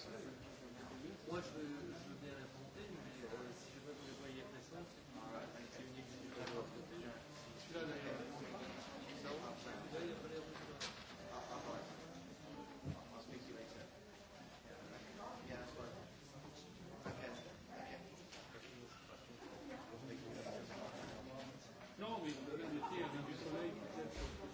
Moi, je a Là, a pas l'air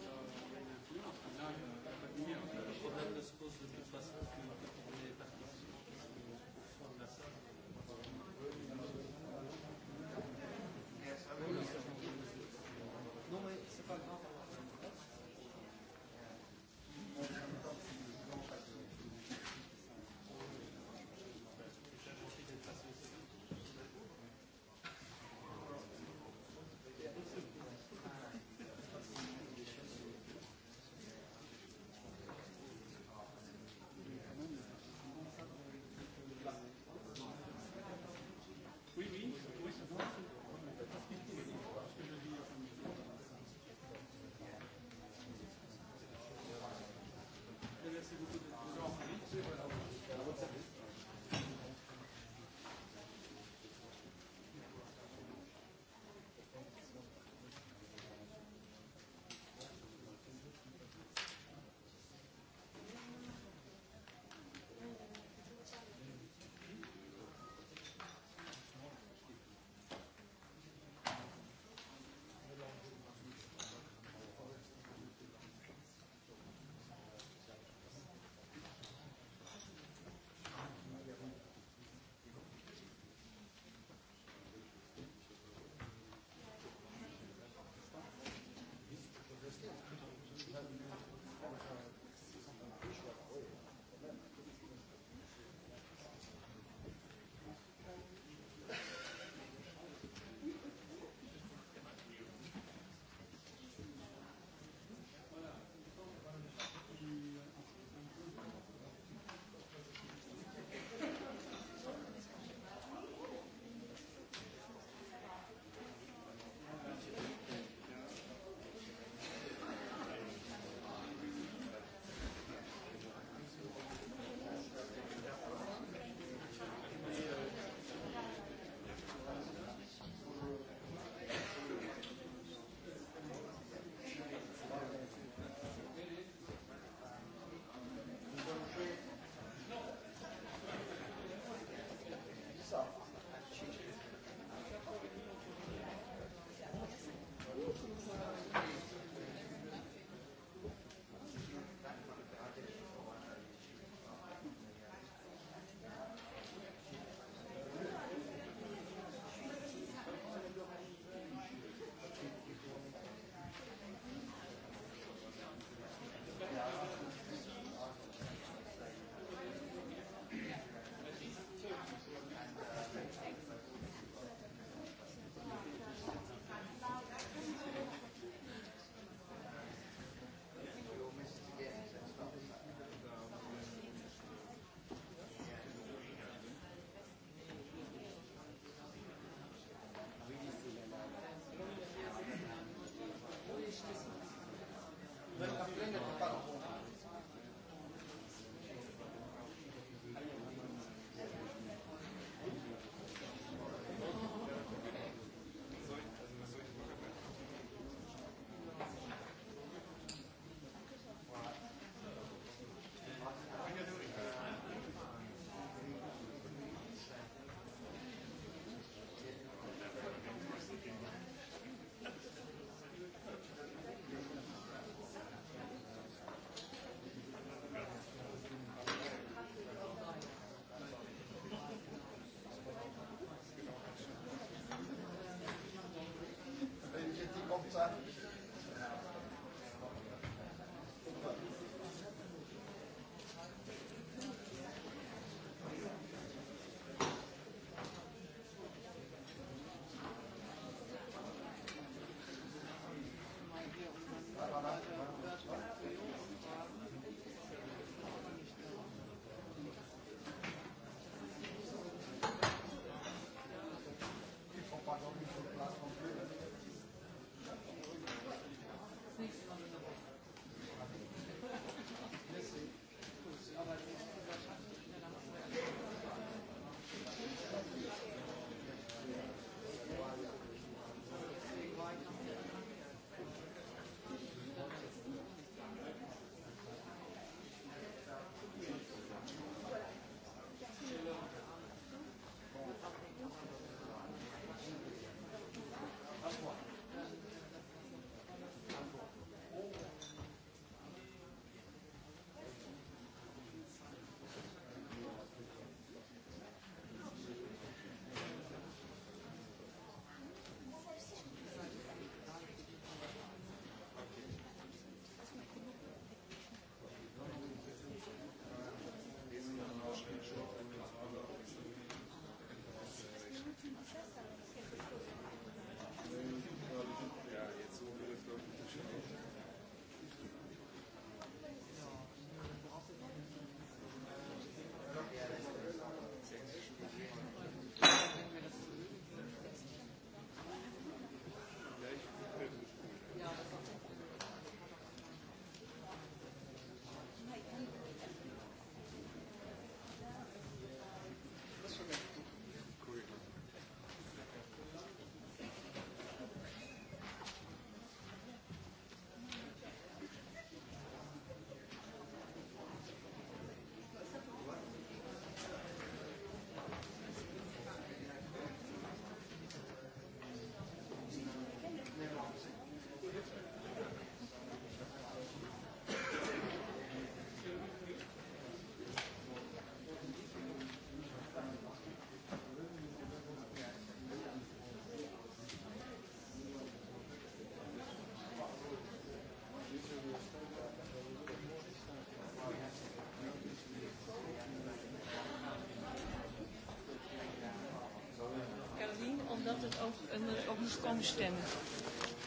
dat het ook, en er ook moest komen stemmen.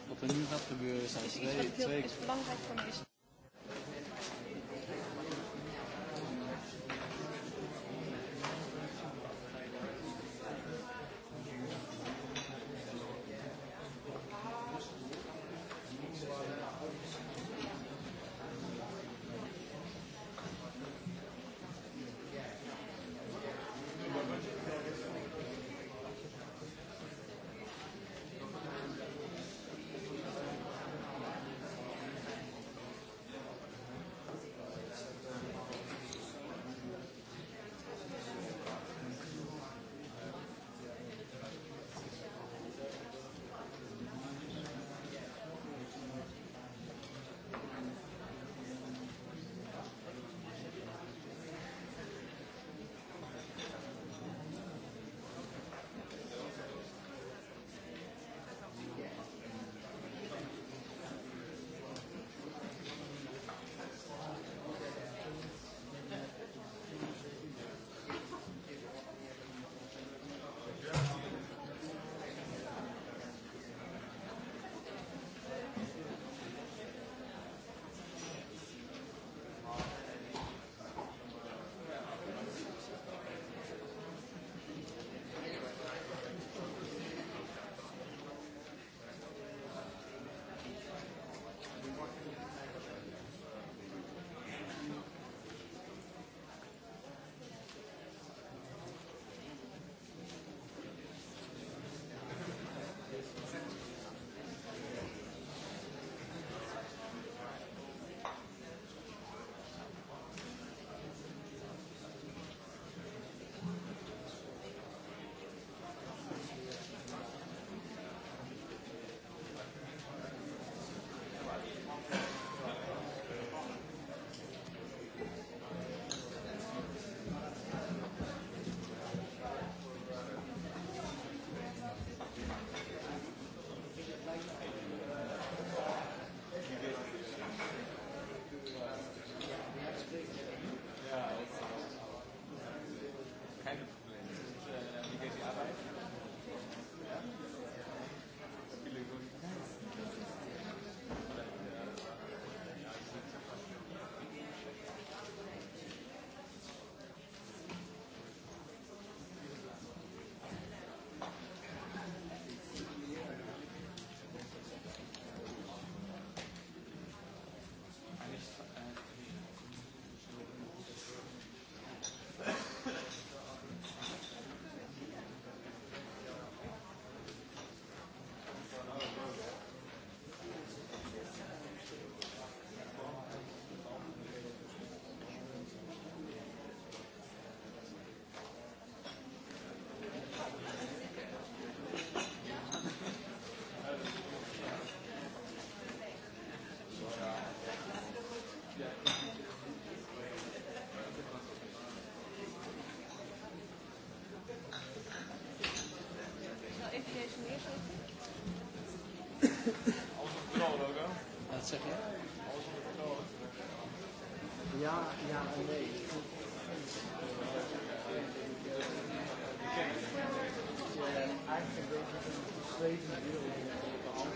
Wat er nu gaat gebeuren is twee... Wat twee... is belangrijk voor mij is Zeker? Ja, ja en nee. Eigenlijk een beetje een geschreven wereld beantwoord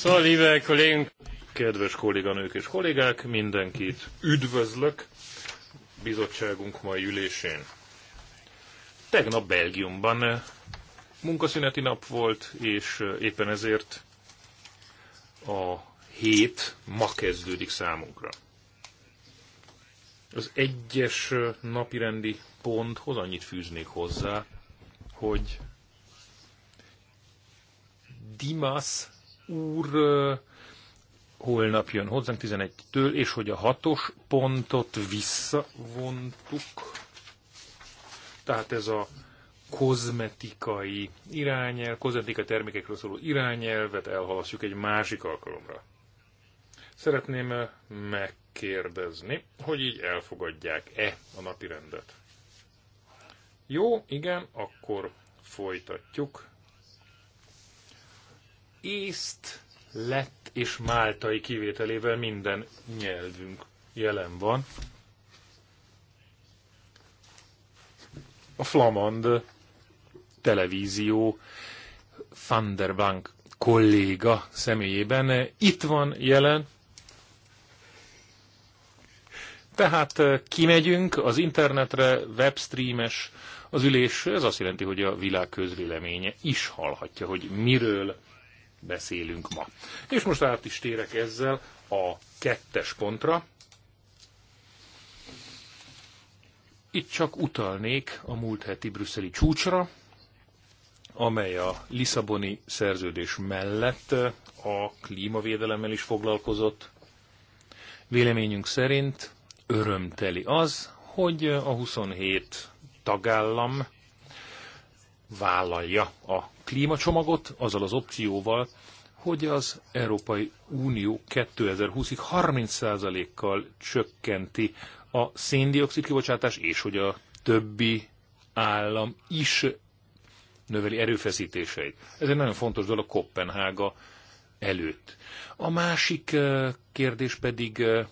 Szóval, liebe Kollegen. Kedves kolléganők és kollégák, mindenkit üdvözlök bizottságunk mai ülésén. Tegnap Belgiumban munkaszüneti nap volt, és éppen ezért a hét ma kezdődik számunkra. Az egyes napirendi ponthoz annyit fűznék hozzá, hogy Dimas úr holnap jön hozzánk 11-től, és hogy a hatos pontot visszavontuk. Tehát ez a kozmetikai irányel, kozmetikai termékekről szóló irányelvet elhalasztjuk egy másik alkalomra. Szeretném megkérdezni, hogy így elfogadják-e a napi rendet. Jó, igen, akkor folytatjuk észt, lett és máltai kivételével minden nyelvünk jelen van. A flamand televízió Van der Blank kolléga személyében itt van jelen. Tehát eh, kimegyünk az internetre, webstreames az ülés, ez azt jelenti, hogy a világ közvéleménye is hallhatja, hogy miről beszélünk ma. És most át is térek ezzel a kettes pontra. Itt csak utalnék a múlt heti brüsszeli csúcsra, amely a Lisszaboni szerződés mellett a klímavédelemmel is foglalkozott. Véleményünk szerint örömteli az, hogy a 27 tagállam vállalja a klímacsomagot azzal az opcióval, hogy az Európai Unió 2020-ig 30%-kal csökkenti a széndiokszid kibocsátás, és hogy a többi állam is növeli erőfeszítéseit. Ez egy nagyon fontos dolog Kopenhága előtt. A másik eh, kérdés pedig eh,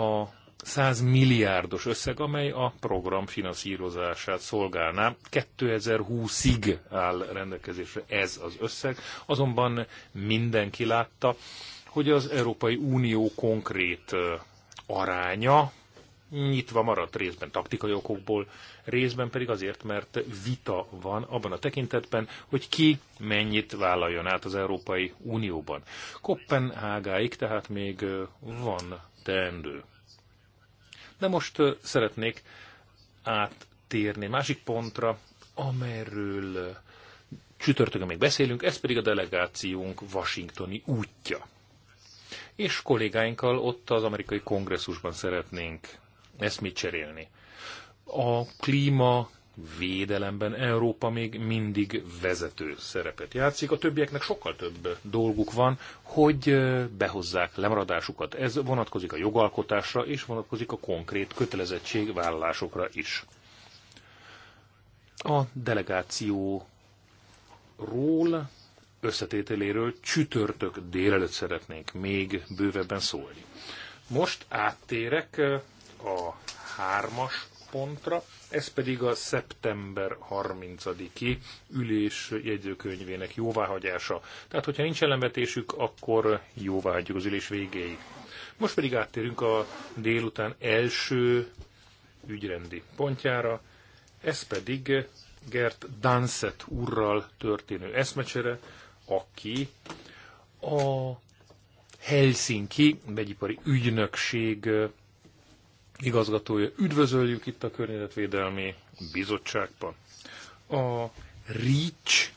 a 100 milliárdos összeg, amely a program finanszírozását szolgálná. 2020-ig áll rendelkezésre ez az összeg, azonban mindenki látta, hogy az Európai Unió konkrét aránya nyitva maradt részben taktikai okokból, részben pedig azért, mert vita van abban a tekintetben, hogy ki mennyit vállaljon át az Európai Unióban. Kopenhágáig tehát még van teendő. De most szeretnék áttérni másik pontra, amelyről csütörtökön még beszélünk, ez pedig a delegációnk washingtoni útja. És kollégáinkkal ott az amerikai kongresszusban szeretnénk mit cserélni. A klíma védelemben Európa még mindig vezető szerepet játszik. A többieknek sokkal több dolguk van, hogy behozzák lemaradásukat. Ez vonatkozik a jogalkotásra, és vonatkozik a konkrét kötelezettségvállalásokra is. A delegációról, összetételéről csütörtök délelőtt szeretnénk még bővebben szólni. Most áttérek a hármas pontra, ez pedig a szeptember 30-i ülés jegyzőkönyvének jóváhagyása. Tehát, hogyha nincs ellenvetésük, akkor jóváhagyjuk az ülés végéig. Most pedig áttérünk a délután első ügyrendi pontjára, ez pedig Gert Danset úrral történő eszmecsere, aki a Helsinki vegyipari ügynökség igazgatója. Üdvözöljük itt a Környezetvédelmi Bizottságban. A REACH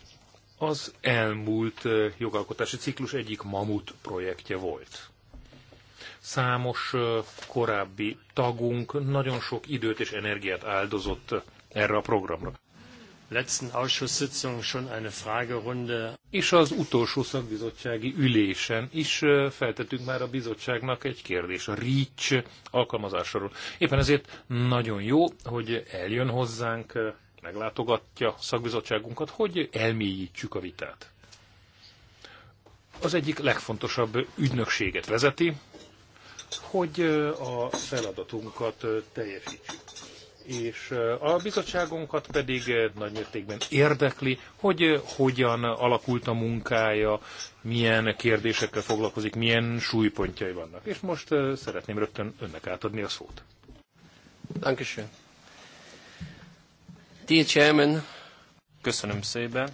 az elmúlt jogalkotási ciklus egyik mamut projektje volt. Számos korábbi tagunk nagyon sok időt és energiát áldozott erre a programra letzten Ausschusssitzung schon eine Fragerunde. És az utolsó szakbizottsági ülésen is feltettünk már a bizottságnak egy kérdés, a REACH alkalmazásról. Éppen ezért nagyon jó, hogy eljön hozzánk, meglátogatja szakbizottságunkat, hogy elmélyítsük a vitát. Az egyik legfontosabb ügynökséget vezeti, hogy a feladatunkat teljesítsük és a bizottságunkat pedig nagy mértékben érdekli, hogy hogyan alakult a munkája, milyen kérdésekkel foglalkozik, milyen súlypontjai vannak. És most szeretném rögtön önnek átadni a szót. Dankeschön. Dear Chairman. Köszönöm szépen.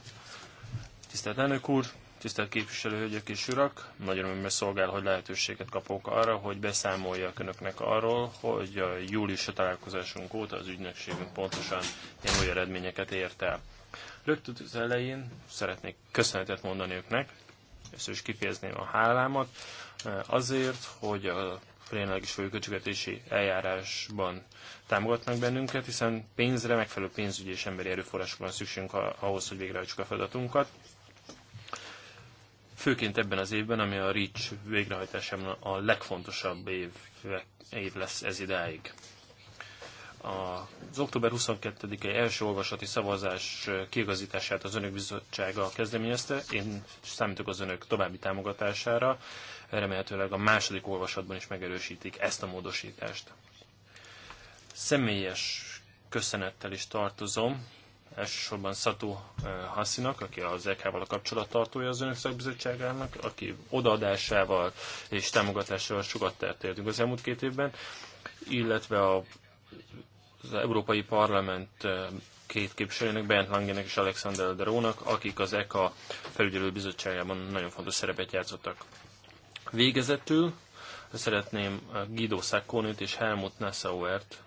Tisztelt elnök úr, Tisztelt képviselő hölgyek és urak, nagyon örömmel szolgál, hogy lehetőséget kapok arra, hogy beszámoljak önöknek arról, hogy a július a találkozásunk óta az ügynökségünk pontosan ilyen új eredményeket ért el. Rögtön az elején szeretnék köszönetet mondani önöknek, és is kifejezném a hálámat, azért, hogy a is folyóköcsögetési eljárásban támogatnak bennünket, hiszen pénzre, megfelelő pénzügyi és emberi erőforrásokban szükségünk ahhoz, hogy végrehajtsuk a feladatunkat főként ebben az évben, ami a REACH végrehajtásában a legfontosabb év, év lesz ez idáig. Az október 22-i első olvasati szavazás kiigazítását az Önök Bizottsága kezdeményezte. Én számítok az Önök további támogatására. Remélhetőleg a második olvasatban is megerősítik ezt a módosítást. Személyes köszönettel is tartozom elsősorban Szatú eh, Haszinak, aki az EK-val a kapcsolattartója az önök szakbizottságának, aki odaadásával és támogatásával sokat tett értünk az elmúlt két évben, illetve a, az Európai Parlament eh, két képviselőnek, Bent Langének és Alexander Derónak, akik az EKA felügyelő bizottságában nagyon fontos szerepet játszottak. Végezetül szeretném eh, Guido Sacconit és Helmut Nassauert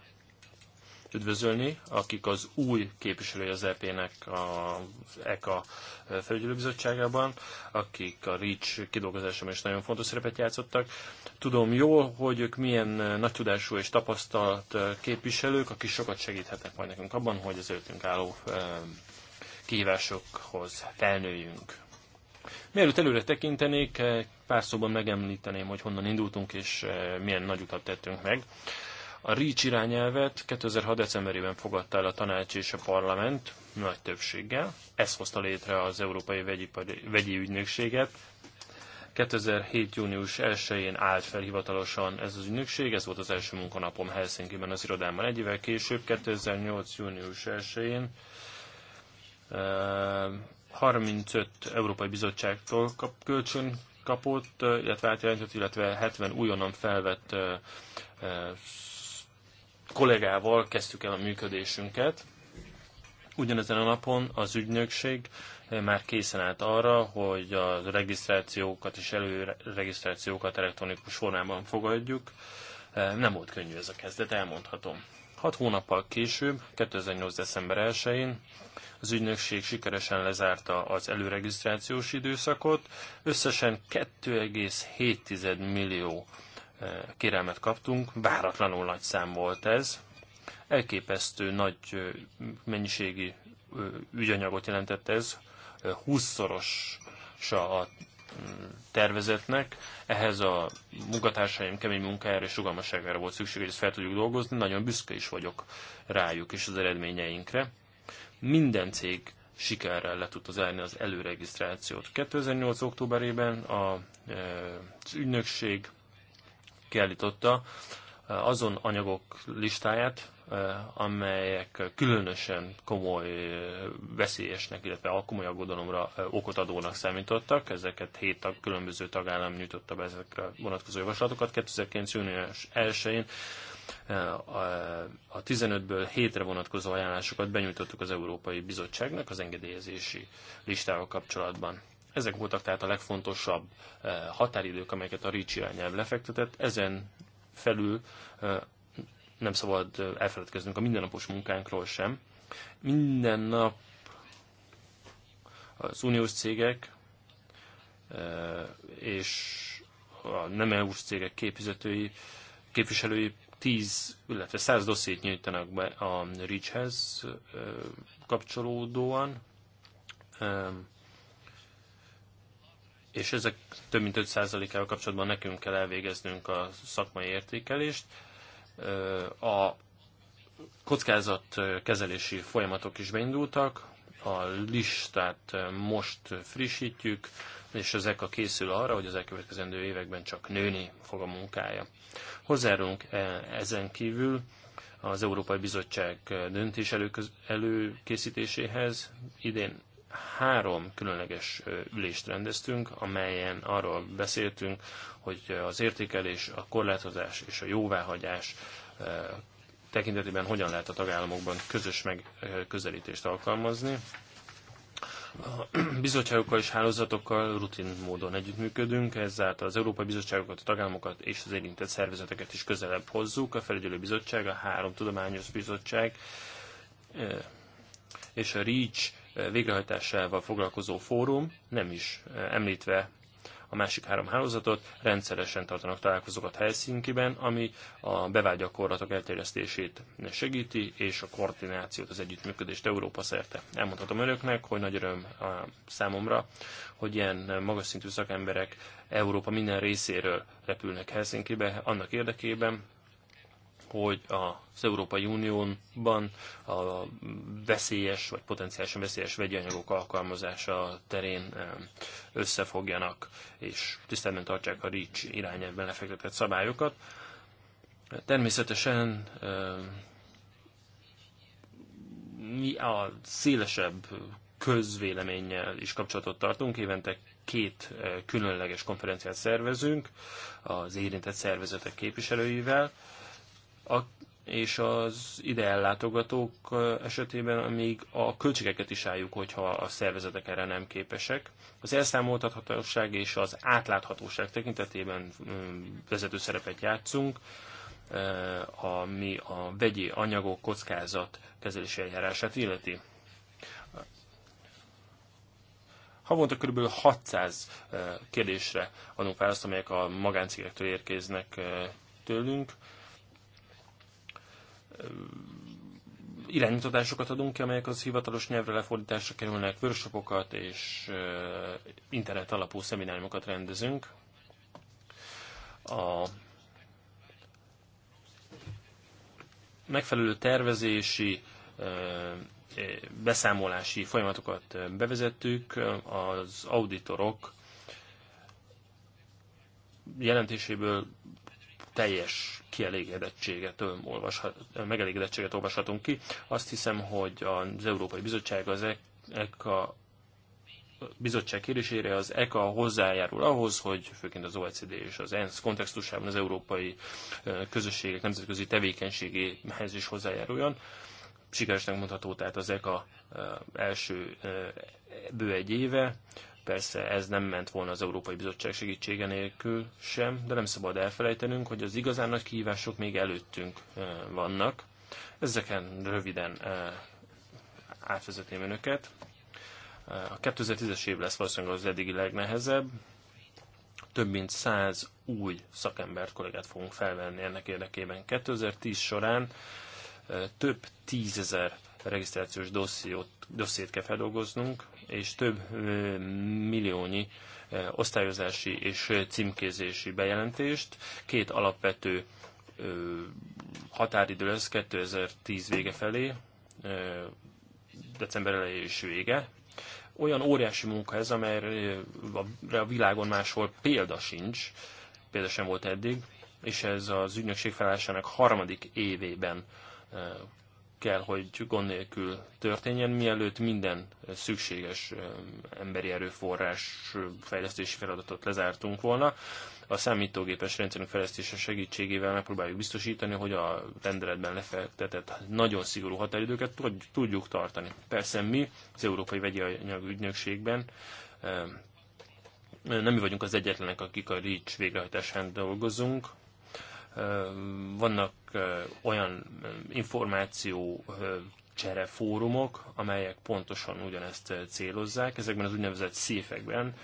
üdvözölni, akik az új képviselői az EP-nek az ECA felügyelőbizottságában, akik a REACH kidolgozásában is nagyon fontos szerepet játszottak. Tudom jól, hogy ők milyen nagy tudású és tapasztalt képviselők, akik sokat segíthetnek majd nekünk abban, hogy az előttünk álló kihívásokhoz felnőjünk. Mielőtt előre tekintenék, pár szóban megemlíteném, hogy honnan indultunk és milyen nagy utat tettünk meg. A REACH irányelvet 2006. decemberében fogadta el a tanács és a parlament nagy többséggel. Ez hozta létre az Európai Vegyipari, Vegyi Ügynökséget. 2007. június 1-én állt fel hivatalosan ez az ügynökség, ez volt az első munkanapom Helsinki-ben az irodámban egy évvel később, 2008. június 1-én 35 eh, Európai Bizottságtól kap, kölcsön kapott, eh, illetve átjelentett, illetve 70 újonnan felvett eh, kollégával kezdtük el a működésünket. Ugyanezen a napon az ügynökség eh, már készen állt arra, hogy a regisztrációkat és előregisztrációkat elektronikus formában fogadjuk. Eh, nem volt könnyű ez a kezdet, elmondhatom. Hat hónappal később, 2008. december 1-én az ügynökség sikeresen lezárta az előregisztrációs időszakot, összesen 2,7 millió kérelmet kaptunk, váratlanul nagy szám volt ez, elképesztő nagy mennyiségi ügyanyagot jelentett ez, 20 szoros a mm, tervezetnek. Ehhez a munkatársaim kemény munkájára és rugalmasságára volt szükség, hogy ezt fel tudjuk dolgozni. Nagyon büszke is vagyok rájuk és az eredményeinkre. Minden cég sikerrel le tudta zárni az előregisztrációt. 2008. októberében az ügynökség kiállította azon anyagok listáját, amelyek különösen komoly veszélyesnek, illetve a komoly aggodalomra okot adónak számítottak. Ezeket hét tag, különböző tagállam nyújtotta be ezekre vonatkozó javaslatokat. 2009. június 1-én a 15-ből 7-re vonatkozó ajánlásokat benyújtottuk az Európai Bizottságnak az engedélyezési listával kapcsolatban. Ezek voltak tehát a legfontosabb eh, határidők, amelyeket a Ricsi irányelv lefektetett. Ezen felül eh, nem szabad eh, elfeledkeznünk a mindennapos munkánkról sem. Minden nap az uniós cégek és a nem eu cégek képviselői, képviselői 10, illetve 100 dossziét nyújtanak be a Ricshez kapcsolódóan és ezek több mint 5%-ával kapcsolatban nekünk kell elvégeznünk a szakmai értékelést. A kockázat kezelési folyamatok is beindultak, a listát most frissítjük, és az a készül arra, hogy az elkövetkezendő években csak nőni fog a munkája. Hozzárunk ezen kívül az Európai Bizottság döntés előköz, előkészítéséhez. Idén három különleges ülést rendeztünk, amelyen arról beszéltünk, hogy az értékelés, a korlátozás és a jóváhagyás tekintetében hogyan lehet a tagállamokban közös megközelítést alkalmazni. A bizottságokkal és hálózatokkal rutin módon együttműködünk, ezáltal az Európai Bizottságokat, a tagállamokat és az érintett szervezeteket is közelebb hozzuk. A felügyelő bizottság, a három tudományos bizottság és a REACH végrehajtásával foglalkozó fórum, nem is eh, említve a másik három hálózatot, rendszeresen tartanak találkozókat helyszínkiben, ami a bevált gyakorlatok elterjesztését segíti, és a koordinációt, az együttműködést Európa szerte. Elmondhatom önöknek, hogy nagy öröm a számomra, hogy ilyen magas szintű szakemberek Európa minden részéről repülnek Helsinkibe, annak érdekében, hogy az Európai Unióban a veszélyes vagy potenciálisan veszélyes vegyi anyagok alkalmazása terén összefogjanak és tiszteletben tartsák a REACH irányában lefektetett szabályokat. Természetesen mi a szélesebb közvéleménnyel is kapcsolatot tartunk. Évente két különleges konferenciát szervezünk az érintett szervezetek képviselőivel a, és az ide ellátogatók esetében még a költségeket is álljuk, hogyha a szervezetek erre nem képesek. Az elszámoltathatóság és az átláthatóság tekintetében vezető szerepet játszunk, ami a vegyi anyagok kockázat kezelési eljárását illeti. Havonta kb. 600 kérdésre adunk választ, amelyek a magáncégektől érkeznek tőlünk irányítatásokat adunk ki, amelyek az hivatalos nyelvre lefordításra kerülnek, workshopokat és internet alapú szemináriumokat rendezünk. A megfelelő tervezési beszámolási folyamatokat bevezettük, az auditorok jelentéséből teljes kielégedettséget olvashat, megelégedettséget olvashatunk ki. Azt hiszem, hogy az Európai Bizottság az ECA bizottság kérésére az ECA hozzájárul ahhoz, hogy főként az OECD és az ENSZ kontextusában az európai közösségek nemzetközi tevékenységéhez is hozzájáruljon. Sikeresnek mondható tehát az ECA első bő egy éve. Persze ez nem ment volna az Európai Bizottság segítsége nélkül sem, de nem szabad elfelejtenünk, hogy az igazán nagy kihívások még előttünk eh, vannak. Ezeken röviden eh, átvezetném önöket. Eh, a 2010-es év lesz valószínűleg az eddigi legnehezebb. Több mint 100 új szakembert, kollégát fogunk felvenni ennek érdekében. 2010 során több tízezer regisztrációs dossziót, dossziét kell feldolgoznunk, és több milliónyi osztályozási és címkézési bejelentést. Két alapvető határidő lesz 2010 vége felé, december elejé és vége. Olyan óriási munka ez, amelyre a világon máshol példa sincs, példa sem volt eddig, és ez az ügynökség felállásának harmadik évében kell, hogy gond nélkül történjen, mielőtt minden szükséges emberi erőforrás fejlesztési feladatot lezártunk volna. A számítógépes rendszerünk fejlesztése segítségével megpróbáljuk biztosítani, hogy a rendeletben lefektetett nagyon szigorú határidőket tudjuk tartani. Persze mi az Európai Vegyi Anyag Ügynökségben nem mi vagyunk az egyetlenek, akik a REACH végrehajtásán dolgozunk, vannak olyan információ fórumok, amelyek pontosan ugyanezt célozzák. Ezekben az úgynevezett széfekben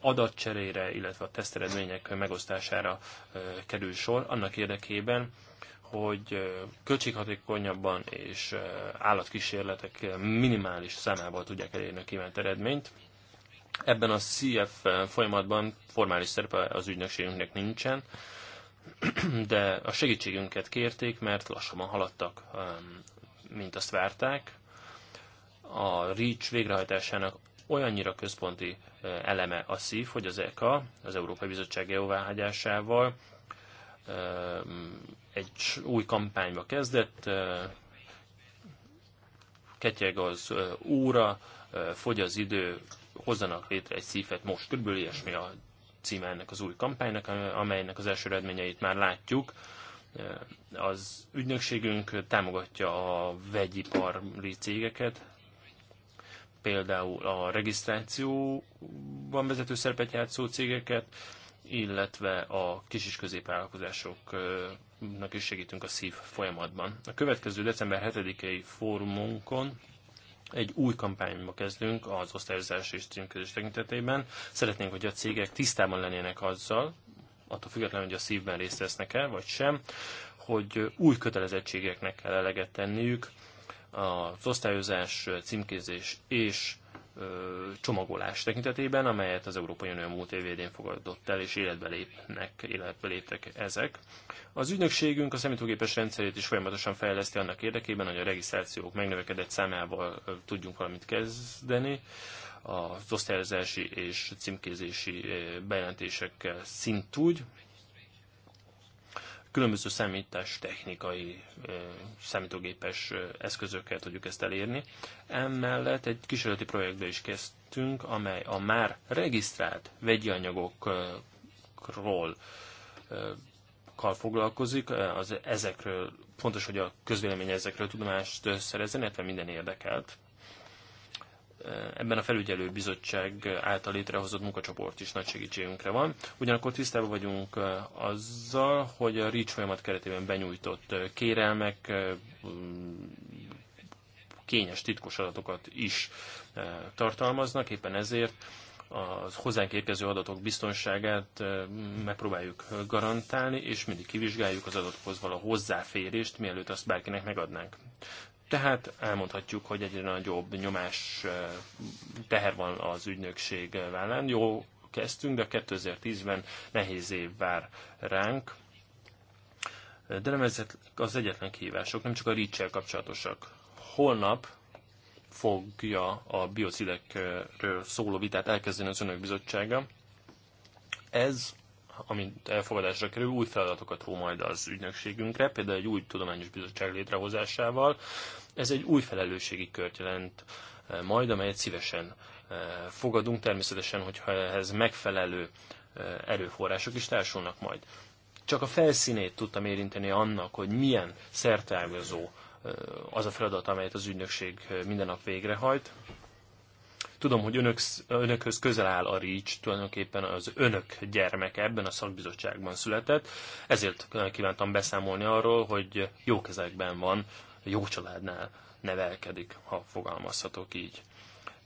adatcserére, illetve a teszteredmények megosztására kerül sor, annak érdekében, hogy költséghatékonyabban és állatkísérletek minimális számával tudják elérni a kívánt eredményt. Ebben a CF folyamatban formális szerepe az ügynökségünknek nincsen, de a segítségünket kérték, mert lassabban haladtak, mint azt várták. A REACH végrehajtásának olyannyira központi eleme a szív, hogy az ECA, az Európai Bizottság jóváhagyásával egy új kampányba kezdett, ketyeg az óra, fogy az idő, hozzanak létre egy szívet most. Körülbelül ilyesmi a címe ennek az új kampánynak, amelynek az első eredményeit már látjuk. Az ügynökségünk támogatja a vegyipari cégeket, például a regisztrációban vezető szerepet játszó cégeket, illetve a kis és középvállalkozásoknak is segítünk a szív folyamatban. A következő december 7-i fórumunkon egy új kampányba kezdünk az osztályozás és címkezés tekintetében. Szeretnénk, hogy a cégek tisztában lennének azzal, attól függetlenül, hogy a szívben részt vesznek-e, vagy sem, hogy új kötelezettségeknek kell eleget tenniük az osztályozás, címkézés és csomagolás tekintetében, amelyet az Európai Unió múlt évén fogadott el, és életbe, lépnek, életbe léptek ezek. Az ügynökségünk a számítógépes rendszerét is folyamatosan fejleszti annak érdekében, hogy a regisztrációk megnövekedett számával tudjunk valamit kezdeni. Az osztályozási és címkézési bejelentésekkel szintúgy, különböző számítás technikai számítógépes eszközökkel tudjuk ezt elérni. Emellett egy kísérleti projektbe is kezdtünk, amely a már regisztrált vegyi anyagokról foglalkozik, az ezekről, fontos, hogy a közvélemény ezekről tudomást szerezzen, illetve minden érdekelt ebben a felügyelő bizottság által létrehozott munkacsoport is nagy segítségünkre van. Ugyanakkor tisztában vagyunk azzal, hogy a REACH folyamat keretében benyújtott kérelmek kényes titkos adatokat is tartalmaznak, éppen ezért a hozzánk érkező adatok biztonságát megpróbáljuk garantálni, és mindig kivizsgáljuk az adatokhoz való hozzáférést, mielőtt azt bárkinek megadnánk. Tehát elmondhatjuk, hogy egyre nagyobb nyomás teher van az ügynökség vállán. Jó, kezdtünk, de 2010-ben nehéz év vár ránk. De nem ez az egyetlen kihívások, nem csak a reach kapcsolatosak. Holnap fogja a biocidekről szóló vitát elkezdeni az Önök Bizottsága. Ez amint elfogadásra kerül, új feladatokat ró majd az ügynökségünkre, például egy új tudományos bizottság létrehozásával. Ez egy új felelősségi kört jelent eh, majd, amelyet szívesen eh, fogadunk, természetesen, hogyha ehhez megfelelő eh, erőforrások is társulnak majd. Csak a felszínét tudtam érinteni annak, hogy milyen szertágazó az a feladat, amelyet az ügynökség minden nap végrehajt. Tudom, hogy önök, önökhöz közel áll a Rícs, tulajdonképpen az önök gyermeke ebben a szakbizottságban született, ezért kívántam beszámolni arról, hogy jó kezekben van, jó családnál nevelkedik, ha fogalmazhatok így.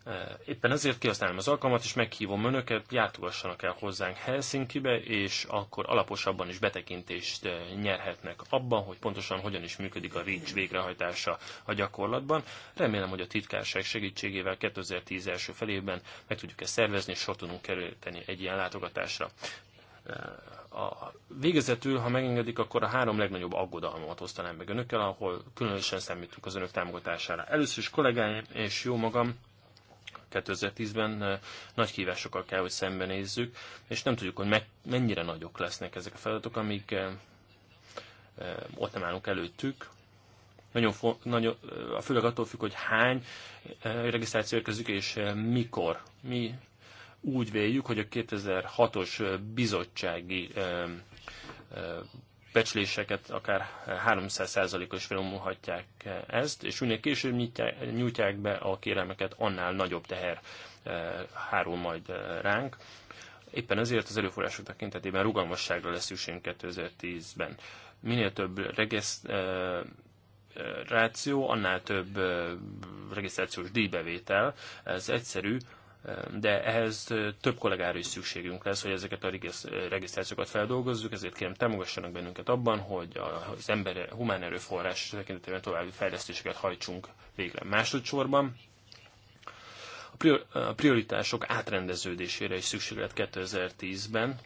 Eh, éppen ezért kihasználom az alkalmat, és meghívom önöket, látogassanak el hozzánk Helsinkibe, és akkor alaposabban is betekintést eh, nyerhetnek abban, hogy pontosan hogyan is működik a REACH végrehajtása a gyakorlatban. Remélem, hogy a titkárság segítségével 2010 első felében meg tudjuk ezt szervezni, és sor tudunk kerülteni egy ilyen látogatásra. Eh, a végezetül, ha megengedik, akkor a három legnagyobb aggodalmat osztanám meg önökkel, ahol különösen számítunk az önök támogatására. Először is kollégáim és jó magam, 2010-ben nagy kívásokkal kell, hogy szembenézzük, és nem tudjuk, hogy meg, mennyire nagyok lesznek ezek a feladatok, amíg ott nem állunk előttük. Nagyon, nagyon, főleg attól függ, hogy hány regisztráció érkezik, és mikor. Mi úgy véljük, hogy a 2006-os bizottsági becsléseket akár 300%-os felomulhatják ezt, és minél később nyitják, nyújtják be a kérelmeket, annál nagyobb teher eh, hárul majd eh, ránk. Éppen ezért az előforrások tekintetében rugalmasságra lesz szükségünk 2010-ben. Minél több eh, ráció, annál több regisztrációs díjbevétel. Ez egyszerű, de ehhez több kollégára is szükségünk lesz, hogy ezeket a regisztrációkat feldolgozzuk, ezért kérem támogassanak bennünket abban, hogy az ember humán erőforrás tekintetében további fejlesztéseket hajtsunk végre. Másodszorban a prioritások átrendeződésére is szükség lett 2010-ben,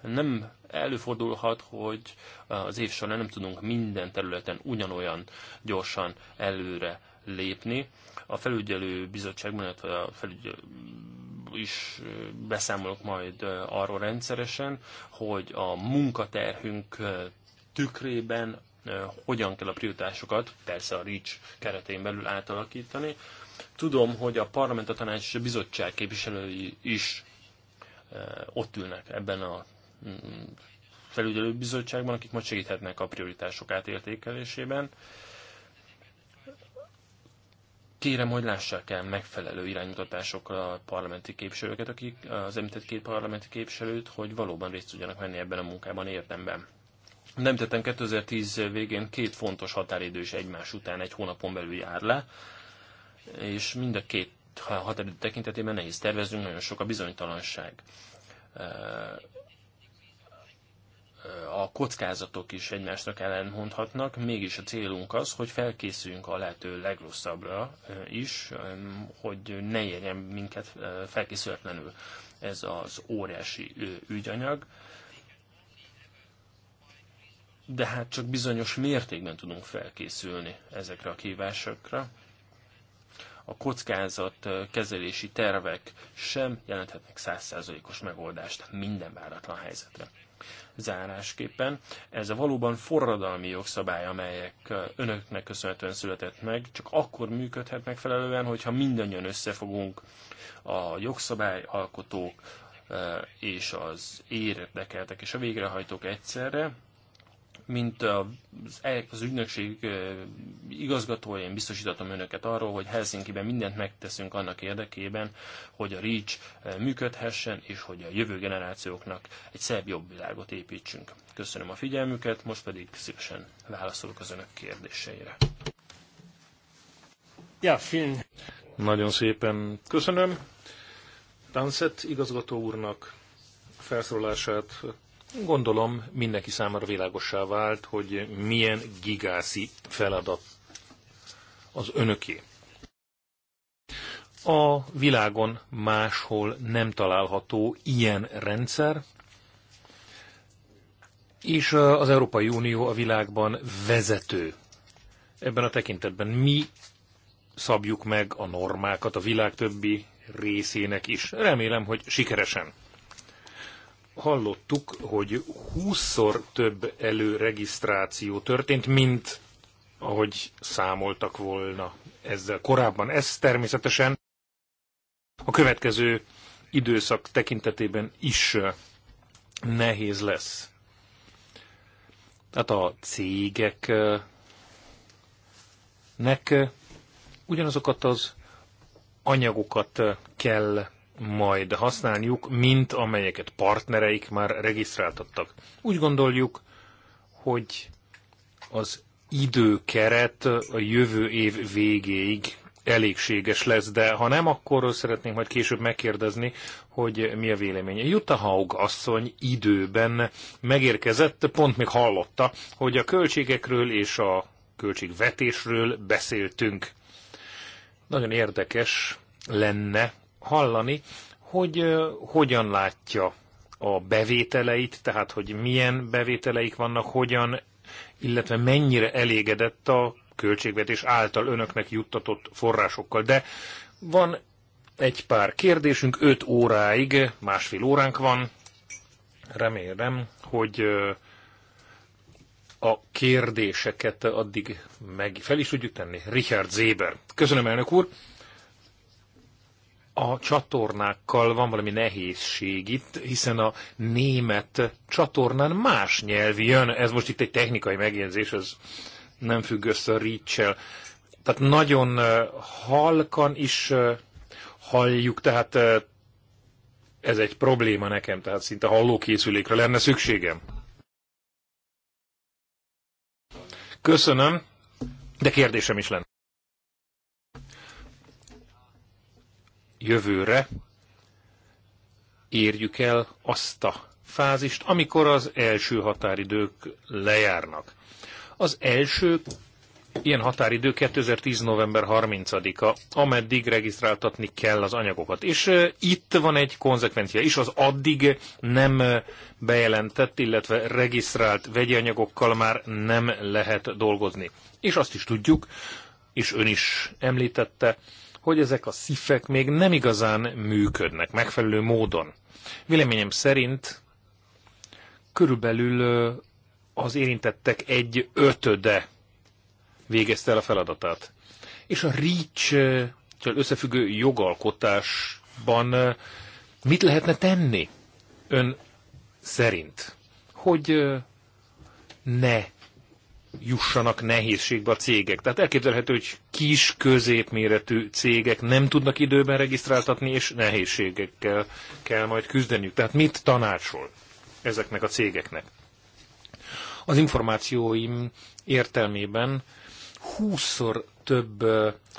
nem előfordulhat, hogy az év során nem tudunk minden területen ugyanolyan gyorsan előre lépni. A felügyelő bizottságban, illetve a felügyelő is beszámolok majd arról rendszeresen, hogy a munkaterhünk tükrében eh, hogyan kell a prioritásokat, persze a REACH keretén belül átalakítani. Tudom, hogy a parlament, a tanács és a bizottság képviselői is eh, ott ülnek ebben a felügyelőbizottságban, akik majd segíthetnek a prioritások átértékelésében. Kérem, hogy lássák el megfelelő iránymutatásokkal a parlamenti képviselőket, akik az említett két parlamenti képviselőt, hogy valóban részt tudjanak venni ebben a munkában érdemben. Nem tettem 2010 végén két fontos határidő is egymás után egy hónapon belül jár le, és mind a két határidő tekintetében nehéz tervezünk, nagyon sok a bizonytalanság a kockázatok is egymásnak mondhatnak, mégis a célunk az, hogy felkészüljünk a lehető legrosszabbra is, hogy ne érjen minket felkészületlenül ez az óriási ügyanyag. De hát csak bizonyos mértékben tudunk felkészülni ezekre a kívásokra. A kockázat kezelési tervek sem jelenthetnek százszázalékos megoldást minden váratlan helyzetre. Zárásképpen ez a valóban forradalmi jogszabály, amelyek önöknek köszönhetően született meg, csak akkor működhet megfelelően, hogyha mindannyian összefogunk a jogszabályalkotók és az érdekeltek és a végrehajtók egyszerre, mint az, e, az ügynökség e, igazgatója, én biztosítatom önöket arról, hogy Helsinki-ben mindent megteszünk annak érdekében, hogy a REACH e, működhessen, és hogy a jövő generációknak egy szebb, jobb világot építsünk. Köszönöm a figyelmüket, most pedig szívesen válaszolok az önök kérdéseire. Ja, film. Nagyon szépen köszönöm Tanszett igazgató úrnak felszólását, Gondolom mindenki számára világossá vált, hogy milyen gigászi feladat az önöké. A világon máshol nem található ilyen rendszer, és az Európai Unió a világban vezető ebben a tekintetben. Mi szabjuk meg a normákat a világ többi részének is. Remélem, hogy sikeresen hallottuk, hogy 20-szor több előregisztráció történt, mint ahogy számoltak volna ezzel korábban. Ez természetesen a következő időszak tekintetében is nehéz lesz. Tehát a cégeknek ugyanazokat az anyagokat kell majd használniuk, mint amelyeket partnereik már regisztráltattak. Úgy gondoljuk, hogy az időkeret a jövő év végéig elégséges lesz, de ha nem, akkor szeretnénk majd később megkérdezni, hogy mi a véleménye. Jutta Haug asszony időben megérkezett, pont még hallotta, hogy a költségekről és a költségvetésről beszéltünk. Nagyon érdekes lenne hallani, hogy hogyan látja a bevételeit, tehát hogy milyen bevételeik vannak, hogyan, illetve mennyire elégedett a költségvetés által önöknek juttatott forrásokkal. De van egy pár kérdésünk, 5 óráig, másfél óránk van. Remélem, hogy a kérdéseket addig meg fel is tudjuk tenni. Richard Zéber. Köszönöm, elnök úr! a csatornákkal van valami nehézség itt, hiszen a német csatornán más nyelv jön. Ez most itt egy technikai megjegyzés, az nem függ össze a reach Tehát nagyon halkan is halljuk, tehát ez egy probléma nekem, tehát szinte hallókészülékre lenne szükségem. Köszönöm, de kérdésem is lenne. jövőre érjük el azt a fázist, amikor az első határidők lejárnak. Az első ilyen határidő 2010. november 30-a, ameddig regisztráltatni kell az anyagokat. És itt van egy konzekvencia is, az addig nem bejelentett, illetve regisztrált vegyi anyagokkal már nem lehet dolgozni. És azt is tudjuk, és ön is említette, hogy ezek a szifek még nem igazán működnek megfelelő módon. Véleményem szerint körülbelül az érintettek egy ötöde végezte el a feladatát. És a reach összefüggő jogalkotásban mit lehetne tenni ön szerint, hogy ne jussanak nehézségbe a cégek. Tehát elképzelhető, hogy kis, középméretű cégek nem tudnak időben regisztráltatni, és nehézségekkel kell majd küzdeniük. Tehát mit tanácsol ezeknek a cégeknek? Az információim értelmében 20-szor több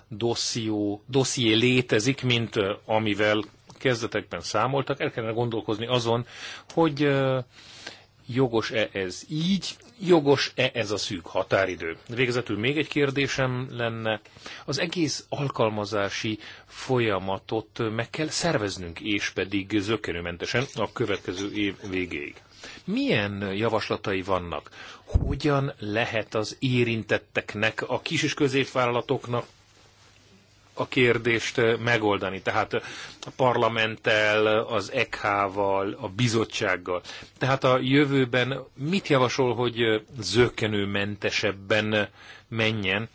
dosszió, dosszié létezik, mint amivel kezdetekben számoltak. El kellene gondolkozni azon, hogy jogos-e ez így, jogos-e ez a szűk határidő? Végezetül még egy kérdésem lenne, az egész alkalmazási folyamatot meg kell szerveznünk, és pedig zökkenőmentesen a következő év végéig. Milyen javaslatai vannak? Hogyan lehet az érintetteknek, a kis és középvállalatoknak a kérdést eh, megoldani, tehát a parlamenttel, az EKH-val, a bizottsággal. Tehát a jövőben mit javasol, hogy eh, zökkenőmentesebben menjen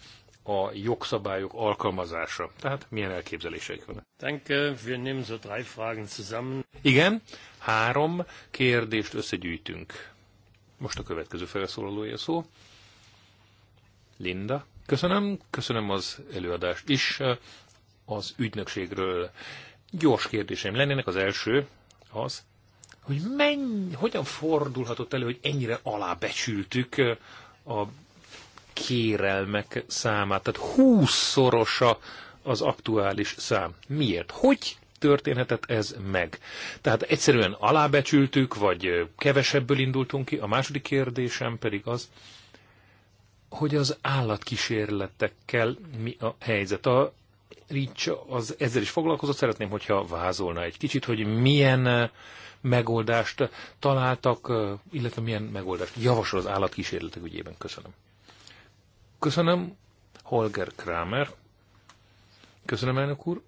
a jogszabályok alkalmazása? Tehát milyen elképzeléseik van? Danke, wir nehmen so drei Fragen zusammen. Igen, három kérdést összegyűjtünk. Most a következő felszólalója szó. Linda. Köszönöm, köszönöm az előadást is eh, az ügynökségről. Gyors kérdéseim lennének. Az első az, hogy menny, hogyan fordulhatott elő, hogy ennyire alábecsültük eh, a kérelmek számát. Tehát 20 az aktuális szám. Miért? Hogy történhetett ez meg? Tehát egyszerűen alábecsültük, vagy eh, kevesebből indultunk ki. A második kérdésem pedig az, hogy az állatkísérletekkel mi a helyzet. A Rics az ezzel is foglalkozott, szeretném, hogyha vázolna egy kicsit, hogy milyen eh, megoldást találtak, eh, illetve milyen megoldást javasol az állatkísérletek ügyében. Köszönöm. Köszönöm, Holger Kramer. Köszönöm, elnök úr.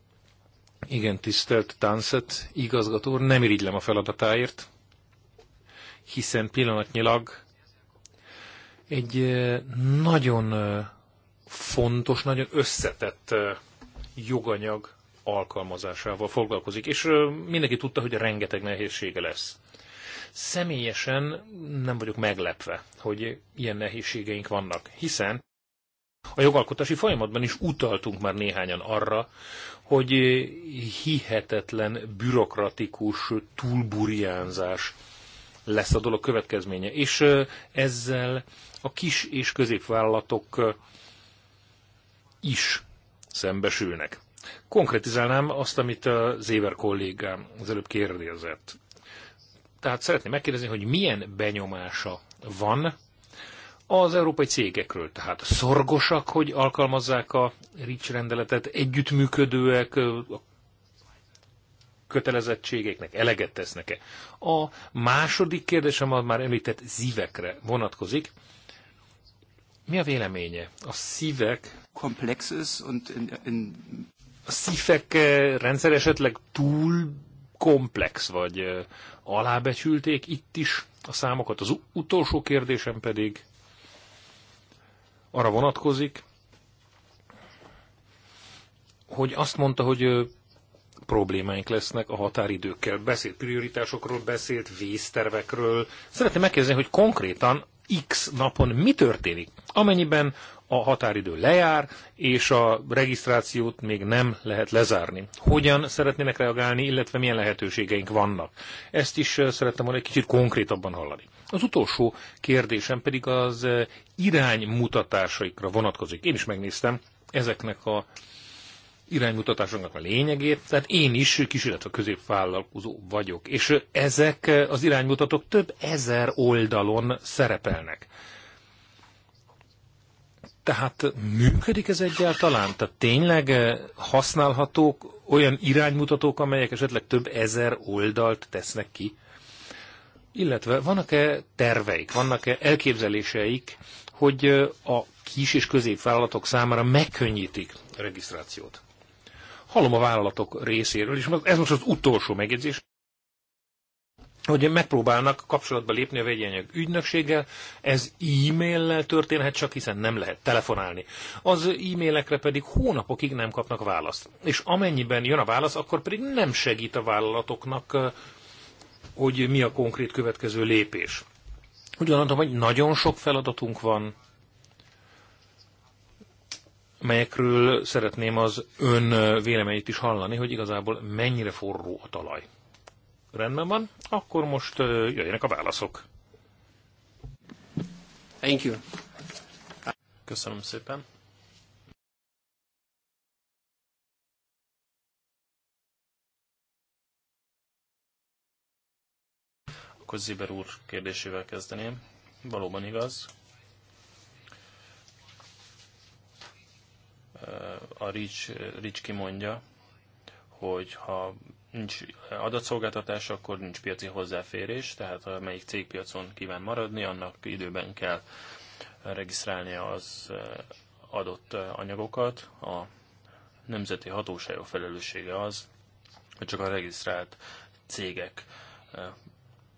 Igen, tisztelt Tanszet, igazgató úr, nem irigylem a feladatáért, hiszen pillanatnyilag egy nagyon fontos, nagyon összetett joganyag alkalmazásával foglalkozik, és mindenki tudta, hogy rengeteg nehézsége lesz. Személyesen nem vagyok meglepve, hogy ilyen nehézségeink vannak, hiszen a jogalkotási folyamatban is utaltunk már néhányan arra, hogy hihetetlen bürokratikus túlburjánzás lesz a dolog következménye. És ezzel a kis és középvállalatok is szembesülnek. Konkretizálnám azt, amit az Éver kollégám az előbb kérdezett. Tehát szeretném megkérdezni, hogy milyen benyomása van az európai cégekről. Tehát szorgosak, hogy alkalmazzák a RICS rendeletet, együttműködőek a kötelezettségeknek eleget tesznek-e. A második kérdésem az már említett zívekre vonatkozik. Mi a véleménye? A szívek... Komplexes und in, in... A szívek eh, rendszer esetleg túl komplex, vagy eh, alábecsülték itt is a számokat. Az utolsó kérdésem pedig arra vonatkozik, hogy azt mondta, hogy eh, problémáink lesznek a határidőkkel. Beszélt prioritásokról, beszélt víztervekről. Szeretném megkérdezni, hogy konkrétan X napon mi történik, amennyiben a határidő lejár, és a regisztrációt még nem lehet lezárni. Hogyan szeretnének reagálni, illetve milyen lehetőségeink vannak? Ezt is szerettem volna egy kicsit konkrétabban hallani. Az utolsó kérdésem pedig az iránymutatásaikra vonatkozik. Én is megnéztem ezeknek a iránymutatásoknak a lényegét, tehát én is a középvállalkozó vagyok, és ezek az iránymutatók több ezer oldalon szerepelnek. Tehát működik ez egyáltalán? Tehát tényleg használhatók olyan iránymutatók, amelyek esetleg több ezer oldalt tesznek ki? Illetve vannak-e terveik, vannak-e elképzeléseik, hogy a kis és középvállalatok számára megkönnyítik a regisztrációt? hallom a vállalatok részéről, és ez most az utolsó megjegyzés, hogy megpróbálnak kapcsolatba lépni a vegyi ügynökséggel, ez e-maillel történhet csak, hiszen nem lehet telefonálni. Az e-mailekre pedig hónapokig nem kapnak választ. És amennyiben jön a válasz, akkor pedig nem segít a vállalatoknak, eh, hogy mi a konkrét következő lépés. Ugyanantom, hogy nagyon sok feladatunk van, melyekről szeretném az ön véleményét is hallani, hogy igazából mennyire forró a talaj. Rendben van, akkor most jöjjenek a válaszok. Thank you. Köszönöm szépen. Akkor Ziber úr kérdésével kezdeném. Valóban igaz, a Rich Rich kimondja, hogy ha nincs adatszolgáltatás, akkor nincs piaci hozzáférés, tehát melyik cég piacon kíván maradni, annak időben kell regisztrálnia az eh, adott eh, anyagokat. A nemzeti hatóságok felelőssége az, hogy csak a regisztrált cégek eh,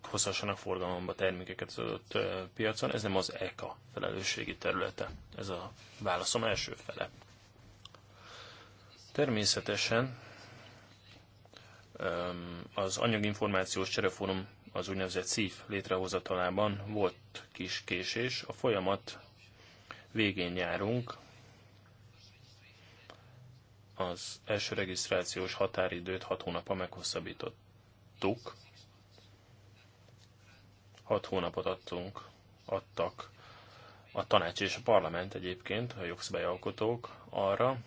hozhassanak forgalomba termékeket az adott piacon. Ez nem az ECA felelősségi területe. Ez a válaszom első fele. Természetesen az anyaginformációs cserefórum az úgynevezett CIF létrehozatalában volt kis késés. A folyamat végén járunk, az első regisztrációs határidőt 6 hónapra meghosszabbítottuk. 6 hónapot adtunk, adtak a tanács és a parlament egyébként, a jogszabályalkotók arra,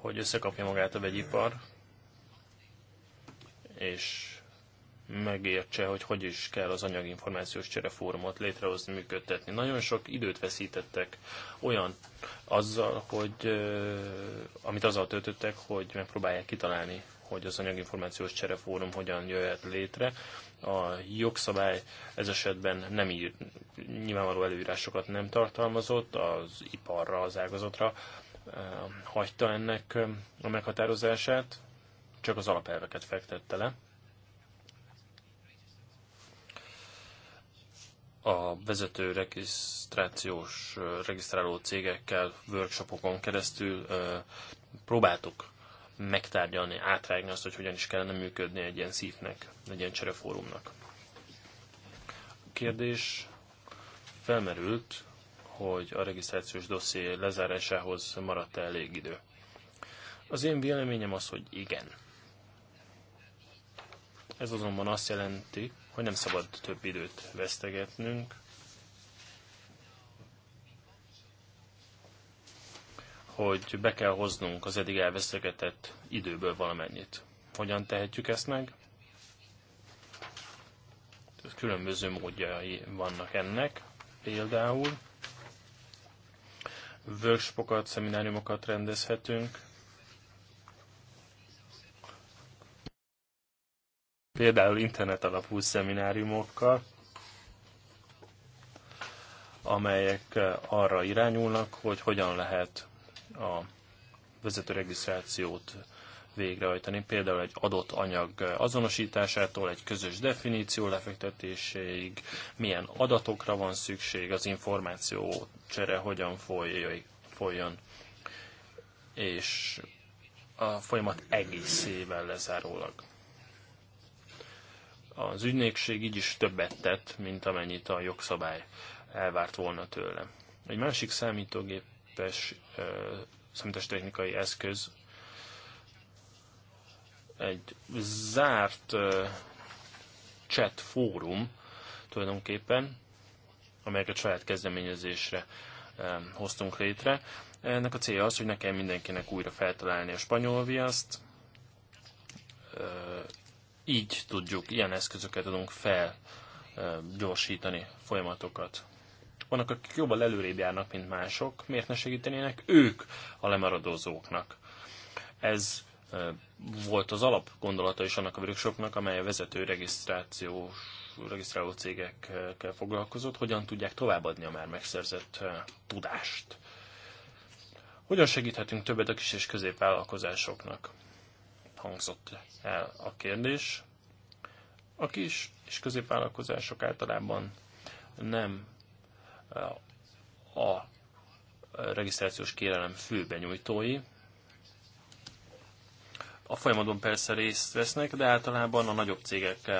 hogy összekapja magát a vegyipar, és megértse, hogy hogy is kell az anyagi információs cserefórumot létrehozni, működtetni. Nagyon sok időt veszítettek olyan azzal, hogy amit azzal töltöttek, hogy megpróbálják kitalálni, hogy az anyagi információs cserefórum hogyan jöhet létre. A jogszabály ez esetben nem ír, nyilvánvaló előírásokat nem tartalmazott az iparra, az ágazatra, Eh, hagyta ennek eh, a meghatározását, csak az alapelveket fektette le. a vezető regisztrációs eh, regisztráló cégekkel workshopokon keresztül próbáltuk megtárgyalni, átrágni azt, hogy hogyan is kellene működni egy ilyen szívnek, egy ilyen csereforumnak. A kérdés felmerült, hogy a regisztrációs dosszié lezárásához maradt -e elég idő. Az én véleményem az, hogy igen. Ez azonban azt jelenti, hogy nem szabad több időt vesztegetnünk, hogy be kell hoznunk az eddig elvesztegetett időből valamennyit. Hogyan tehetjük ezt meg? Különböző módjai vannak ennek, például workshopokat, szemináriumokat rendezhetünk. Például internet alapú szemináriumokkal, amelyek arra irányulnak, hogy hogyan lehet a vezetőregisztrációt regisztrációt végrehajtani, például egy adott anyag azonosításától, egy közös definíció lefektetéséig, milyen adatokra van szükség, az információ csere hogyan folyjon, és a folyamat egészével lezárólag. Az ügynökség így is többet tett, mint amennyit a jogszabály elvárt volna tőle. Egy másik számítógépes számítástechnikai eszköz egy zárt chat fórum tulajdonképpen, amelyeket saját kezdeményezésre hoztunk létre. Ennek a célja az, hogy ne kell mindenkinek újra feltalálni a spanyol viaszt, így tudjuk, ilyen eszközöket tudunk felgyorsítani folyamatokat. Vannak, akik jobban előrébb járnak, mint mások, miért ne segítenének ők a lemaradózóknak? Ez volt az alap gondolata is annak a workshopnak, amely a vezető regisztrációs regisztráló cégekkel foglalkozott, hogyan tudják továbbadni a már megszerzett tudást. Hogyan segíthetünk többet a kis és középvállalkozásoknak? Hangzott el a kérdés. A kis és középvállalkozások általában nem a regisztrációs kérelem benyújtói, a folyamaton persze részt vesznek, de általában a nagyobb cégek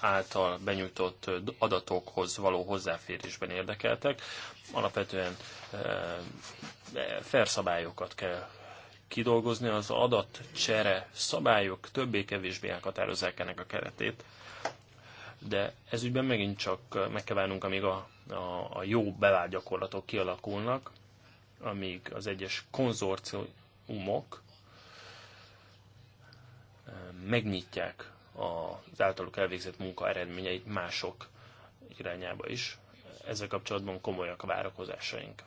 által benyújtott adatokhoz való hozzáférésben érdekeltek. Alapvetően eh, felszabályokat kell kidolgozni, az adatcsere szabályok többé-kevésbé elhatározzák ennek a keretét, de ez ügyben megint csak meg kell várnunk, amíg a, a, a jó bevált gyakorlatok kialakulnak, amíg az egyes konzorciumok megnyitják az általuk elvégzett munka eredményeit mások irányába is. Ezzel kapcsolatban komolyak a várakozásaink.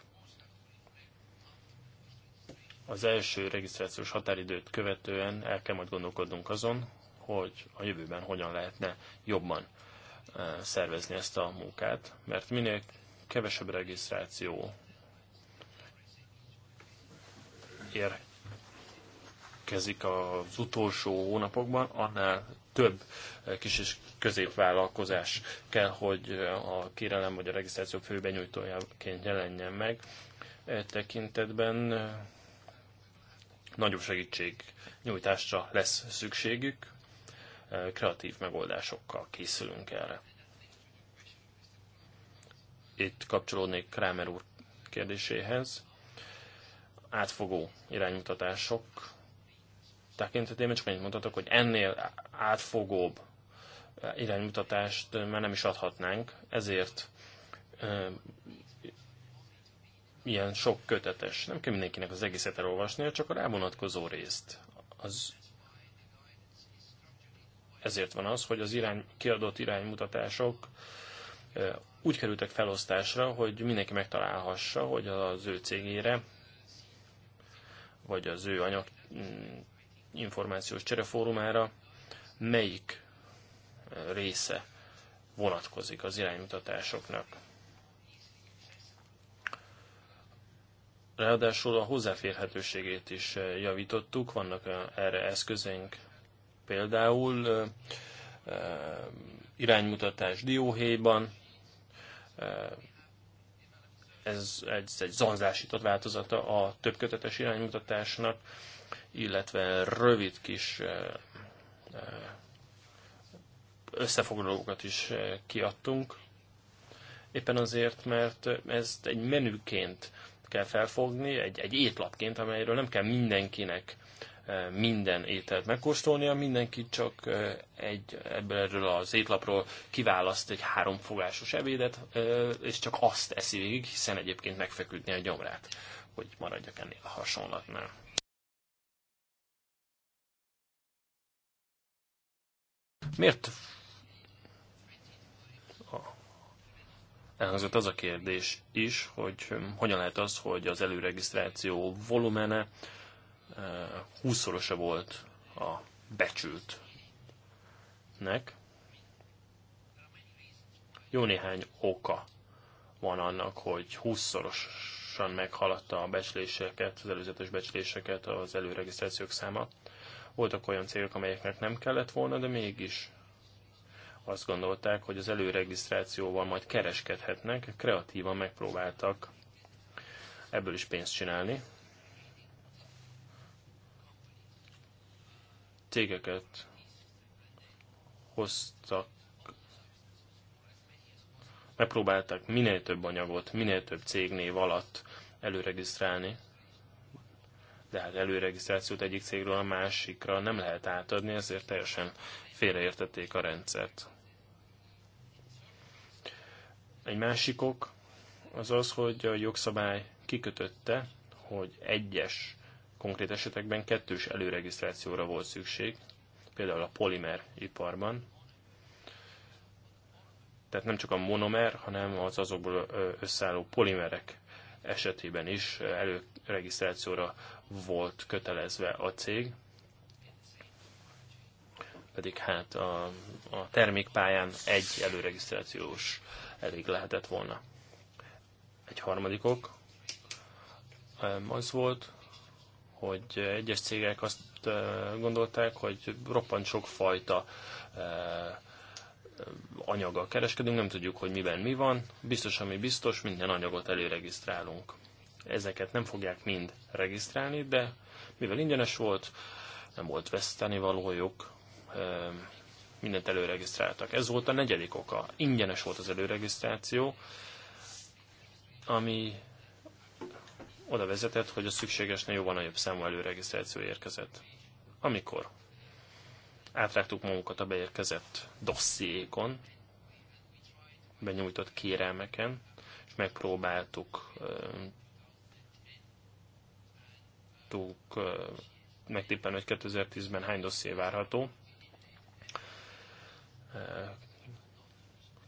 Az első regisztrációs határidőt követően el kell majd gondolkodnunk azon, hogy a jövőben hogyan lehetne jobban e, szervezni ezt a munkát, mert minél kevesebb regisztráció ér érkezik az utolsó hónapokban, annál több kis és középvállalkozás kell, hogy a kérelem vagy a regisztráció főbenyújtójaként jelenjen meg. E tekintetben e, nagyobb segítség nyújtásra lesz szükségük, e, kreatív megoldásokkal készülünk erre. Itt kapcsolódnék Krámer úr kérdéséhez. Átfogó iránymutatások tekintetében csak annyit mondhatok, hogy ennél átfogóbb eh, iránymutatást eh, már nem is adhatnánk, ezért e, ilyen sok kötetes. Nem kell mindenkinek az egészet elolvasnia, csak a rávonatkozó részt. Az ezért van az, hogy az irány, kiadott iránymutatások e, úgy kerültek felosztásra, hogy mindenki megtalálhassa, hogy az ő cégére, vagy az ő anyag információs csereforumára, melyik része vonatkozik az iránymutatásoknak. Ráadásul a hozzáférhetőségét is javítottuk, vannak erre eszközeink, például iránymutatás dióhéjban, ez egy, egy zanzásított változata a többkötetes iránymutatásnak, illetve rövid kis eh, eh, összefoglalókat is eh, kiadtunk. Éppen azért, mert ezt egy menüként kell felfogni, egy, egy étlapként, amelyről nem kell mindenkinek minden ételt megkóstolnia, mindenki csak egy, ebből erről az étlapról kiválaszt egy háromfogásos ebédet, és csak azt eszi végig, hiszen egyébként megfeküdni a gyomrát, hogy maradjak ennél a hasonlatnál. Miért elhangzott az a kérdés is, hogy hogyan lehet az, hogy az előregisztráció volumene 20-szorosa volt a becsültnek. Jó néhány oka van annak, hogy 20-szorosan meghaladta a becsléseket, az előzetes becsléseket az előregisztrációk száma. Voltak olyan cégek, amelyeknek nem kellett volna, de mégis azt gondolták, hogy az előregisztrációval majd kereskedhetnek, kreatívan megpróbáltak ebből is pénzt csinálni. Cégeket hoztak, megpróbáltak minél több anyagot, minél több cégnév alatt előregisztrálni, de hát előregisztrációt egyik cégről a másikra nem lehet átadni, ezért teljesen félreértették a rendszert. Egy másik ok az az, hogy a jogszabály kikötötte, hogy egyes konkrét esetekben kettős előregisztrációra volt szükség, például a polimer iparban. Tehát nem csak a monomer, hanem az azokból összeálló polimerek esetében is előregisztrációra volt kötelezve a cég, pedig hát a, a termékpályán egy előregisztrációs elég lehetett volna. Egy harmadik ok az volt, hogy egyes cégek azt eh, gondolták, hogy roppant sok fajta eh, anyaggal kereskedünk, nem tudjuk, hogy miben mi van. Biztos, ami biztos, minden anyagot előregisztrálunk. Ezeket nem fogják mind regisztrálni, de mivel ingyenes volt, nem volt veszteni valójuk, mindent előregisztráltak. Ez volt a negyedik oka. Ingyenes volt az előregisztráció, ami oda vezetett, hogy a szükségesnél jóval nagyobb számú előregisztráció érkezett. Amikor átrágtuk magunkat a beérkezett dossziékon, benyújtott kérelmeken, és megpróbáltuk megtippelni, hogy 2010-ben hány dosszié várható.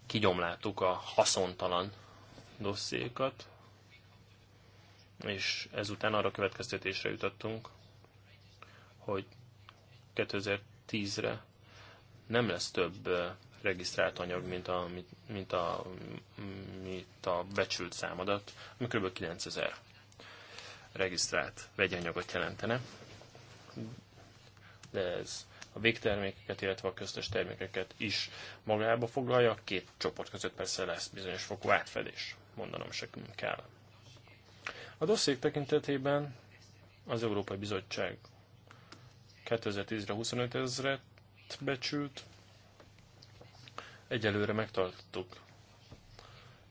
Kigyomláltuk a haszontalan dossziékat, és ezután arra következtetésre jutottunk, hogy tízre nem lesz több regisztrált anyag, mint a, mint, mint a, mint a becsült számadat, ami kb. 9000 regisztrált vegyanyagot jelentene. De ez a végtermékeket, illetve a köztes termékeket is magába foglalja. Két csoport között persze lesz bizonyos fokú átfedés, mondanom se kell. A dosszék tekintetében az Európai Bizottság 2010-re 25 ezret becsült. Egyelőre megtartottuk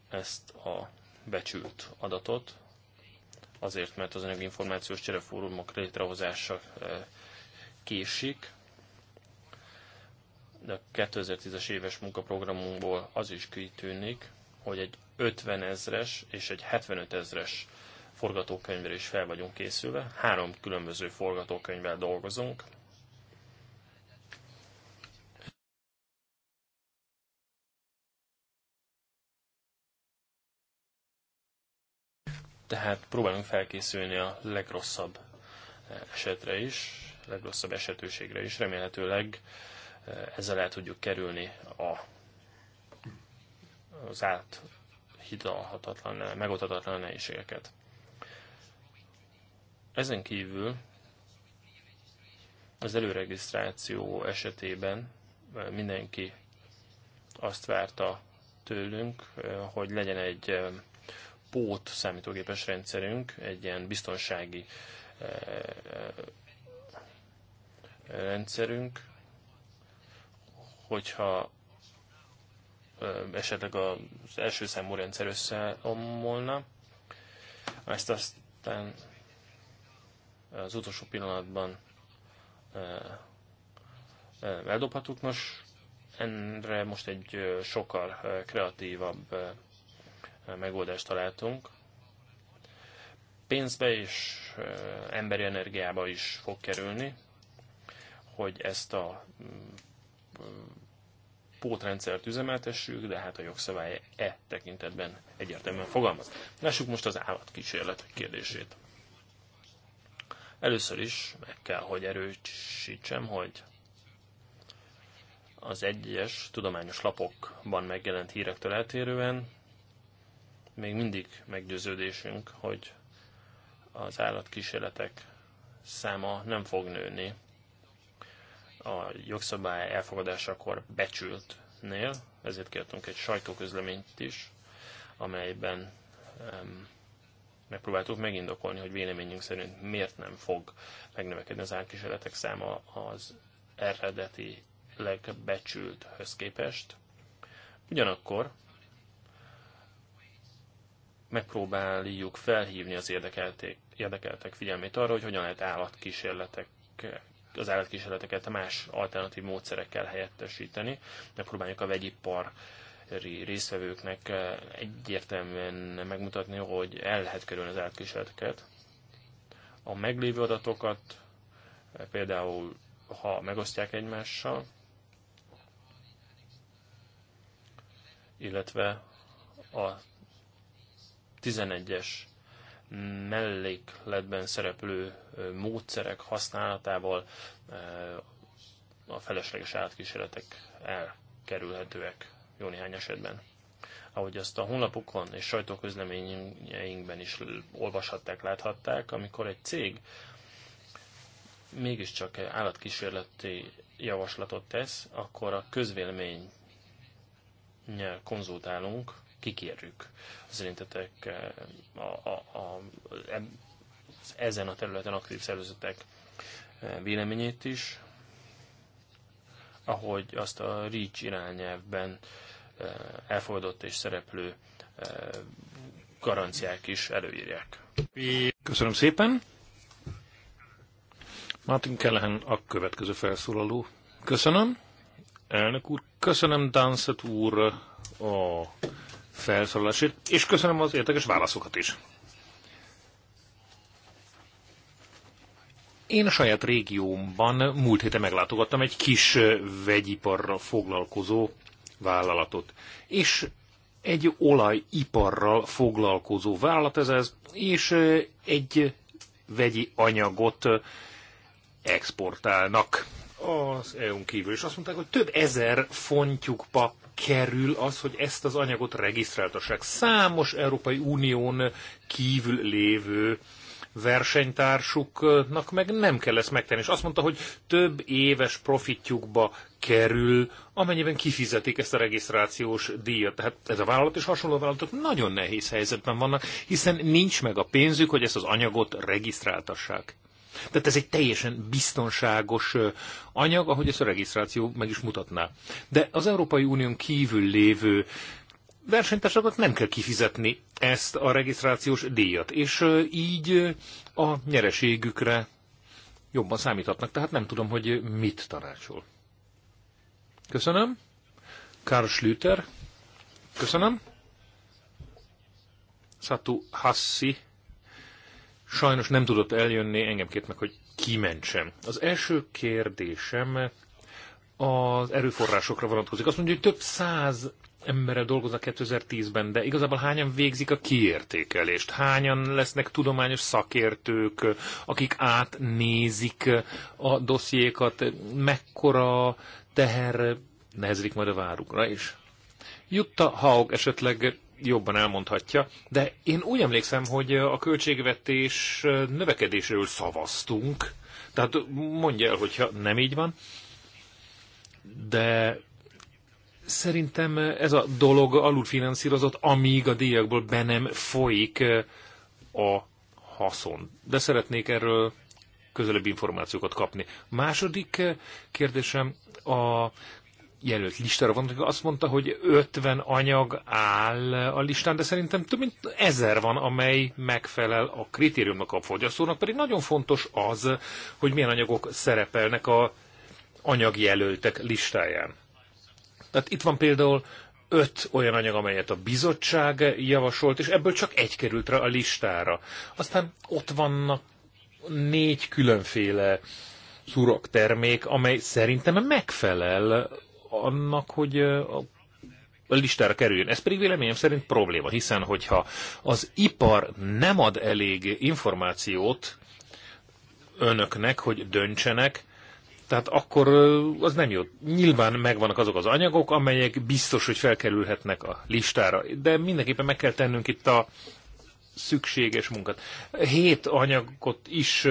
ezt a becsült adatot, azért, mert az anyagi információs cserefórumok létrehozása eh, késik, de a 2010-es éves munkaprogramunkból az is kitűnik, hogy egy 50 ezres és egy 75 ezres forgatókönyvre is fel vagyunk készülve. Három különböző forgatókönyvvel dolgozunk. Tehát próbálunk felkészülni a legrosszabb eh, esetre is, legrosszabb esetőségre is. Remélhetőleg eh, ezzel el tudjuk kerülni a, az áthidalhatatlan, eh, megoldhatatlan nehézségeket. Ezen kívül az előregisztráció esetében mindenki azt várta tőlünk, hogy legyen egy pót számítógépes rendszerünk, egy ilyen biztonsági rendszerünk, hogyha esetleg az első számú rendszer összeomolna. Ezt aztán az utolsó pillanatban eldobhatuk. Nos, ennre most egy sokkal kreatívabb megoldást találtunk. Pénzbe és emberi energiába is fog kerülni, hogy ezt a mm, pótrendszert üzemeltessük, de hát a jogszabály e tekintetben egyértelműen fogalmaz. Lássuk most az állatkísérletek kérdését. Először is meg kell, hogy erősítsem, hogy az egyes tudományos lapokban megjelent hírektől eltérően még mindig meggyőződésünk, hogy az állatkísérletek száma nem fog nőni a jogszabály elfogadásakor becsültnél, ezért kértünk egy sajtóközleményt is, amelyben um, megpróbáltuk megindokolni, hogy véleményünk szerint miért nem fog megnövekedni az állkísérletek száma az eredeti legbecsülthöz képest. Ugyanakkor megpróbáljuk felhívni az érdekeltek, érdekeltek figyelmét arra, hogy hogyan lehet állatkísérletek az állatkísérleteket más alternatív módszerekkel helyettesíteni. Megpróbáljuk a vegyipar résztvevőknek egyértelműen megmutatni, hogy el lehet kerülni az átkísérleteket. A meglévő adatokat például, ha megosztják egymással, illetve a 11-es mellékletben szereplő módszerek használatával a felesleges átkísérletek elkerülhetőek jó néhány esetben. Ahogy azt a honlapokon és sajtóközleményeinkben is olvashatták, láthatták, amikor egy cég mégiscsak állatkísérleti javaslatot tesz, akkor a közvélemény konzultálunk, kikérjük az érintetek eh, a, a, a, ezen a területen aktív szervezetek eh, véleményét is, ahogy azt a REACH irányelvben Eh, elfogadott és szereplő eh, garanciák is előírják. Köszönöm szépen! Martin Kellehen a következő felszólaló. Köszönöm, elnök úr, köszönöm Danszet úr a felszólalásért, és köszönöm az érdekes válaszokat is. Én a saját régiómban múlt héten meglátogattam egy kis eh, vegyiparra foglalkozó vállalatot. És egy olajiparral foglalkozó vállalat ez, ez és egy vegyi anyagot exportálnak az EU-n kívül. És azt mondták, hogy több ezer fontjukba kerül az, hogy ezt az anyagot regisztráltassák. Számos Európai Unión kívül lévő versenytársuknak meg nem kell ezt megtenni. És azt mondta, hogy több éves profitjukba kerül, amennyiben kifizetik ezt a regisztrációs díjat. Tehát ez a vállalat és hasonló vállalatok nagyon nehéz helyzetben vannak, hiszen nincs meg a pénzük, hogy ezt az anyagot regisztráltassák. Tehát ez egy teljesen biztonságos anyag, ahogy ezt a regisztráció meg is mutatná. De az Európai Unión kívül lévő versenytársakat nem kell kifizetni ezt a regisztrációs díjat, és így a nyereségükre jobban számíthatnak. Tehát nem tudom, hogy mit tanácsol. Köszönöm. Karl Schlüter. Köszönöm. Satu Hassi sajnos nem tudott eljönni, engem kért meg, hogy kimentsem. Az első kérdésem az erőforrásokra vonatkozik. Azt mondja, hogy több száz emberrel dolgoznak 2010-ben, de igazából hányan végzik a kiértékelést? Hányan lesznek tudományos szakértők, akik átnézik a dossziékat? Mekkora teher nehezik majd a várukra is. Jutta Haug esetleg jobban elmondhatja, de én úgy emlékszem, hogy a költségvetés növekedésről szavaztunk, tehát mondja el, hogyha nem így van, de szerintem ez a dolog alulfinanszírozott, amíg a díjakból be nem folyik a haszon. De szeretnék erről közelebb információkat kapni. Második kérdésem a jelölt listára hogy azt mondta, hogy 50 anyag áll a listán, de szerintem több mint ezer van, amely megfelel a kritériumnak a fogyasztónak, pedig nagyon fontos az, hogy milyen anyagok szerepelnek a anyagjelöltek listáján. Tehát itt van például öt olyan anyag, amelyet a bizottság javasolt, és ebből csak egy került rá a listára. Aztán ott vannak négy különféle szurok termék, amely szerintem megfelel annak, hogy a listára kerüljön. Ez pedig véleményem szerint probléma, hiszen hogyha az ipar nem ad elég információt önöknek, hogy döntsenek, tehát akkor az nem jó. Nyilván megvannak azok az anyagok, amelyek biztos, hogy felkerülhetnek a listára, de mindenképpen meg kell tennünk itt a szükséges munkát. Hét anyagot is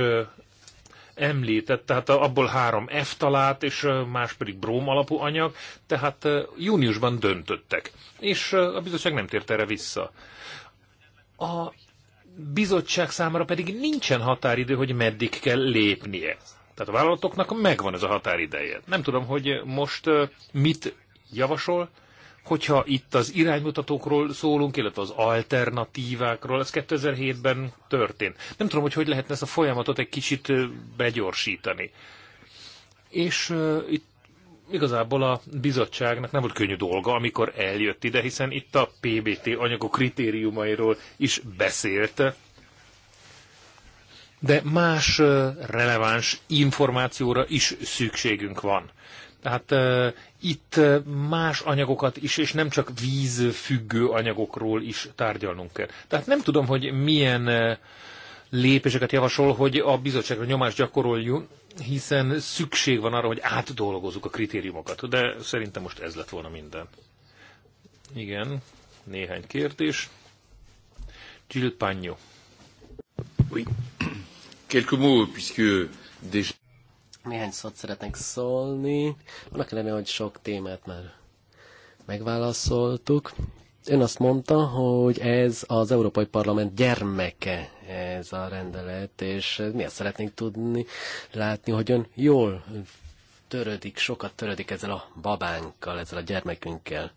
említett, tehát abból három F talált, és más pedig bróm alapú anyag, tehát júniusban döntöttek, és a bizottság nem tért erre vissza. A bizottság számára pedig nincsen határidő, hogy meddig kell lépnie. Tehát a vállalatoknak megvan ez a határideje. Nem tudom, hogy most mit javasol, Hogyha itt az iránymutatókról szólunk, illetve az alternatívákról, ez 2007-ben történt. Nem tudom, hogy hogy lehetne ezt a folyamatot egy kicsit begyorsítani. És uh, itt igazából a bizottságnak nem volt könnyű dolga, amikor eljött ide, hiszen itt a PBT anyagok kritériumairól is beszélt, de más releváns információra is szükségünk van. Tehát uh, itt más anyagokat is, és nem csak vízfüggő anyagokról is tárgyalnunk kell. Tehát nem tudom, hogy milyen lépéseket javasol, hogy a bizottságra nyomást gyakoroljunk, hiszen szükség van arra, hogy átdolgozzuk a kritériumokat. De szerintem most ez lett volna minden. Igen, néhány kérdés. Gilles Pagno. Oui. Quelques mots, puisque déjà... Néhány szót szeretnék szólni. Annak ellenére, hogy sok témát már megválaszoltuk. Ön azt mondta, hogy ez az Európai Parlament gyermeke, ez a rendelet, és mi azt szeretnénk tudni, látni, hogy ön jól törődik, sokat törődik ezzel a babánkkal, ezzel a gyermekünkkel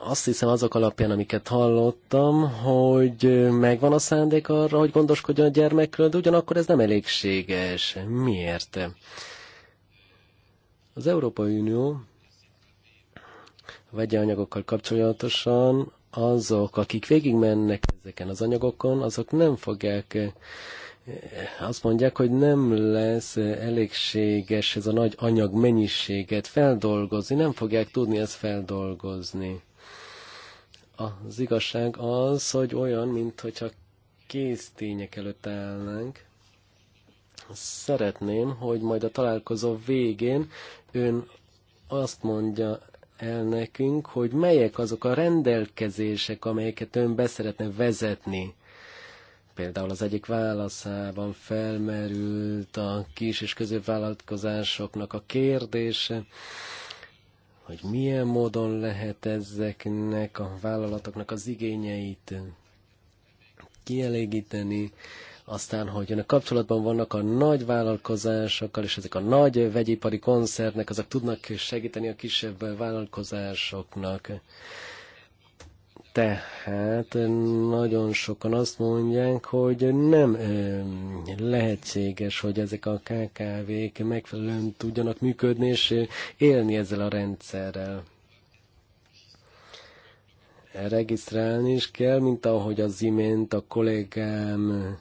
azt hiszem azok alapján, amiket hallottam, hogy megvan a szándék arra, hogy gondoskodjon a gyermekről, de ugyanakkor ez nem elégséges. Miért? Az Európai Unió vegye anyagokkal kapcsolatosan azok, akik végigmennek ezeken az anyagokon, azok nem fogják azt mondják, hogy nem lesz elégséges ez a nagy anyag mennyiséget feldolgozni, nem fogják tudni ezt feldolgozni. Az igazság az, hogy olyan, mint kész tények előtt állnánk. Szeretném, hogy majd a találkozó végén ön azt mondja el nekünk, hogy melyek azok a rendelkezések, amelyeket ön beszeretne vezetni például az egyik válaszában felmerült a kis és középvállalkozásoknak a kérdése, hogy milyen módon lehet ezeknek a vállalatoknak az igényeit kielégíteni, aztán, hogy önök kapcsolatban vannak a nagy vállalkozásokkal, és ezek a nagy vegyipari koncernek, azok tudnak segíteni a kisebb vállalkozásoknak. Tehát nagyon sokan azt mondják, hogy nem ö, lehetséges, hogy ezek a KKV-k megfelelően tudjanak működni és élni ezzel a rendszerrel. Regisztrálni is kell, mint ahogy az imént a kollégám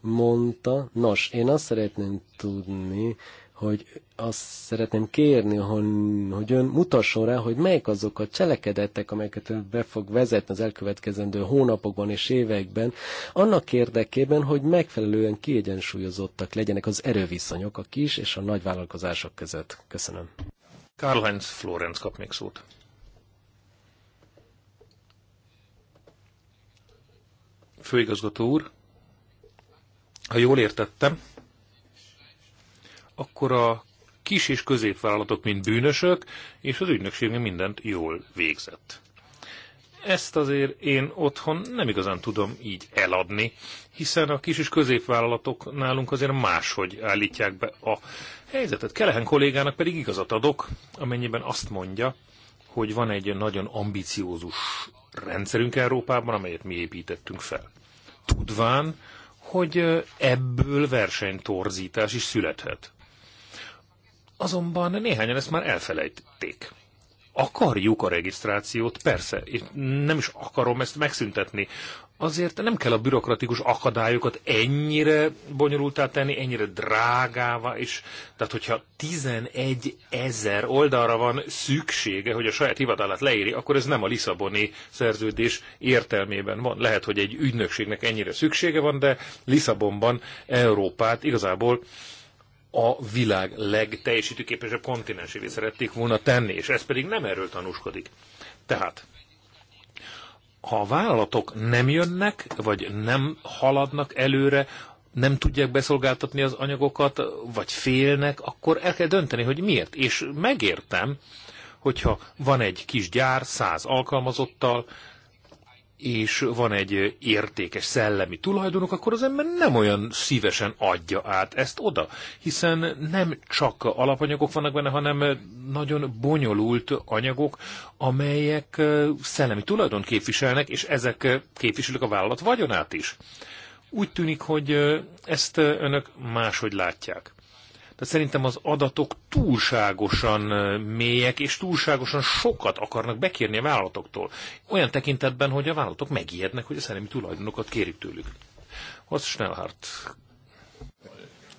mondta. Nos, én azt szeretném tudni, hogy azt szeretném kérni, hogy ön mutasson rá, hogy melyik azok a cselekedetek, amelyeket ön be fog vezetni az elkövetkezendő hónapokban és években, annak érdekében, hogy megfelelően kiegyensúlyozottak legyenek az erőviszonyok a kis és a nagy vállalkozások között. Köszönöm. Karl-Heinz Florenz kap még szót. Főigazgató úr, ha jól értettem, akkor a kis és középvállalatok mind bűnösök, és az ügynökség mindent jól végzett. Ezt azért én otthon nem igazán tudom így eladni, hiszen a kis és középvállalatok nálunk azért máshogy állítják be a helyzetet. Kelehen kollégának pedig igazat adok, amennyiben azt mondja, hogy van egy nagyon ambiciózus rendszerünk Európában, amelyet mi építettünk fel. Tudván, hogy ebből versenytorzítás is születhet. Azonban néhányan ezt már elfelejtették. Akarjuk a regisztrációt, persze, én nem is akarom ezt megszüntetni. Azért nem kell a bürokratikus akadályokat ennyire bonyolultá tenni, ennyire drágáva is. Tehát, hogyha 11 ezer oldalra van szüksége, hogy a saját hivatalát leírja, akkor ez nem a Lisszaboni szerződés értelmében van. Lehet, hogy egy ügynökségnek ennyire szüksége van, de Lisszabonban Európát igazából a világ legteljesítőképesebb kontinensévé szerették volna tenni, és ez pedig nem erről tanúskodik. Tehát, ha a vállalatok nem jönnek, vagy nem haladnak előre, nem tudják beszolgáltatni az anyagokat, vagy félnek, akkor el kell dönteni, hogy miért. És megértem, hogyha van egy kis gyár, száz alkalmazottal, és van egy értékes szellemi tulajdonok, akkor az ember nem olyan szívesen adja át ezt oda, hiszen nem csak alapanyagok vannak benne, hanem nagyon bonyolult anyagok, amelyek szellemi tulajdon képviselnek, és ezek képviselik a vállalat vagyonát is. Úgy tűnik, hogy ezt önök máshogy látják. Tehát szerintem az adatok túlságosan mélyek, és túlságosan sokat akarnak bekérni a vállalatoktól. Olyan tekintetben, hogy a vállalatok megijednek, hogy a szellemi tulajdonokat kérik tőlük. Horst Schnellhardt.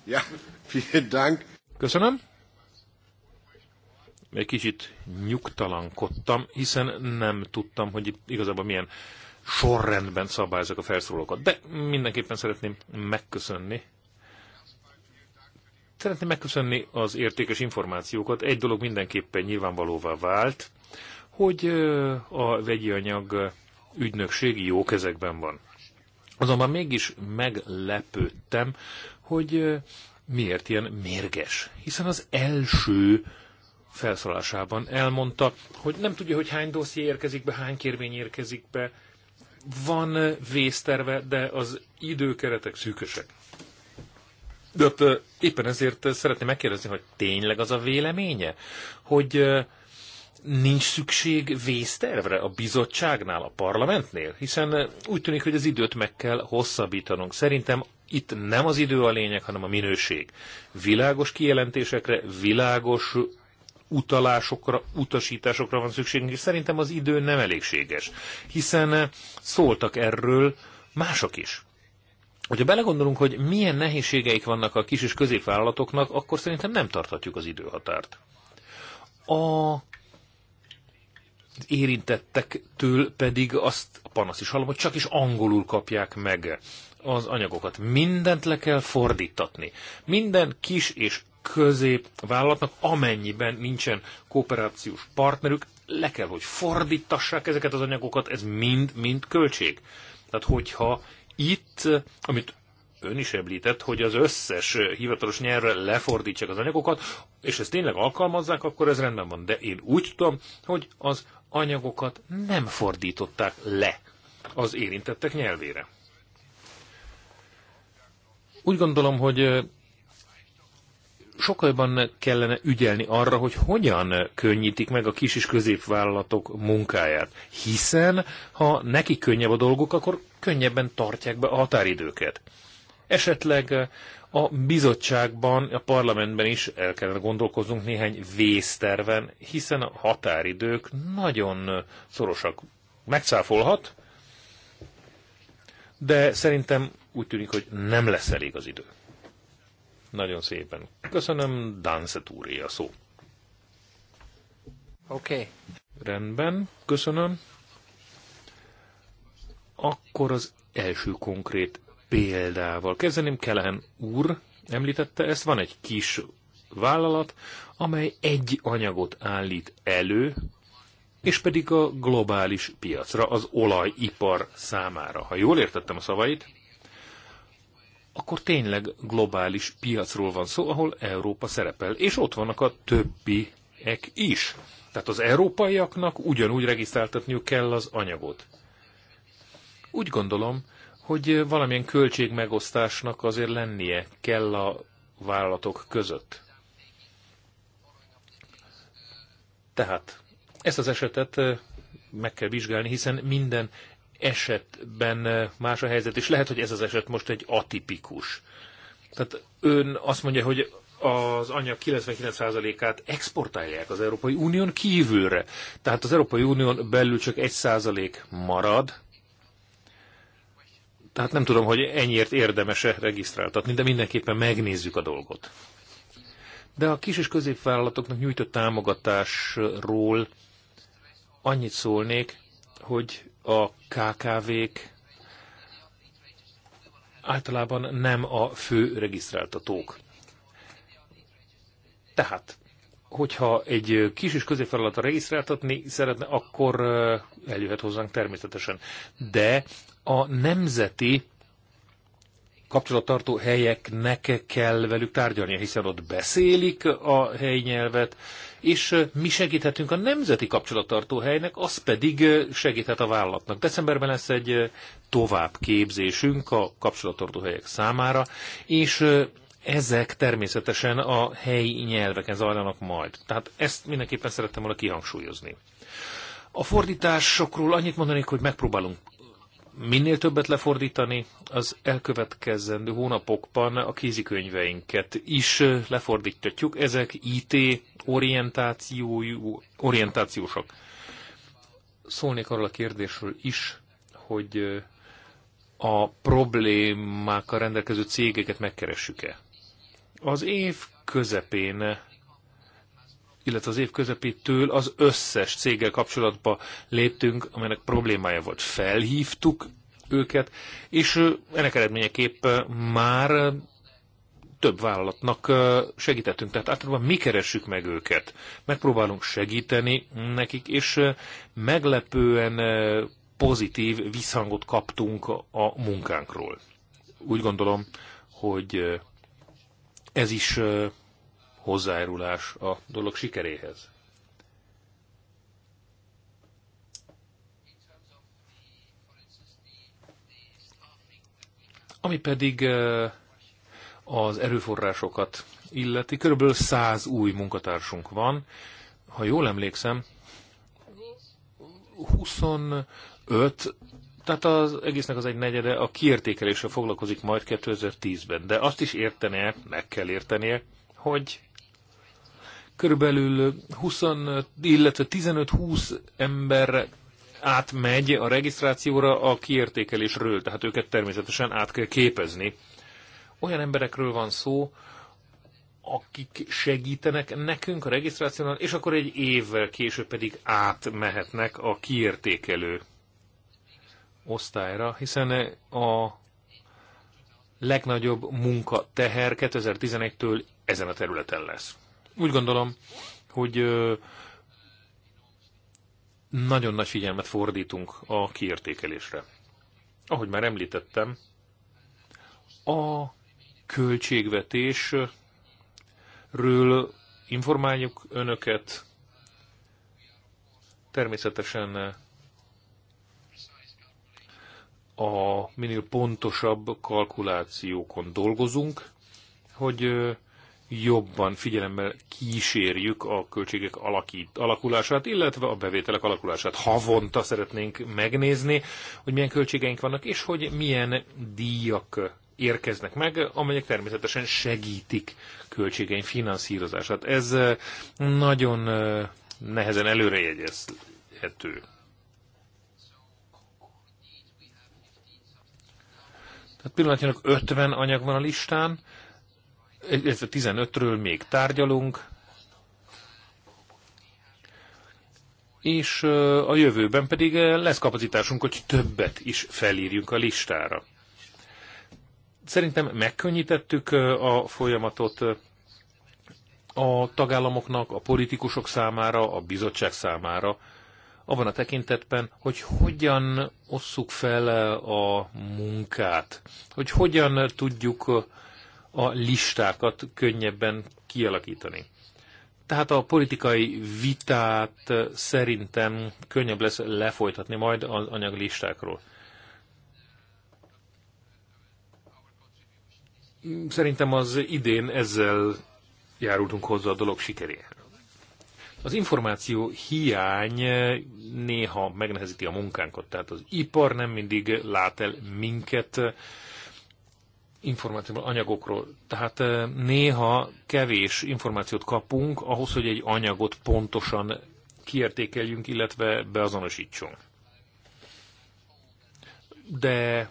Ja, vielen Dank. Köszönöm. Egy kicsit nyugtalankodtam, hiszen nem tudtam, hogy itt igazából milyen sorrendben szabályozok a felszólókat. De mindenképpen szeretném megköszönni Szeretném megköszönni az értékes információkat. Egy dolog mindenképpen nyilvánvalóvá vált, hogy a vegyi anyag ügynökség jó kezekben van. Azonban mégis meglepődtem, hogy miért ilyen mérges. Hiszen az első felszólásában elmondta, hogy nem tudja, hogy hány dosszié érkezik be, hány kérvény érkezik be, van vészterve, de az időkeretek szűkösek. De éppen ezért szeretném megkérdezni, hogy tényleg az a véleménye, hogy nincs szükség vésztervre a bizottságnál, a parlamentnél? Hiszen úgy tűnik, hogy az időt meg kell hosszabbítanunk. Szerintem itt nem az idő a lényeg, hanem a minőség. Világos kijelentésekre, világos utalásokra, utasításokra van szükségünk, és szerintem az idő nem elégséges, hiszen szóltak erről mások is. Hogyha belegondolunk, hogy milyen nehézségeik vannak a kis és középvállalatoknak, akkor szerintem nem tarthatjuk az időhatárt. A érintettektől pedig azt a panasz is hallom, hogy csak is angolul kapják meg az anyagokat. Mindent le kell fordítatni. Minden kis és közép vállalatnak, amennyiben nincsen kooperációs partnerük, le kell, hogy fordítassák ezeket az anyagokat, ez mind-mind költség. Tehát hogyha itt, amit ön is említett, hogy az összes hivatalos nyelvre lefordítsák az anyagokat, és ezt tényleg alkalmazzák, akkor ez rendben van. De én úgy tudom, hogy az anyagokat nem fordították le az érintettek nyelvére. Úgy gondolom, hogy sokkal jobban kellene ügyelni arra, hogy hogyan könnyítik meg a kis és középvállalatok munkáját. Hiszen, ha neki könnyebb a dolguk, akkor könnyebben tartják be a határidőket. Esetleg eh, a bizottságban, a parlamentben is el kellene gondolkoznunk néhány vészterven, hiszen a határidők nagyon eh, szorosak. Megcáfolhat, de szerintem úgy tűnik, hogy nem lesz elég az idő. Nagyon szépen. Köszönöm, Danszet a szó. Oké. Okay. Rendben, köszönöm. Akkor az első konkrét példával kezdeném. Kelehen úr említette ezt, van egy kis vállalat, amely egy anyagot állít elő, és pedig a globális piacra, az olajipar számára. Ha jól értettem a szavait, akkor tényleg globális piacról van szó, ahol Európa szerepel, és ott vannak a többiek is. Tehát az európaiaknak ugyanúgy regisztráltatniuk kell az anyagot. Úgy gondolom, hogy valamilyen költségmegosztásnak azért lennie kell a vállalatok között. Tehát ezt az esetet eh, meg kell vizsgálni, hiszen minden esetben eh, más a helyzet, és lehet, hogy ez az eset most egy atipikus. Tehát ön azt mondja, hogy az anyag 99%-át exportálják az Európai Unión kívülre. Tehát az Európai Unión belül csak 1% marad, tehát nem tudom, hogy ennyiért érdemese regisztráltatni, de mindenképpen megnézzük a dolgot. De a kis és középvállalatoknak nyújtott támogatásról annyit szólnék, hogy a KKV-k általában nem a fő regisztráltatók. Tehát, hogyha egy kis és középvállalatra regisztráltatni szeretne, akkor eh, eljöhet hozzánk természetesen. De a nemzeti kapcsolattartó helyeknek kell velük tárgyalni, hiszen ott beszélik a helyi nyelvet, és mi segíthetünk a nemzeti kapcsolattartó helynek, az pedig segíthet a vállalatnak. Decemberben lesz egy továbbképzésünk a kapcsolattartó helyek számára, és ezek természetesen a helyi nyelveken zajlanak majd. Tehát ezt mindenképpen szerettem volna kihangsúlyozni. A fordításokról annyit mondanék, hogy megpróbálunk minél többet lefordítani, az elkövetkezendő hónapokban a kézikönyveinket is lefordítjuk. Ezek IT orientációsak. Szólnék arról a kérdésről is, hogy a problémákkal rendelkező cégeket megkeressük-e. Az év közepén illetve az év közepétől az összes céggel kapcsolatba léptünk, amelynek problémája volt. Felhívtuk őket, és ennek eredményeképp már több vállalatnak segítettünk. Tehát általában mi keressük meg őket. Megpróbálunk segíteni nekik, és meglepően pozitív visszhangot kaptunk a munkánkról. Úgy gondolom, hogy ez is hozzájárulás a dolog sikeréhez. Ami pedig eh, az erőforrásokat illeti, körülbelül száz új munkatársunk van. Ha jól emlékszem, 25, tehát az egésznek az egy negyede a kiértékeléssel foglalkozik majd 2010-ben. De azt is értenie, meg kell értenie, hogy körülbelül 20, illetve 15-20 ember átmegy a regisztrációra a kiértékelésről, tehát őket természetesen át kell képezni. Olyan emberekről van szó, akik segítenek nekünk a regisztrációnál, és akkor egy évvel később pedig átmehetnek a kiértékelő osztályra, hiszen a legnagyobb munkateher 2011-től ezen a területen lesz. Úgy gondolom, hogy nagyon nagy figyelmet fordítunk a kiértékelésre. Ahogy már említettem, a költségvetésről informáljuk önöket. Természetesen a minél pontosabb kalkulációkon dolgozunk, hogy jobban figyelemmel kísérjük a költségek alakít, alakulását, illetve a bevételek alakulását. Havonta szeretnénk megnézni, hogy milyen költségeink vannak, és hogy milyen díjak érkeznek meg, amelyek természetesen segítik költségeink finanszírozását. Ez eh, nagyon eh, nehezen előrejegyezhető. Tehát pillanatnyilag 50 anyag van a listán, illetve 15-ről még tárgyalunk, és a jövőben pedig lesz kapacitásunk, hogy többet is felírjunk a listára. Szerintem megkönnyítettük a folyamatot a tagállamoknak, a politikusok számára, a bizottság számára, abban a tekintetben, hogy hogyan osszuk fel a munkát, hogy hogyan tudjuk a listákat könnyebben kialakítani. Tehát a politikai vitát szerintem könnyebb lesz lefolytatni majd az anyaglistákról. Szerintem az idén ezzel járultunk hozzá a dolog sikeréhez. Az információ hiány néha megnehezíti a munkánkat, tehát az ipar nem mindig lát el minket, információból, anyagokról. Tehát eh, néha kevés információt kapunk ahhoz, hogy egy anyagot pontosan kiértékeljünk, illetve beazonosítsunk. De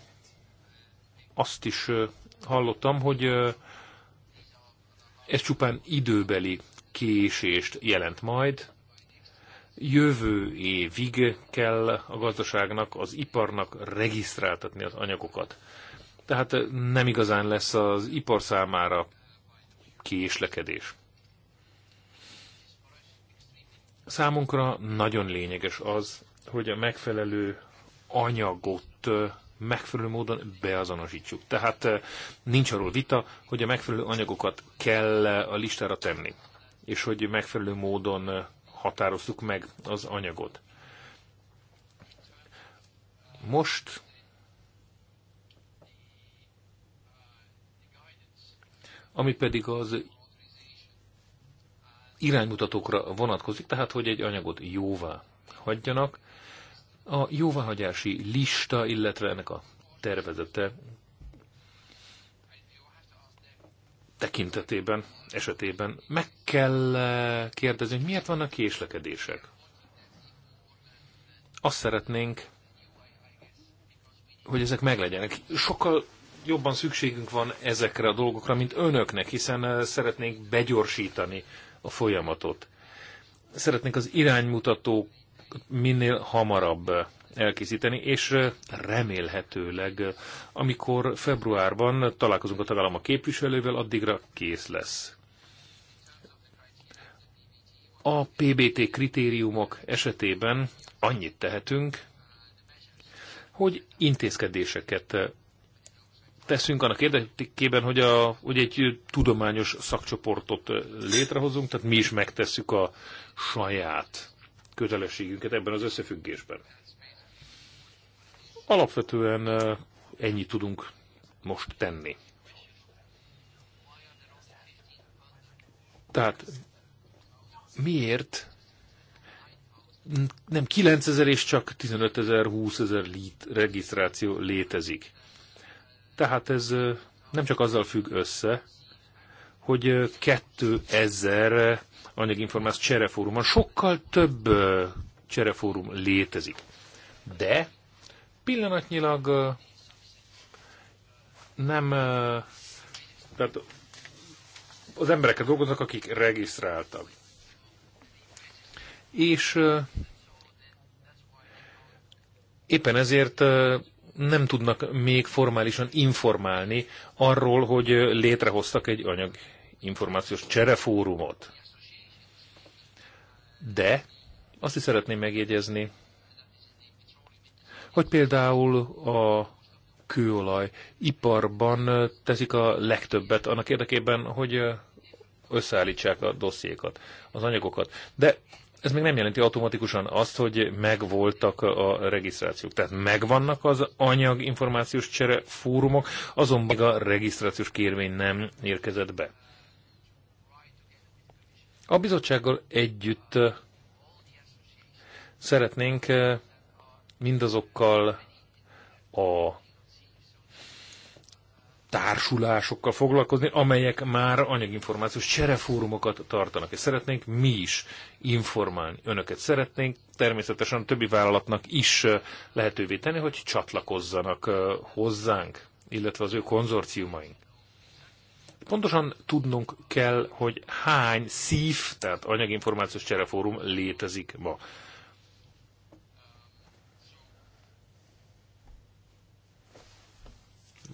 azt is eh, hallottam, hogy eh, ez csupán időbeli késést jelent majd. Jövő évig kell a gazdaságnak, az iparnak regisztráltatni az anyagokat. Tehát nem igazán lesz az ipar számára késlekedés. Számunkra nagyon lényeges az, hogy a megfelelő anyagot megfelelő módon beazonosítsuk. Tehát nincs arról vita, hogy a megfelelő anyagokat kell a listára tenni, és hogy megfelelő módon határoztuk meg az anyagot. Most ami pedig az iránymutatókra vonatkozik, tehát hogy egy anyagot jóvá hagyjanak. A jóváhagyási lista, illetve ennek a tervezete tekintetében, esetében meg kell eh, kérdezni, hogy miért vannak késlekedések. Azt szeretnénk, hogy ezek meglegyenek. Sokkal jobban szükségünk van ezekre a dolgokra, mint önöknek, hiszen eh, szeretnénk begyorsítani a folyamatot. Szeretnénk az iránymutató minél hamarabb eh, elkészíteni, és eh, remélhetőleg, amikor februárban találkozunk a tagállam a képviselővel, addigra kész lesz. A PBT kritériumok esetében annyit tehetünk, hogy intézkedéseket teszünk annak érdekében, hogy, a, hogy egy tudományos szakcsoportot létrehozunk, tehát mi is megtesszük a saját kötelességünket ebben az összefüggésben. Alapvetően ennyit tudunk most tenni. Tehát miért nem 9000 és csak 15000, 20000 regisztráció létezik? Tehát ez nem csak azzal függ össze, hogy 2000 anyaginformáció cserefórumon sokkal több cserefórum létezik. De pillanatnyilag nem, tehát az emberekkel dolgoznak, akik regisztráltak. És éppen ezért nem tudnak még formálisan informálni arról, hogy létrehoztak egy anyag információs cserefórumot. De azt is szeretném megjegyezni, hogy például a kőolaj iparban teszik a legtöbbet annak érdekében, hogy összeállítsák a dossziékat, az anyagokat. De ez még nem jelenti automatikusan azt, hogy megvoltak a regisztrációk. Tehát megvannak az anyag információs csere fórumok, azonban a regisztrációs kérvény nem érkezett be. A bizottsággal együtt eh, szeretnénk eh, mindazokkal a társulásokkal foglalkozni, amelyek már anyaginformációs cserefórumokat tartanak, és szeretnénk mi is informálni önöket. Szeretnénk természetesen a többi vállalatnak is lehetővé tenni, hogy csatlakozzanak hozzánk, illetve az ő konzorciumaink. Pontosan tudnunk kell, hogy hány szív, tehát anyaginformációs cserefórum létezik ma.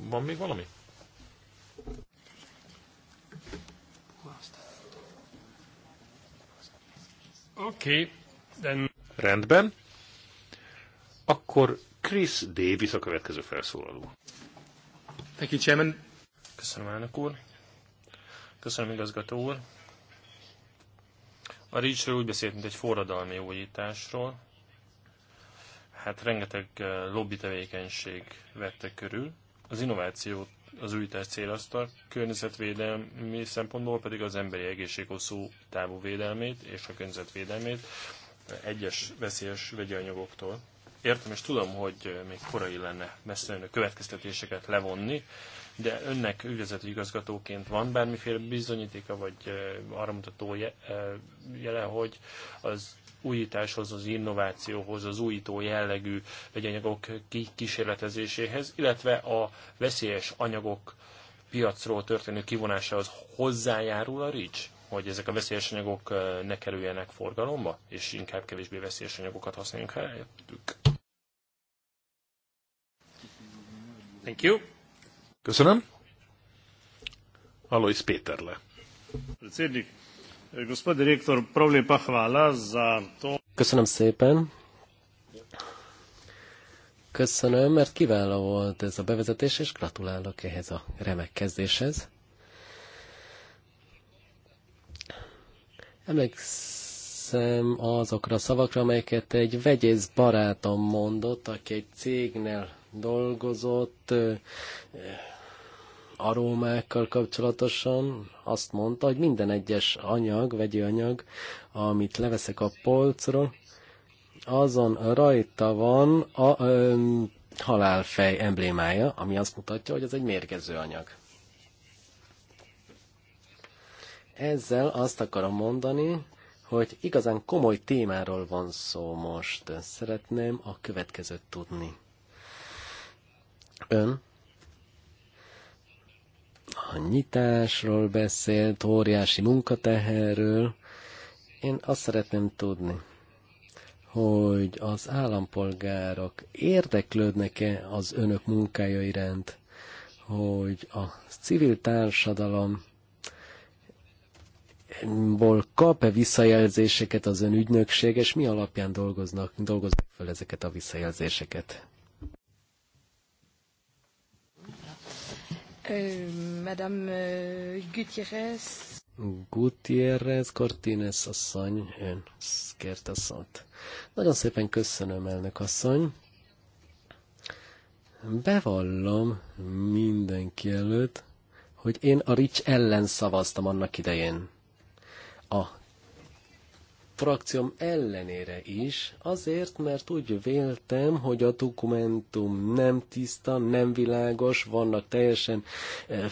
Van még valami? Oké, okay, Rendben. Akkor Chris Davis a következő felszólaló. Thank you, Chairman. Köszönöm, elnök úr. Köszönöm, igazgató úr. A Reachről úgy beszélt, mint egy forradalmi újításról. Hát rengeteg eh, lobby tevékenység vette körül. Az innovációt az újítás célozta, környezetvédelmi szempontból pedig az emberi egészség hosszú távú védelmét és a környezetvédelmét egyes veszélyes vegyi anyagoktól. Értem és tudom, hogy még korai lenne messze a következtetéseket levonni, de önnek ügyvezető igazgatóként van bármiféle bizonyítéka, vagy arra mutató jele, hogy az újításhoz, az innovációhoz, az újító jellegű vegyanyagok kísérletezéséhez, illetve a veszélyes anyagok piacról történő kivonásához hozzájárul a RICS? hogy ezek a veszélyes anyagok ne kerüljenek forgalomba, és inkább kevésbé veszélyes anyagokat használjunk helyettük. Thank you. Köszönöm. Alois Péterle. Köszönöm szépen. Köszönöm, mert kiváló volt ez a bevezetés, és gratulálok ehhez a remek kezdéshez. Emlékszem azokra a szavakra, amelyeket egy vegyész barátom mondott, aki egy cégnél dolgozott eh, arómákkal kapcsolatosan azt mondta, hogy minden egyes anyag, vegyi anyag, amit leveszek a polcról, azon rajta van a ö, halálfej emblémája, ami azt mutatja, hogy ez egy mérgező anyag. Ezzel azt akarom mondani, hogy igazán komoly témáról van szó most. Szeretném a következőt tudni. Ön a nyitásról beszélt, óriási munkateherről. Én azt szeretném tudni, hogy az állampolgárok érdeklődnek-e az önök munkája iránt, hogy a civil társadalom ból kap-e visszajelzéseket az ön ügynökség, és mi alapján dolgoznak, dolgoznak fel ezeket a visszajelzéseket? Euh, Madame euh, Gutierrez. Gutierrez Cortines asszony, ön a szót. Nagyon szépen köszönöm, elnök asszony. Bevallom mindenki előtt, hogy én a Rich ellen szavaztam annak idején. A frakcióm ellenére is, azért, mert úgy véltem, hogy a dokumentum nem tiszta, nem világos, vannak teljesen eh,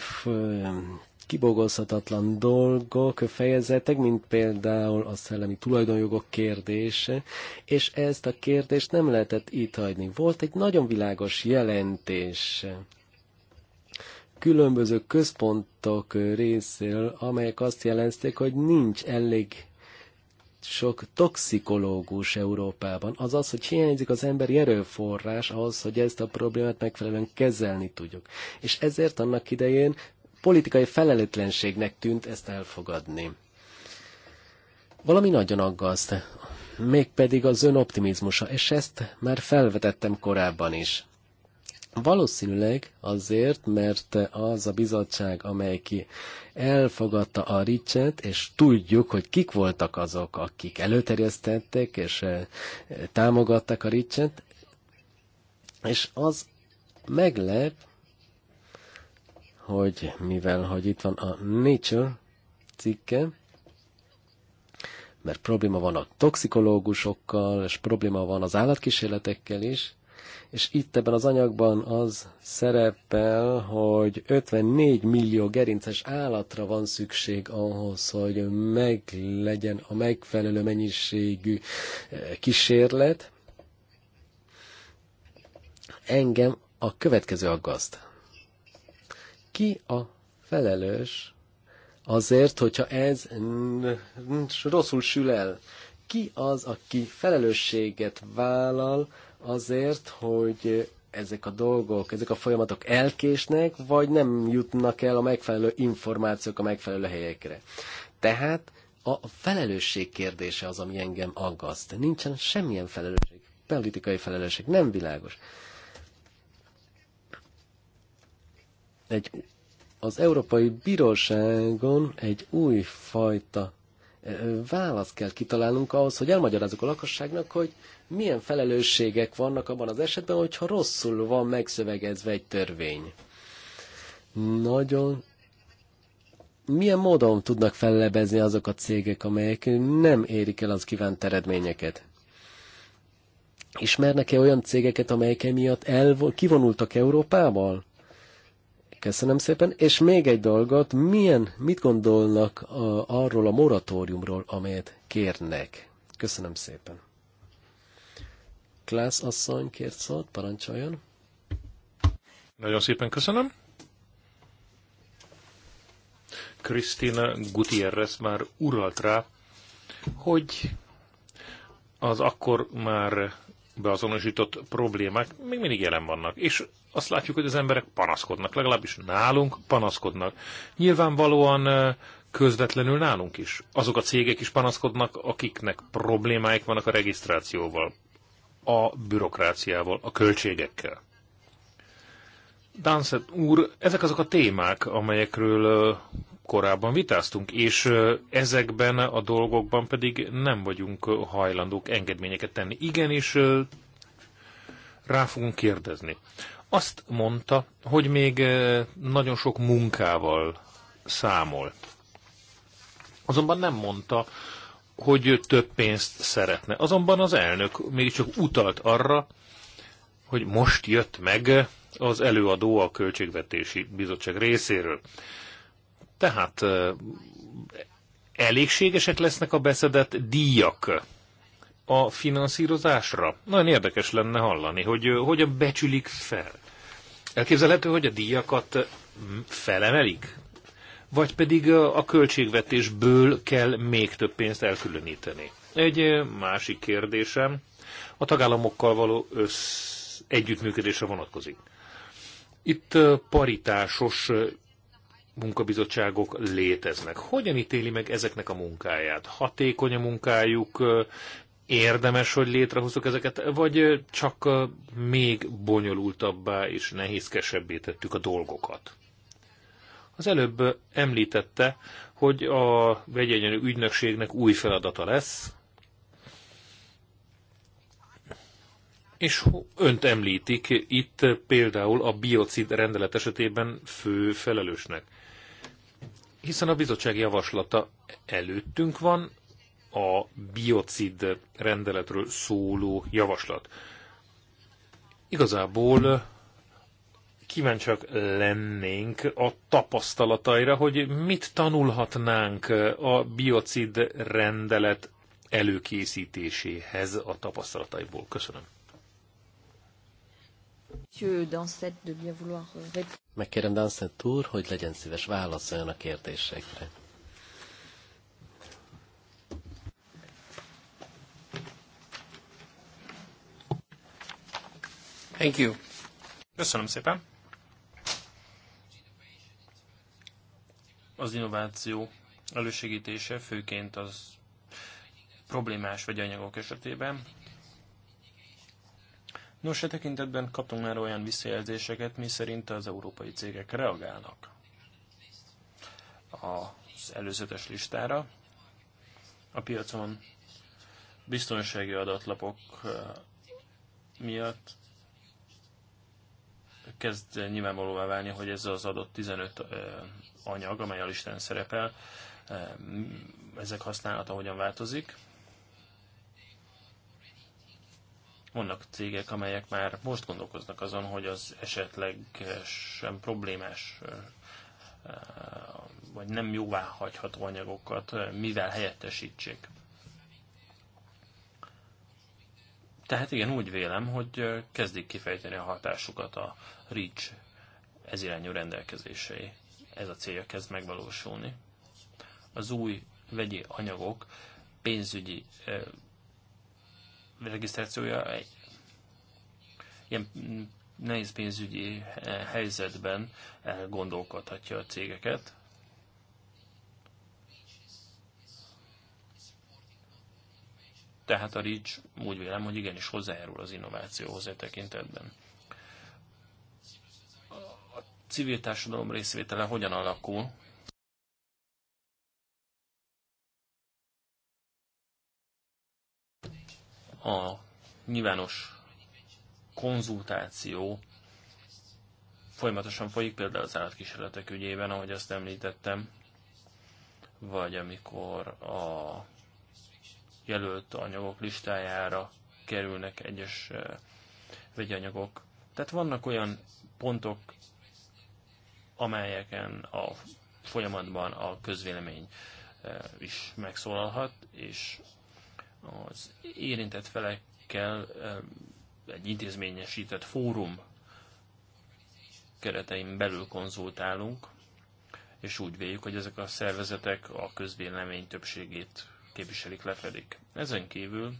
kibogozhatatlan dolgok, fejezetek, mint például a szellemi tulajdonjogok kérdése, és ezt a kérdést nem lehetett itt hagyni. Volt egy nagyon világos jelentés különböző központok részéről, amelyek azt jelezték, hogy nincs elég sok toxikológus Európában, azaz, hogy hiányzik az emberi erőforrás ahhoz, hogy ezt a problémát megfelelően kezelni tudjuk. És ezért annak idején politikai felelőtlenségnek tűnt ezt elfogadni. Valami nagyon aggaszt, mégpedig az ön optimizmusa, és ezt már felvetettem korábban is. Valószínűleg azért, mert az a bizottság, amely ki elfogadta a Ricset, és tudjuk, hogy kik voltak azok, akik előterjesztettek és eh, támogatták a Ricset, és az meglep, hogy mivel, hogy itt van a Nature cikke, mert probléma van a toxikológusokkal, és probléma van az állatkísérletekkel is, és itt ebben az anyagban az szerepel, hogy 54 millió gerinces állatra van szükség ahhoz, hogy meglegyen a megfelelő mennyiségű eh, kísérlet. Engem a következő aggaszt. Ki a felelős azért, hogyha ez rosszul sül el? Ki az, aki felelősséget vállal azért, hogy ezek a dolgok, ezek a folyamatok elkésnek, vagy nem jutnak el a megfelelő információk a megfelelő helyekre. Tehát a felelősség kérdése az, ami engem aggaszt. Nincsen semmilyen felelősség, politikai felelősség, nem világos. Egy, az Európai Bíróságon egy új fajta választ kell kitalálnunk ahhoz, hogy elmagyarázzuk a lakosságnak, hogy milyen felelősségek vannak abban az esetben, hogyha rosszul van megszövegezve egy törvény. Nagyon milyen módon tudnak fellebezni azok a cégek, amelyek nem érik el az kívánt eredményeket? Ismernek-e olyan cégeket, amelyek emiatt elv kivonultak Európából? Köszönöm szépen. És még egy dolgot, milyen, mit gondolnak a, arról a moratóriumról, amelyet kérnek? Köszönöm szépen. Klász asszony kért szót, parancsoljon. Nagyon szépen köszönöm. Krisztina Gutierrez már uralt rá, hogy az akkor már beazonosított problémák még mindig jelen vannak. És azt látjuk, hogy az emberek panaszkodnak, legalábbis nálunk panaszkodnak. Nyilvánvalóan közvetlenül nálunk is. Azok a cégek is panaszkodnak, akiknek problémáik vannak a regisztrációval a bürokráciával, a költségekkel. Dánszett úr, ezek azok a témák, amelyekről korábban vitáztunk, és ezekben a dolgokban pedig nem vagyunk hajlandók engedményeket tenni. Igenis, rá fogunk kérdezni. Azt mondta, hogy még nagyon sok munkával számol. Azonban nem mondta, hogy több pénzt szeretne. Azonban az elnök mégiscsak utalt arra, hogy most jött meg az előadó a Költségvetési Bizottság részéről. Tehát elégségesek lesznek a beszedett díjak a finanszírozásra? Nagyon érdekes lenne hallani, hogy hogyan becsülik fel. Elképzelhető, hogy a díjakat felemelik? vagy pedig a költségvetésből kell még több pénzt elkülöníteni. Egy másik kérdésem a tagállamokkal való össz együttműködésre vonatkozik. Itt paritásos munkabizottságok léteznek. Hogyan ítéli meg ezeknek a munkáját? Hatékony a munkájuk, érdemes, hogy létrehoztuk ezeket, vagy csak még bonyolultabbá és nehézkesebbé tettük a dolgokat? Az előbb említette, hogy a vegyegyenlő ügynökségnek új feladata lesz, és önt említik itt például a biocid rendelet esetében fő felelősnek. Hiszen a bizottság javaslata előttünk van, a biocid rendeletről szóló javaslat. Igazából kíváncsiak lennénk a tapasztalataira, hogy mit tanulhatnánk a biocid rendelet előkészítéséhez a tapasztalataiból. Köszönöm. Megkérem Dancet úr, hogy legyen szíves válaszoljon a kérdésekre. Thank you. Köszönöm szépen. az innováció elősegítése, főként az problémás vagy anyagok esetében. Nos, e tekintetben kaptunk már olyan visszajelzéseket, mi szerint az európai cégek reagálnak az előzetes listára. A piacon biztonsági adatlapok eh, miatt kezd nyilvánvalóvá válni, hogy ez az adott 15 anyag, amely a listán szerepel, ezek használata hogyan változik. Vannak cégek, amelyek már most gondolkoznak azon, hogy az esetleg sem problémás vagy nem jóvá hagyható anyagokat mivel helyettesítsék. Tehát igen, úgy vélem, hogy kezdik kifejteni a hatásukat a REACH ez irányú rendelkezései. Ez a célja kezd megvalósulni. Az új vegyi anyagok pénzügyi eh, regisztrációja egy ilyen nehéz pénzügyi eh, helyzetben gondolkodhatja a cégeket. Tehát a Ridge úgy vélem, hogy igenis hozzájárul az innovációhoz e tekintetben. A civil társadalom részvétele hogyan alakul? A nyilvános konzultáció folyamatosan folyik, például az állatkísérletek ügyében, ahogy azt említettem, vagy amikor a jelölt anyagok listájára kerülnek egyes vegyi anyagok. Tehát vannak olyan pontok, amelyeken a folyamatban a közvélemény is megszólalhat, és az érintett felekkel egy intézményesített fórum keretein belül konzultálunk, és úgy véljük, hogy ezek a szervezetek a közvélemény többségét képviselik, lefedik. Ezen kívül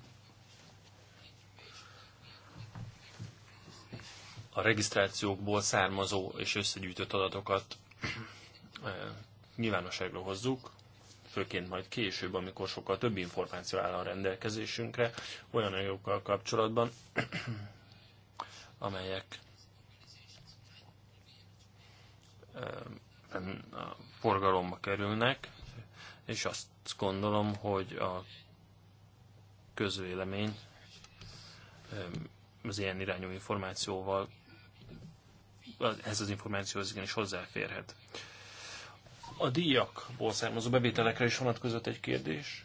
a regisztrációkból származó és összegyűjtött adatokat nyilvánosságra hozzuk, főként majd később, amikor sokkal több információ áll a rendelkezésünkre, olyan anyagokkal kapcsolatban, amelyek a forgalomba kerülnek, és azt azt gondolom, hogy a közvélemény az ilyen irányú információval ez az információ az igenis hozzáférhet. A díjakból származó bevételekre is vonatkozott egy kérdés.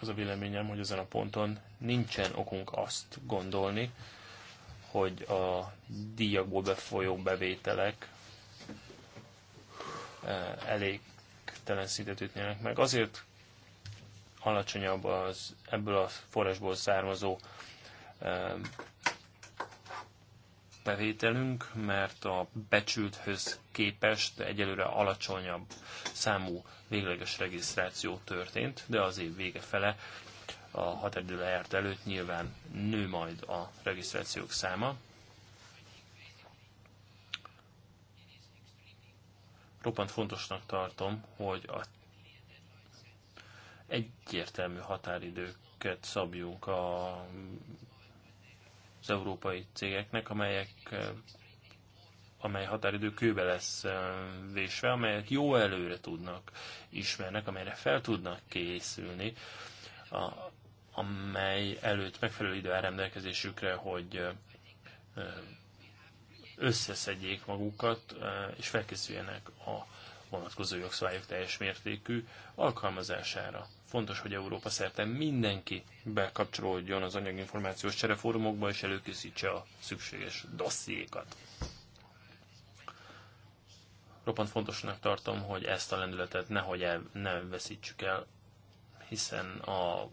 Az a véleményem, hogy ezen a ponton nincsen okunk azt gondolni, hogy a díjakból befolyó bevételek eh, elégtelen szintet ütnének meg. Azért alacsonyabb az ebből a forrásból származó bevételünk, mert a becsülthöz képest egyelőre alacsonyabb számú végleges regisztráció történt, de az év vége fele a határidő lejárt előtt nyilván nő majd a regisztrációk száma. Roppant fontosnak tartom, hogy a egyértelmű határidőket szabjunk a, az európai cégeknek, amelyek amely határidő kőbe lesz vésve, amelyek jó előre tudnak, ismernek, amelyre fel tudnak készülni, a, amely előtt megfelelő idő áll rendelkezésükre, hogy összeszedjék magukat, és felkészüljenek a vonatkozó jogszabályok teljes mértékű alkalmazására. Fontos, hogy Európa szerte mindenki bekapcsolódjon az anyaginformációs csereforumokba, és előkészítse a szükséges dossziékat. Roppant fontosnak tartom, hogy ezt a lendületet nehogy el, ne veszítsük el, hiszen a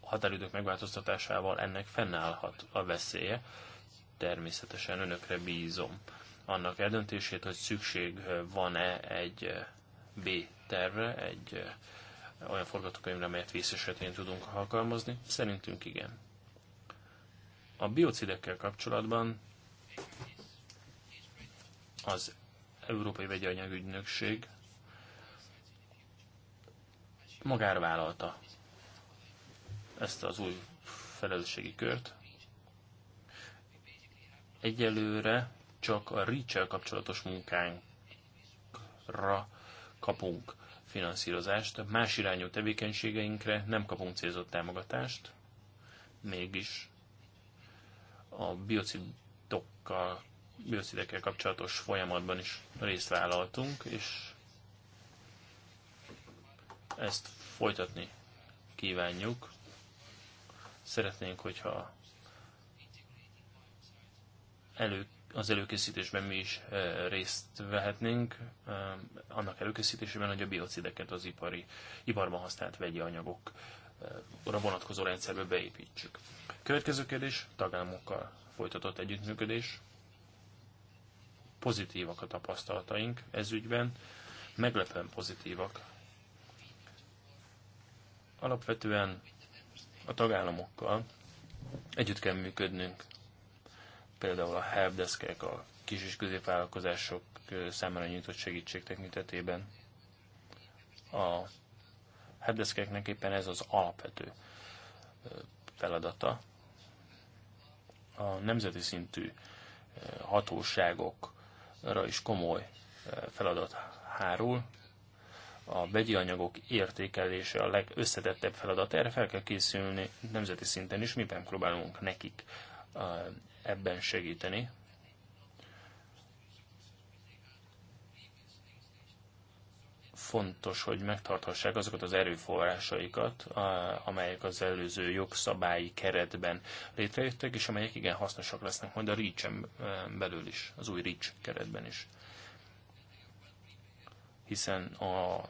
határidők megváltoztatásával ennek fennállhat a veszélye. Természetesen önökre bízom annak eldöntését, hogy szükség van-e egy B tervre, egy olyan forgatókönyvre, amelyet víz esetén tudunk alkalmazni? Szerintünk igen. A biocidekkel kapcsolatban az Európai Vegyi Anyagügynökség magára vállalta ezt az új felelősségi kört. Egyelőre csak a reach kapcsolatos munkánkra kapunk finanszírozást, más irányú tevékenységeinkre nem kapunk célzott támogatást, mégis a biocidokkal, biocidekkel kapcsolatos folyamatban is részt vállaltunk, és ezt folytatni kívánjuk. Szeretnénk, hogyha elő az előkészítésben mi is eh, részt vehetnénk, eh, annak előkészítésében, hogy a biocideket az ipari, iparban használt vegyi anyagok eh, vonatkozó rendszerbe beépítsük. Következő kérdés, tagállamokkal folytatott együttműködés. Pozitívak a tapasztalataink ez ügyben, meglepően pozitívak. Alapvetően a tagállamokkal együtt kell működnünk például a helpdeskek a kis és középvállalkozások számára nyújtott segítség tekintetében. A helpdeskeknek éppen ez az alapvető feladata. A nemzeti szintű hatóságokra is komoly feladat hárul. A vegyi anyagok értékelése a legösszetettebb feladat. Erre fel kell készülni nemzeti szinten is, miben próbálunk nekik ebben segíteni. Fontos, hogy megtarthassák azokat az erőforrásaikat, amelyek az előző jogszabályi keretben létrejöttek, és amelyek igen hasznosak lesznek majd a reach belül is, az új REACH keretben is. Hiszen a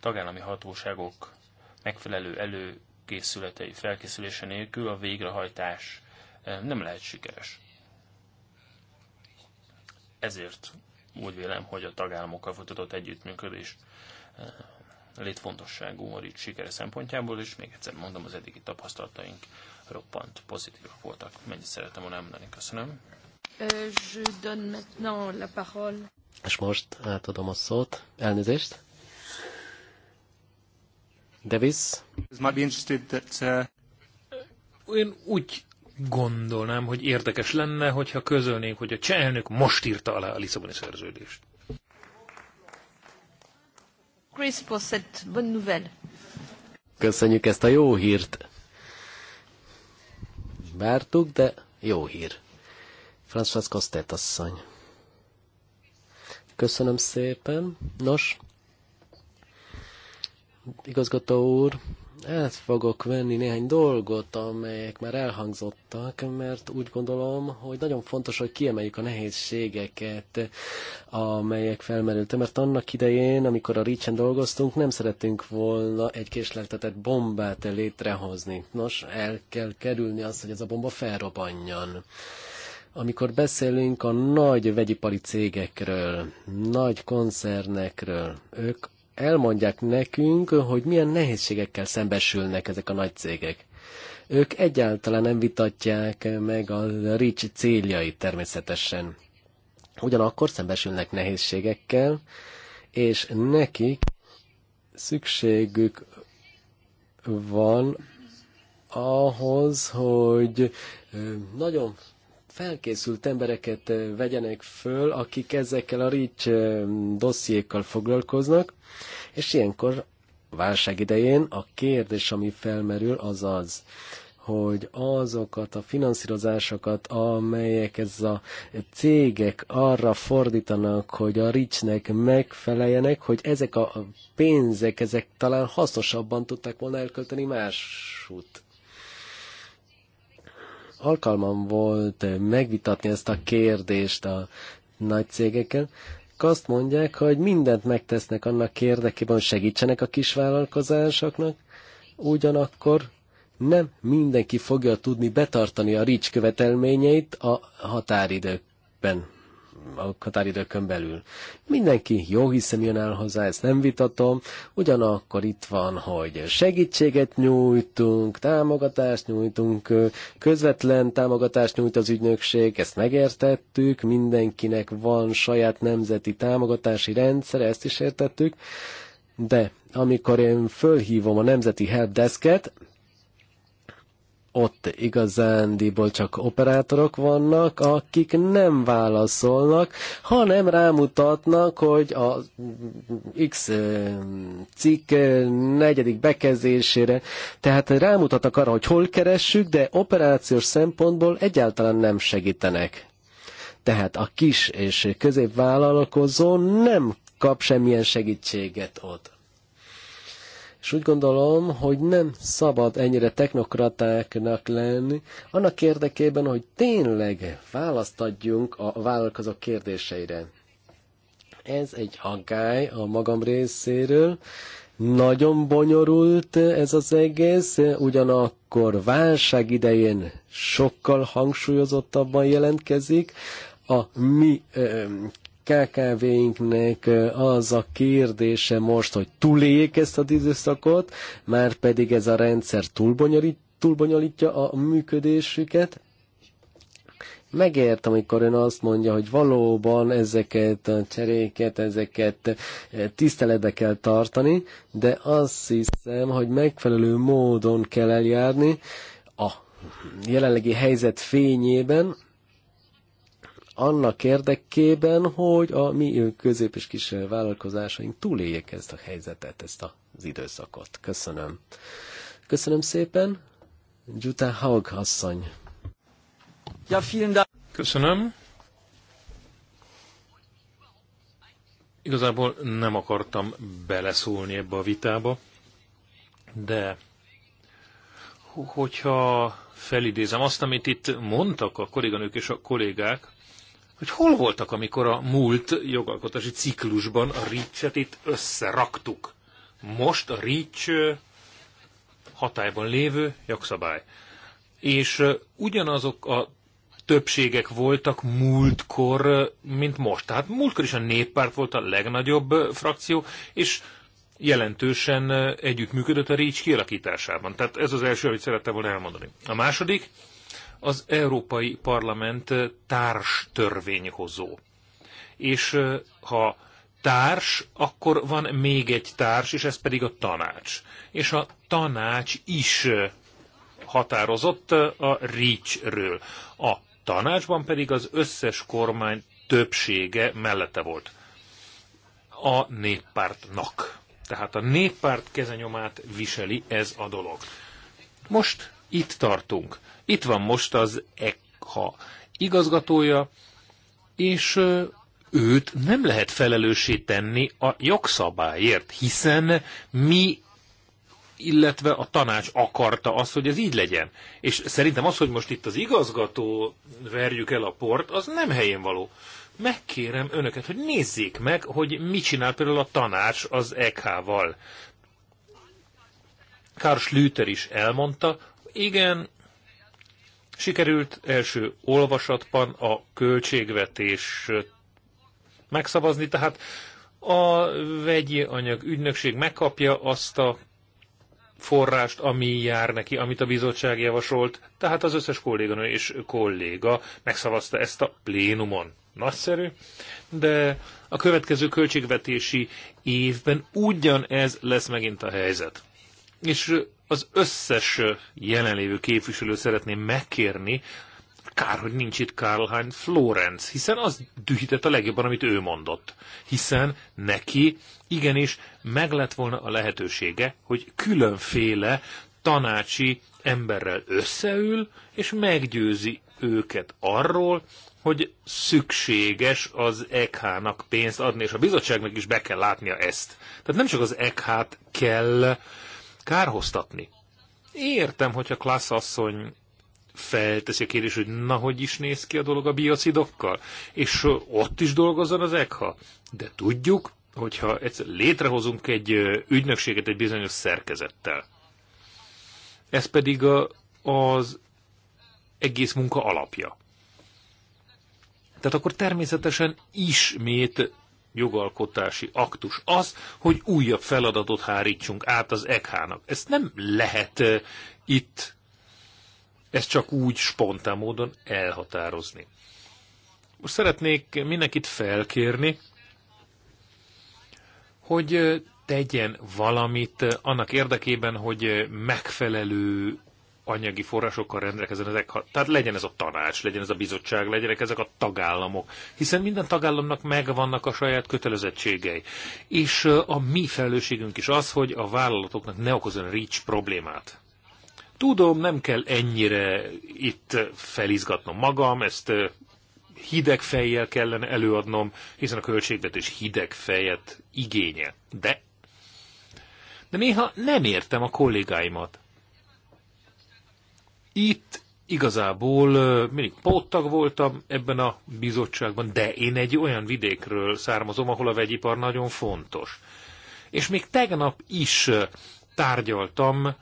tagállami hatóságok megfelelő előkészületei, felkészülése nélkül a végrehajtás nem lehet sikeres. Ezért úgy vélem, hogy a tagállamokkal folytatott együttműködés létfontosságú Morit sikere szempontjából, és még egyszer mondom, az eddigi tapasztalataink roppant pozitívak voltak. Mennyit szeretem volna elmondani. Köszönöm. Je donne maintenant la parole. És most átadom a szót. Elnézést. Davis. Uh, Én úgy gondolnám, hogy érdekes lenne, hogyha közölnénk, hogy a cseh elnök most írta alá a Lisszaboni szerződést. Chris Köszönjük ezt a jó hírt. Vártuk, de jó hír. François Kostet asszony. Köszönöm szépen. Nos, igazgató úr, át fogok venni néhány dolgot, amelyek már elhangzottak, mert úgy gondolom, hogy nagyon fontos, hogy kiemeljük a nehézségeket, amelyek felmerültek, mert annak idején, amikor a Ricsen dolgoztunk, nem szerettünk volna egy késleltetett bombát létrehozni. Nos, el kell kerülni azt, hogy ez a bomba felrobbanjon amikor beszélünk a nagy vegyipari cégekről, nagy koncernekről, ők elmondják nekünk, hogy milyen nehézségekkel szembesülnek ezek a nagy cégek. Ők egyáltalán nem vitatják meg a RICS céljait természetesen. Ugyanakkor szembesülnek nehézségekkel, és nekik szükségük van ahhoz, hogy nagyon felkészült embereket vegyenek föl, akik ezekkel a rics dossziékkal foglalkoznak, és ilyenkor válság idején a kérdés, ami felmerül, az az, hogy azokat a finanszírozásokat, amelyek ez a cégek arra fordítanak, hogy a ricsnek megfeleljenek, hogy ezek a pénzek, ezek talán hasznosabban tudták volna elkölteni másút. Alkalmam volt megvitatni ezt a kérdést a nagy cégekkel, azt mondják, hogy mindent megtesznek annak érdekében, hogy segítsenek a kisvállalkozásoknak, ugyanakkor nem mindenki fogja tudni betartani a rics követelményeit a határidőkben a határidőkön belül. Mindenki jó hiszem jön el hozzá, ezt nem vitatom, ugyanakkor itt van, hogy segítséget nyújtunk, támogatást nyújtunk, közvetlen támogatást nyújt az ügynökség, ezt megértettük, mindenkinek van saját nemzeti támogatási rendszer, ezt is értettük, de amikor én fölhívom a nemzeti helpdesket, ott igazándiból csak operátorok vannak, akik nem válaszolnak, hanem rámutatnak, hogy a X eh, cikk eh, negyedik bekezdésére, tehát rámutatnak arra, hogy hol keressük, de operációs szempontból egyáltalán nem segítenek. Tehát a kis és középvállalkozó nem kap semmilyen segítséget ott. És úgy gondolom, hogy nem szabad ennyire technokratáknak lenni, annak érdekében, hogy tényleg választ adjunk a vállalkozók kérdéseire. Ez egy aggály a magam részéről, nagyon bonyolult ez az egész, ugyanakkor válság idején sokkal hangsúlyozottabban jelentkezik. A mi ö, KKV-inknek az a kérdése most, hogy túléljék ezt az időszakot, már pedig ez a rendszer túlbonyolít, túlbonyolítja a működésüket, megértem, amikor ön azt mondja, hogy valóban ezeket a cseréket, ezeket tiszteletbe kell tartani, de azt hiszem, hogy megfelelő módon kell eljárni a jelenlegi helyzet fényében, annak érdekében, hogy a mi közép és kis vállalkozásaink túléljék ezt a helyzetet, ezt az időszakot. Köszönöm. Köszönöm szépen. Jutta Haug asszony. Ja, vielen Dank. Köszönöm. Igazából nem akartam beleszólni ebbe a vitába, de hogyha felidézem azt, amit itt mondtak a kolléganők és a kollégák, hogy hol voltak, amikor a múlt jogalkotási ciklusban a reach itt összeraktuk. Most a REACH hatályban lévő jogszabály. És ugyanazok a többségek voltak múltkor, mint most. Tehát múltkor is a néppárt volt a legnagyobb frakció, és jelentősen együttműködött a Rics kialakításában. Tehát ez az első, amit szerettem volna elmondani. A második, az Európai Parlament társ törvényhozó. És ha társ, akkor van még egy társ, és ez pedig a tanács. És a tanács is határozott a REACH-ről. A tanácsban pedig az összes kormány többsége mellette volt. A néppártnak. Tehát a néppárt kezenyomát viseli ez a dolog. Most itt tartunk. Itt van most az ECHA igazgatója, és őt nem lehet felelőssé tenni a jogszabályért, hiszen mi illetve a tanács akarta azt, hogy ez így legyen. És szerintem az, hogy most itt az igazgató verjük el a port, az nem helyén való. Megkérem önöket, hogy nézzék meg, hogy mit csinál például a tanács az EK-val. Karl Schlüter is elmondta, igen, sikerült első olvasatban a költségvetés megszavazni, tehát a vegyi anyag ügynökség megkapja azt a forrást, ami jár neki, amit a bizottság javasolt, tehát az összes kolléganő és kolléga megszavazta ezt a plénumon. Nagyszerű, de a következő költségvetési évben ugyanez lesz megint a helyzet. És az összes jelenlévő képviselő szeretném megkérni, kár, hogy nincs itt Karl Heinz Florenz, hiszen az dühített a legjobban, amit ő mondott. Hiszen neki igenis meg lett volna a lehetősége, hogy különféle tanácsi emberrel összeül, és meggyőzi őket arról, hogy szükséges az EKH-nak pénzt adni, és a bizottságnak is be kell látnia ezt. Tehát nem csak az EKH-t kell kárhoztatni. Értem, a Klassz asszony felteszi a kérdés, hogy na, hogy is néz ki a dolog a biocidokkal, és ott is dolgozzon az EGHA. De tudjuk, hogyha egyszer létrehozunk egy ügynökséget egy bizonyos szerkezettel. Ez pedig a, az egész munka alapja. Tehát akkor természetesen ismét jogalkotási aktus az, hogy újabb feladatot hárítsunk át az EKH-nak. Ezt nem lehet itt, ezt csak úgy spontán módon elhatározni. Most szeretnék mindenkit felkérni, hogy tegyen valamit annak érdekében, hogy megfelelő anyagi forrásokkal rendelkezzen ezek, tehát legyen ez a tanács, legyen ez a bizottság, legyenek ezek a tagállamok, hiszen minden tagállamnak megvannak a saját kötelezettségei. És a mi felelősségünk is az, hogy a vállalatoknak ne okozon REACH problémát. Tudom, nem kell ennyire itt felizgatnom magam, ezt hideg fejjel kellene előadnom, hiszen a költségvetés hideg fejet igénye. De, de néha nem értem a kollégáimat itt igazából mindig póttag voltam ebben a bizottságban, de én egy olyan vidékről származom, ahol a vegyipar nagyon fontos. És még tegnap is tárgyaltam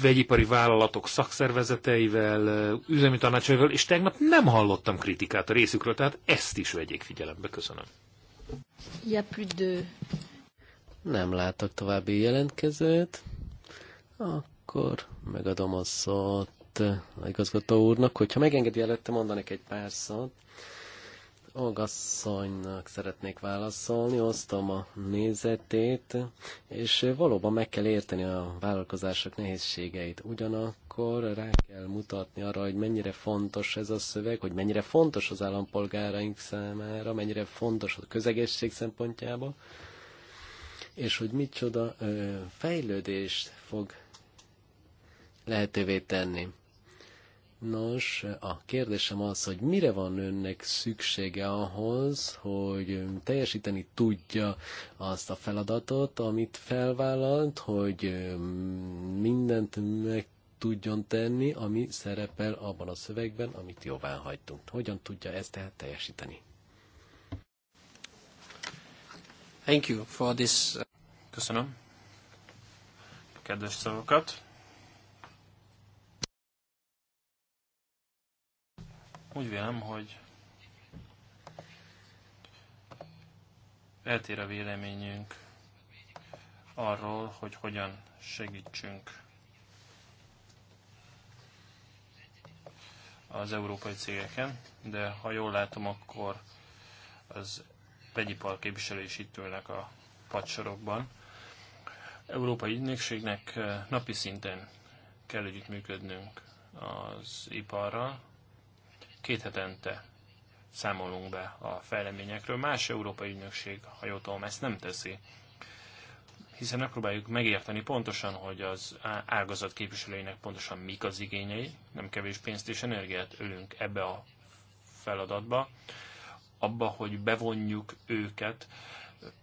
vegyipari vállalatok szakszervezeteivel, üzemi tanácsaival, és tegnap nem hallottam kritikát a részükről, tehát ezt is vegyék figyelembe. Köszönöm. Ja, Nem látok további jelentkezőt. Ah akkor megadom a szót a igazgató úrnak, hogyha megengedi előtte mondanék egy pár szót. Olgasszonynak szeretnék válaszolni, osztom a nézetét, és valóban meg kell érteni a vállalkozások nehézségeit. Ugyanakkor rá kell mutatni arra, hogy mennyire fontos ez a szöveg, hogy mennyire fontos az állampolgáraink számára, mennyire fontos a közegesség szempontjából, és hogy micsoda ö, fejlődést fog lehetővé tenni. Nos, a kérdésem az, hogy mire van önnek szüksége ahhoz, hogy teljesíteni tudja azt a feladatot, amit felvállalt, hogy um, mindent meg tudjon tenni, ami szerepel abban a szövegben, amit jóvá hagytunk. Hogyan tudja ezt tehát teljesíteni? Thank you for this. Uh, Köszönöm. Kedves szavakat. Úgy vélem, hogy eltér a véleményünk arról, hogy hogyan segítsünk az európai cégeken, de ha jól látom, akkor az vegyipar képviselő is itt ülnek a padsorokban. Európai ügynökségnek eh, napi szinten kell működnünk az iparral, Két hetente számolunk be a fejleményekről. Más európai ügynökség, ha jól tudom, ezt nem teszi hiszen megpróbáljuk megérteni pontosan, hogy az ágazat képviselőinek pontosan mik az igényei, nem kevés pénzt és energiát ölünk ebbe a feladatba, abba, hogy bevonjuk őket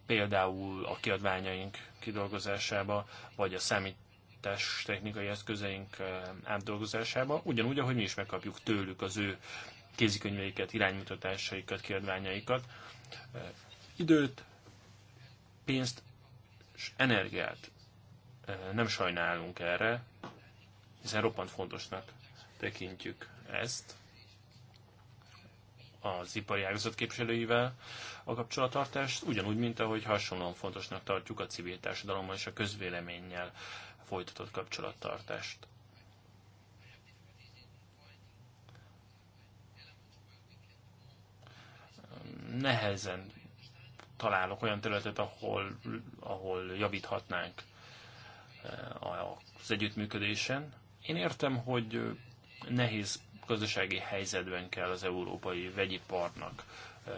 például a kiadványaink kidolgozásába, vagy a számít számítás technikai eszközeink átdolgozásába, ugyanúgy, ahogy mi is megkapjuk tőlük az ő kézikönyveiket, iránymutatásaikat, kiadványaikat. Időt, pénzt és energiát nem sajnálunk erre, hiszen roppant fontosnak tekintjük ezt az ipari ágazat képviselőivel a kapcsolattartást, ugyanúgy, mint ahogy hasonlóan fontosnak tartjuk a civil társadalommal és a közvéleménnyel folytatott kapcsolattartást. Nehezen találok olyan területet, ahol, ahol javíthatnánk eh, az együttműködésen. Én értem, hogy eh, nehéz gazdasági helyzetben kell az európai vegyiparnak eh,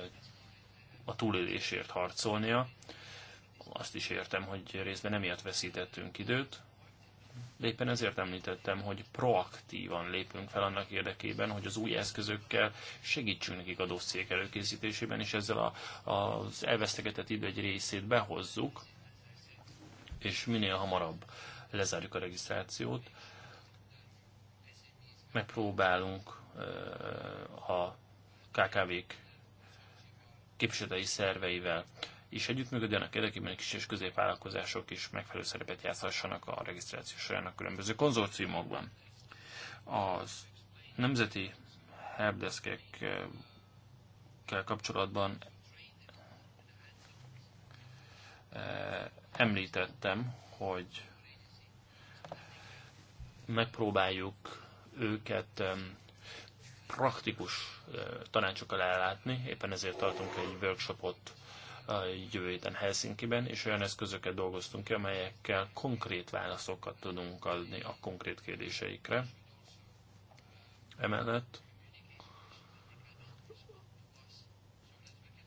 a túlélésért harcolnia. Azt is értem, hogy részben emiatt veszítettünk időt de éppen ezért említettem, hogy proaktívan lépünk fel annak érdekében, hogy az új eszközökkel segítsünk nekik a dossziék előkészítésében, és ezzel a, az elvesztegetett idő egy részét behozzuk, és minél hamarabb lezárjuk a regisztrációt. Megpróbálunk a KKV-k képviselői szerveivel is együttműködjenek ennek érdekében kis és középvállalkozások is megfelelő szerepet játszhassanak a regisztráció során a különböző konzorciumokban. Az nemzeti helpdeskekkel kapcsolatban eh, említettem, hogy megpróbáljuk őket praktikus eh, tanácsokkal ellátni, éppen ezért tartunk egy workshopot jövő héten Helsinki-ben, és olyan eszközöket dolgoztunk ki, amelyekkel konkrét válaszokat tudunk adni a konkrét kérdéseikre. Emellett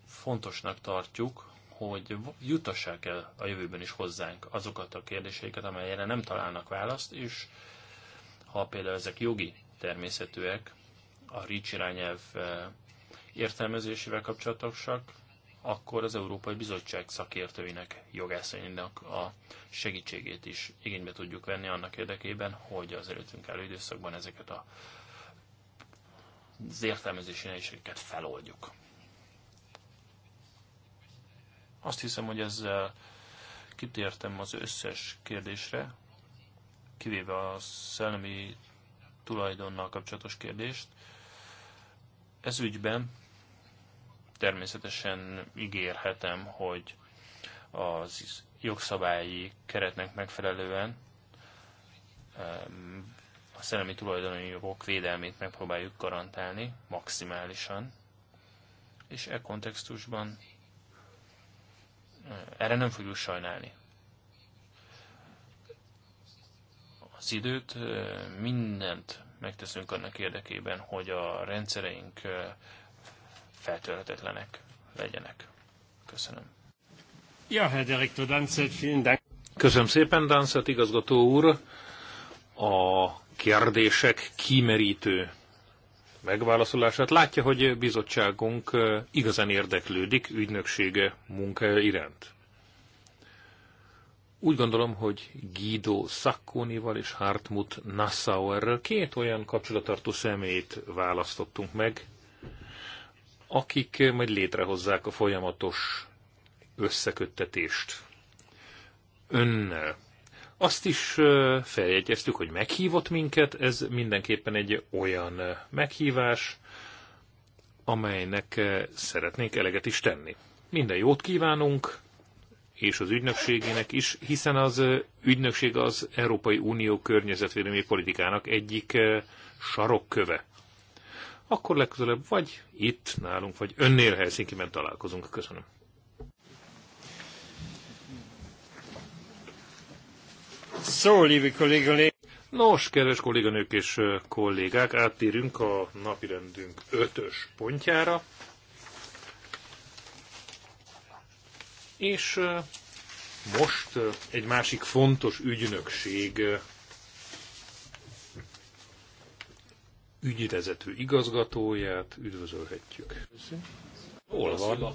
fontosnak tartjuk, hogy jutassák el a jövőben is hozzánk azokat a kérdéseiket, amelyekre nem találnak választ, és ha például ezek jogi természetűek, a REACH irányelv eh, értelmezésével kapcsolatosak, akkor az Európai Bizottság szakértőinek, jogászainak a segítségét is igénybe tudjuk venni annak érdekében, hogy az előttünk álló időszakban ezeket a, az értelmezési nehézségeket feloldjuk. Azt hiszem, hogy ezzel kitértem az összes kérdésre, kivéve a szellemi tulajdonnal kapcsolatos kérdést. Ez ügyben természetesen ígérhetem, hogy az jogszabályi keretnek megfelelően a szellemi tulajdoni jogok védelmét megpróbáljuk garantálni maximálisan, és e kontextusban eh, erre nem fogjuk sajnálni. Az időt eh, mindent megteszünk annak érdekében, hogy a rendszereink eh, feltörhetetlenek legyenek. Köszönöm. Ja, Herr Direktor Danzert, vielen Dank. Köszönöm szépen, Danzert igazgató úr. A kérdések kimerítő megválaszolását. Látja, hogy bizottságunk igazán érdeklődik ügynöksége munkája iránt. Úgy gondolom, hogy Guido Szakkónival és Hartmut Nassauerrel két olyan kapcsolatartó személyt választottunk meg, akik majd létrehozzák a folyamatos összeköttetést önnel. Azt is feljegyeztük, hogy meghívott minket, ez mindenképpen egy olyan meghívás, amelynek szeretnénk eleget is tenni. Minden jót kívánunk, és az ügynökségének is, hiszen az ügynökség az Európai Unió környezetvédelmi politikának egyik sarokköve akkor legközelebb vagy itt nálunk, vagy önnél Helsinki-ben találkozunk. Köszönöm. Szó, liebe kolléganő. Nos, kedves kolléganők és kollégák, áttérünk a napirendünk ötös pontjára. És most egy másik fontos ügynökség ügyvezető igazgatóját üdvözölhetjük. Hol van?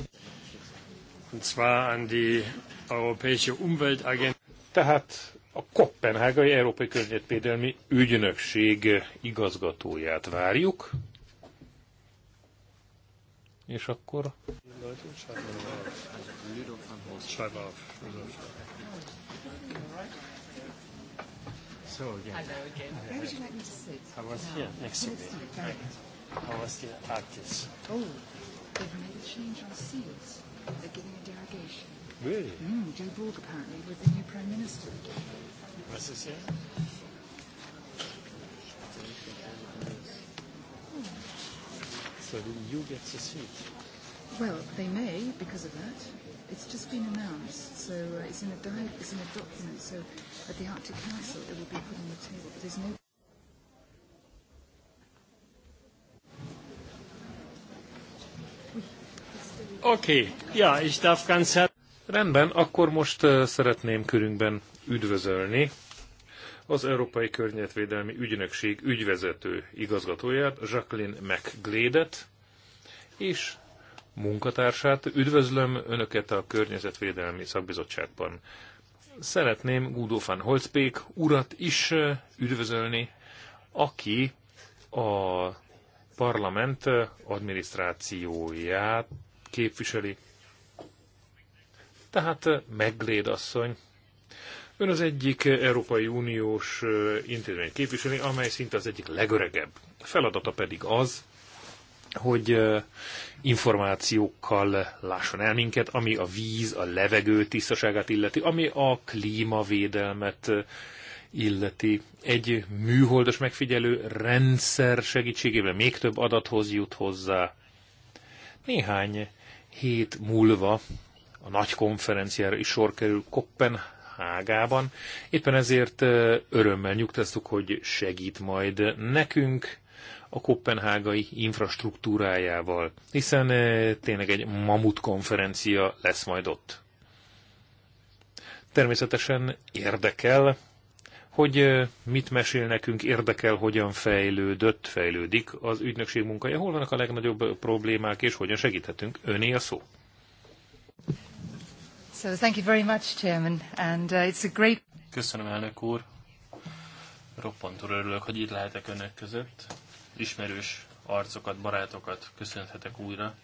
Und zwar an die Europäische Umweltagentur. Tehát a Kopenhágai Európai Környezetvédelmi Ügynökség igazgatóját várjuk. És akkor... Schreib auf. So again. Hello again. Where would you like me to sit? I was no. here next to me. I was the artist. Oh, they've made a change on seats. They're giving a derogation. Really? Mm, Joe Borg apparently with the new prime minister. Was this here? Oh. So then you get the seat. Well, they may because of that. It's just been announced, so uh, it's in a di- it's in a document. So at the Arctic Council that will be put on the table, but there's no Oké, okay. ja, és darf ganz Rendben, akkor most szeretném körünkben üdvözölni az Európai Környezetvédelmi Ügynökség ügyvezető igazgatóját, Jacqueline McGlédet, és munkatársát. Üdvözlöm Önöket a Környezetvédelmi Szakbizottságban. Szeretném Guido van Holzbék urat is üdvözölni, aki a parlament adminisztrációját képviseli. Tehát Megléd asszony, Ön az egyik Európai Uniós intézmény képviseli, amely szinte az egyik legöregebb. Feladata pedig az, hogy információkkal lásson el minket, ami a víz, a levegő tisztaságát illeti, ami a klímavédelmet illeti. Egy műholdas megfigyelő rendszer segítségével még több adathoz jut hozzá. Néhány hét múlva a nagy konferenciára is sor kerül Kopenhágában. Éppen ezért örömmel nyugtáztuk, hogy segít majd nekünk a kopenhágai infrastruktúrájával, hiszen eh, tényleg egy mamut konferencia lesz majd ott. Természetesen érdekel, hogy eh, mit mesél nekünk, érdekel, hogyan fejlődött, fejlődik az ügynökség munkája, hol vannak a legnagyobb problémák, és hogyan segíthetünk. Öné a szó. So thank you very much, Chairman, and uh, it's a great... Köszönöm, elnök úr. Roppantúr örülök, hogy itt lehetek önök között ismerős arcokat, barátokat köszönhetek újra.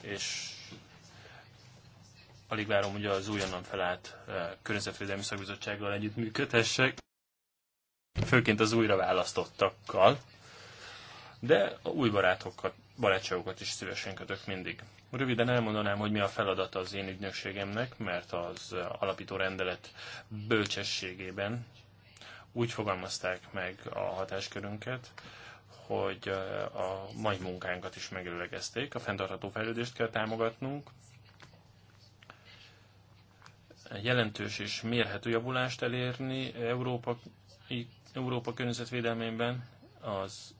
És alig várom, hogy az újonnan felállt eh, Környezetvédelmi Szakbizottsággal működhessek. főként az újra választottakkal, de a új barátokat, barátságokat is szívesen kötök mindig. Röviden elmondanám, hogy mi a feladata az én ügynökségemnek, mert az alapító rendelet bölcsességében úgy fogalmazták meg a hatáskörünket, hogy eh, a mai munkánkat is megelőlegezték. A fenntartható fejlődést kell támogatnunk, jelentős és mérhető javulást elérni Európa, Európa környezetvédelmében, az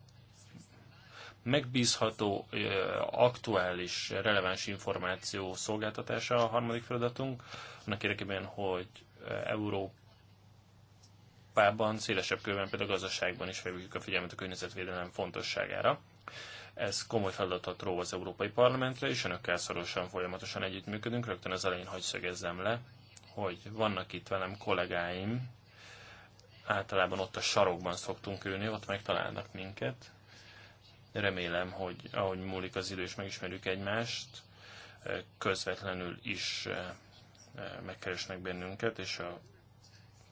megbízható, eh, aktuális, releváns információ szolgáltatása a harmadik feladatunk, annak érdekében, hogy eh, Európa Európában, szélesebb körben például a gazdaságban is felhívjuk a figyelmet a környezetvédelem fontosságára. Ez komoly feladatot ró az Európai Parlamentre, és önökkel szorosan folyamatosan együttműködünk. Rögtön az elején hagy szögezzem le, hogy vannak itt velem kollégáim, általában ott a sarokban szoktunk ülni, ott megtalálnak minket. Remélem, hogy ahogy múlik az idő, és megismerjük egymást, közvetlenül is eh, eh, megkeresnek bennünket, és a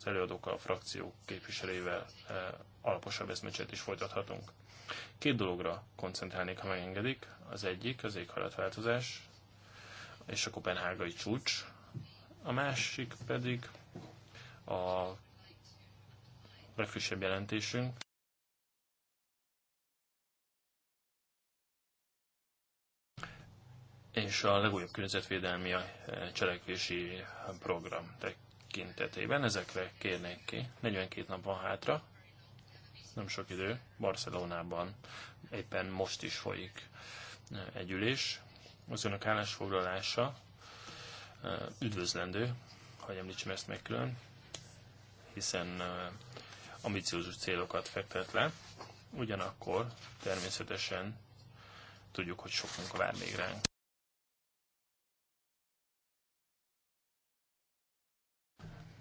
az előadókkal, a frakciók képviselőivel eh, alaposabb eszmecset is folytathatunk. Két dologra koncentrálnék, ha megengedik. Az egyik az éghajlatváltozás és a kopenhágai csúcs, a másik pedig a legfrissebb jelentésünk, és a legújabb környezetvédelmi eh, cselekvési program. Tehát tekintetében. Ezekre kérnék ki. 42 nap van hátra, nem sok idő. Barcelonában éppen most is folyik egy ülés. Az önök állásfoglalása üdvözlendő, hogy említsem ezt meg külön, hiszen ambiciózus célokat fektet le. Ugyanakkor természetesen tudjuk, hogy sok munka vár még ránk.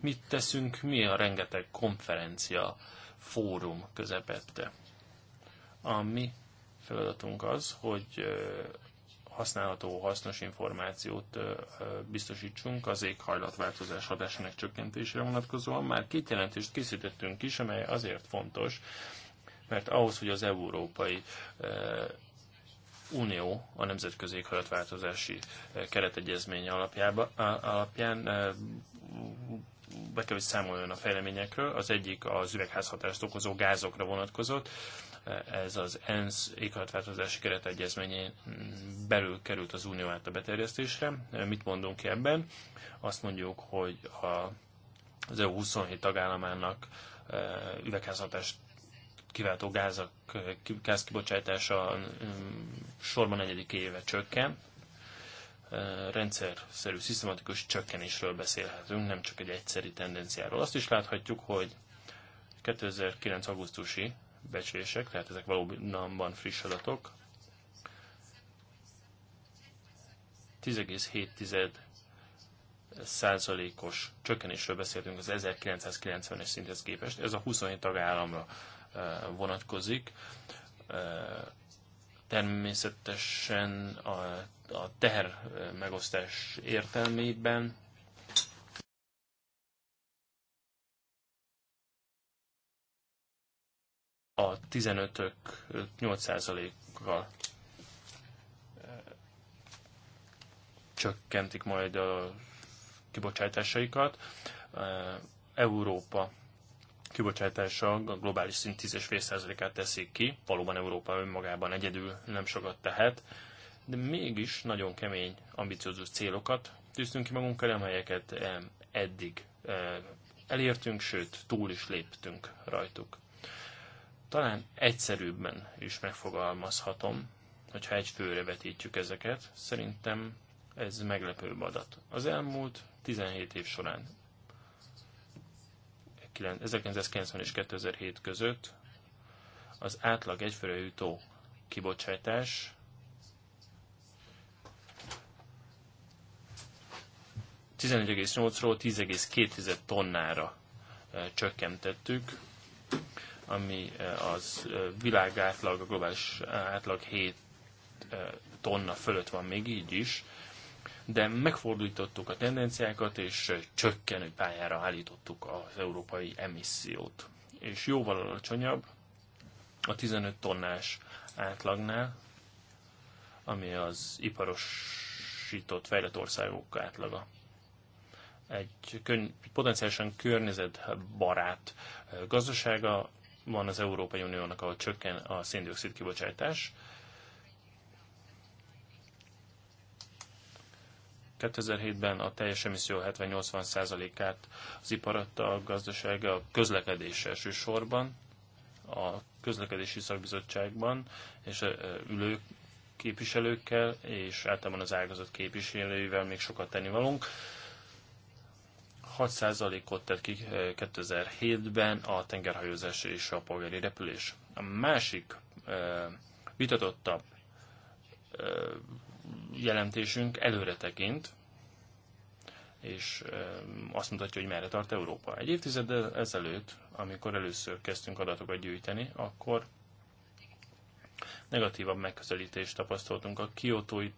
mit teszünk mi a rengeteg konferencia, fórum közepette. A mi feladatunk az, hogy használható, hasznos információt biztosítsunk az éghajlatváltozás hatásának csökkentésére vonatkozóan. Már két jelentést készítettünk is, amely azért fontos, mert ahhoz, hogy az Európai Unió a Nemzetközi Éghajlatváltozási Keretegyezmény alapjába, alapján be kell, hogy számoljon a fejleményekről. Az egyik az üvegházhatást okozó gázokra vonatkozott. Ez az ENSZ éghajlatváltozási keretegyezményén belül került az Unió által beterjesztésre. Mit mondunk ebben? Azt mondjuk, hogy a, az EU 27 tagállamának e, üvegházhatást kiváltó gázak, gázkibocsátása mm, sorban negyedik éve csökken, szerű szisztematikus csökkenésről beszélhetünk, nem csak egy egyszeri tendenciáról. Azt is láthatjuk, hogy 2009. augusztusi becslések, tehát ezek valóban friss adatok, 10,7 százalékos csökkenésről beszéltünk az 1990-es szinthez képest. Ez a 27 tagállamra vonatkozik. Természetesen a a teher megosztás értelmében a 15-ök 8%-kal eh, csökkentik majd a kibocsátásaikat. Eh, Európa kibocsátása a globális szint 10,5%-át teszik ki. Valóban Európa önmagában egyedül nem sokat tehet de mégis nagyon kemény, ambiciózus célokat tűztünk ki magunk elé, amelyeket eddig eh, elértünk, sőt, túl is léptünk rajtuk. Talán egyszerűbben is megfogalmazhatom, hogyha egy főre vetítjük ezeket, szerintem ez meglepőbb adat. Az elmúlt 17 év során, 1990 és 2007 között az átlag egyfőre jutó kibocsátás 11,8-ról 10,2 tonnára csökkentettük, ami az átlag, a globális átlag 7 tonna fölött van még így is, de megfordítottuk a tendenciákat, és csökkenő pályára állítottuk az európai emissziót. És jóval alacsonyabb a 15 tonnás átlagnál, ami az iparosított fejlett országok átlaga egy kön, potenciálisan környezetbarát gazdasága van az Európai Uniónak, ahol csökken a széndiokszid kibocsátás. 2007-ben a teljes emisszió 70-80%-át az ipar adta, a gazdasága a közlekedés elsősorban, a közlekedési szakbizottságban, és ülők képviselőkkel, és általában az ágazat képviselőivel még sokat tennivalunk. valunk 6%-ot tett ki 2007-ben eh, a tengerhajózás és a polgári repülés. A másik eh, vitatottabb eh, jelentésünk előre tekint, és azt mutatja, hogy merre tart Európa. Egy évtizeddel ezelőtt, amikor először kezdtünk adatokat gyűjteni, akkor negatívabb megközelítést tapasztaltunk. A kiotói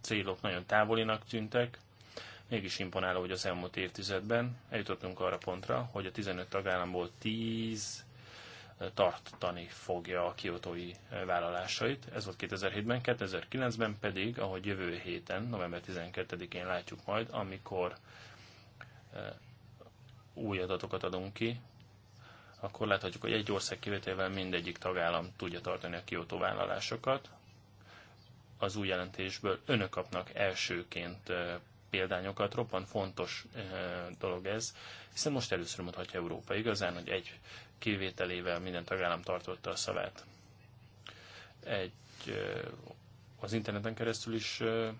célok nagyon távolinak tűntek, Mégis imponáló, hogy az elmúlt évtizedben eljutottunk arra pontra, hogy a 15 tagállamból 10 eh, tartani fogja a kiotói eh, vállalásait. Ez volt 2007-ben, 2009-ben pedig, ahogy jövő héten, november 12-én látjuk majd, amikor eh, új adatokat adunk ki, akkor láthatjuk, hogy egy ország kivételével mindegyik tagállam tudja tartani a kiotó vállalásokat. Az új jelentésből önök kapnak elsőként példányokat. Roppant fontos eh, dolog ez, hiszen most először mutatja Európa igazán, hogy egy kivételével minden tagállam tartotta a szavát. Egy, eh, az interneten keresztül is eh,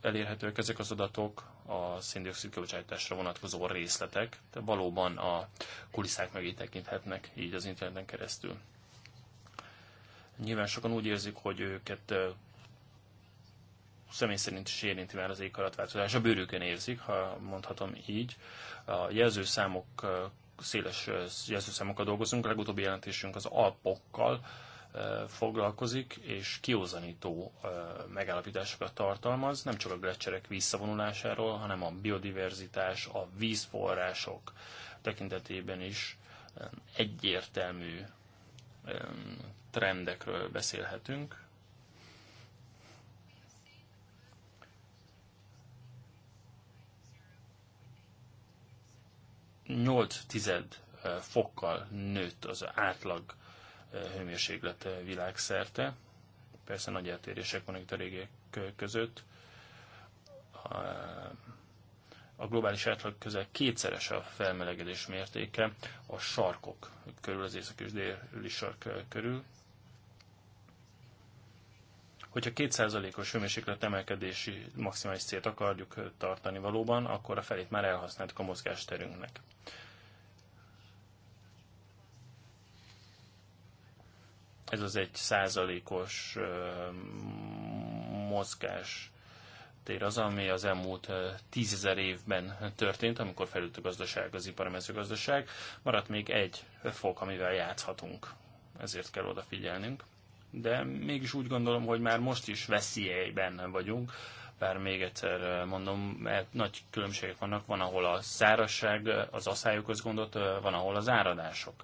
elérhetőek ezek az adatok, a széndiokszid kibocsátásra vonatkozó részletek, de valóban a kulisszák mögé tekinthetnek így az interneten keresztül. Nyilván sokan úgy érzik, hogy őket személy szerint is érinti már az éghajlatváltozás. A bőrükön érzik, ha mondhatom így. A jelzőszámok, széles jelzőszámokkal dolgozunk, a legutóbbi jelentésünk az alpokkal foglalkozik, és kiózanító megállapításokat tartalmaz, nem csak a gletszerek visszavonulásáról, hanem a biodiverzitás, a vízforrások tekintetében is egyértelmű trendekről beszélhetünk 8 tized fokkal nőtt az átlag hőmérséklet világszerte. Persze nagy eltérések vannak itt a régiek között. A globális átlag közel kétszeres a felmelegedés mértéke a sarkok körül, az észak és déli sark körül, Hogyha 2%-os hőmérséklet emelkedési maximális célt akarjuk tartani valóban, akkor a felét már elhasználtuk a mozgásterünknek. Ez az egy százalékos mozgás tér az, ami az elmúlt tízezer évben történt, amikor felült a gazdaság, az ipar, a mezőgazdaság. Maradt még egy fok, amivel játszhatunk. Ezért kell odafigyelnünk de mégis úgy gondolom, hogy már most is veszélyben vagyunk, bár még egyszer eh, mondom, mert nagy különbségek vannak, van ahol a szárasság, eh, az aszályokhoz gondot, eh, van ahol az áradások.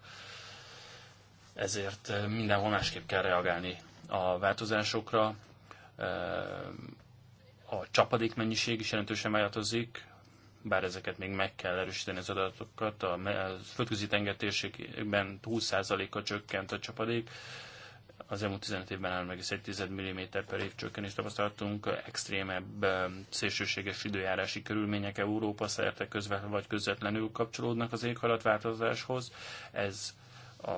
Ezért mindenhol másképp kell reagálni a változásokra. A csapadék mennyiség is jelentősen változik, bár ezeket még meg kell erősíteni az adatokat. A földközi tengertérségben 20 a csökkent a csapadék, az elmúlt 15 évben 3,1 mm per év csökkenést tapasztaltunk, extrémebb, szélsőséges időjárási körülmények Európa szerte közvetlenül vagy közvetlenül kapcsolódnak az éghajlatváltozáshoz. Ez a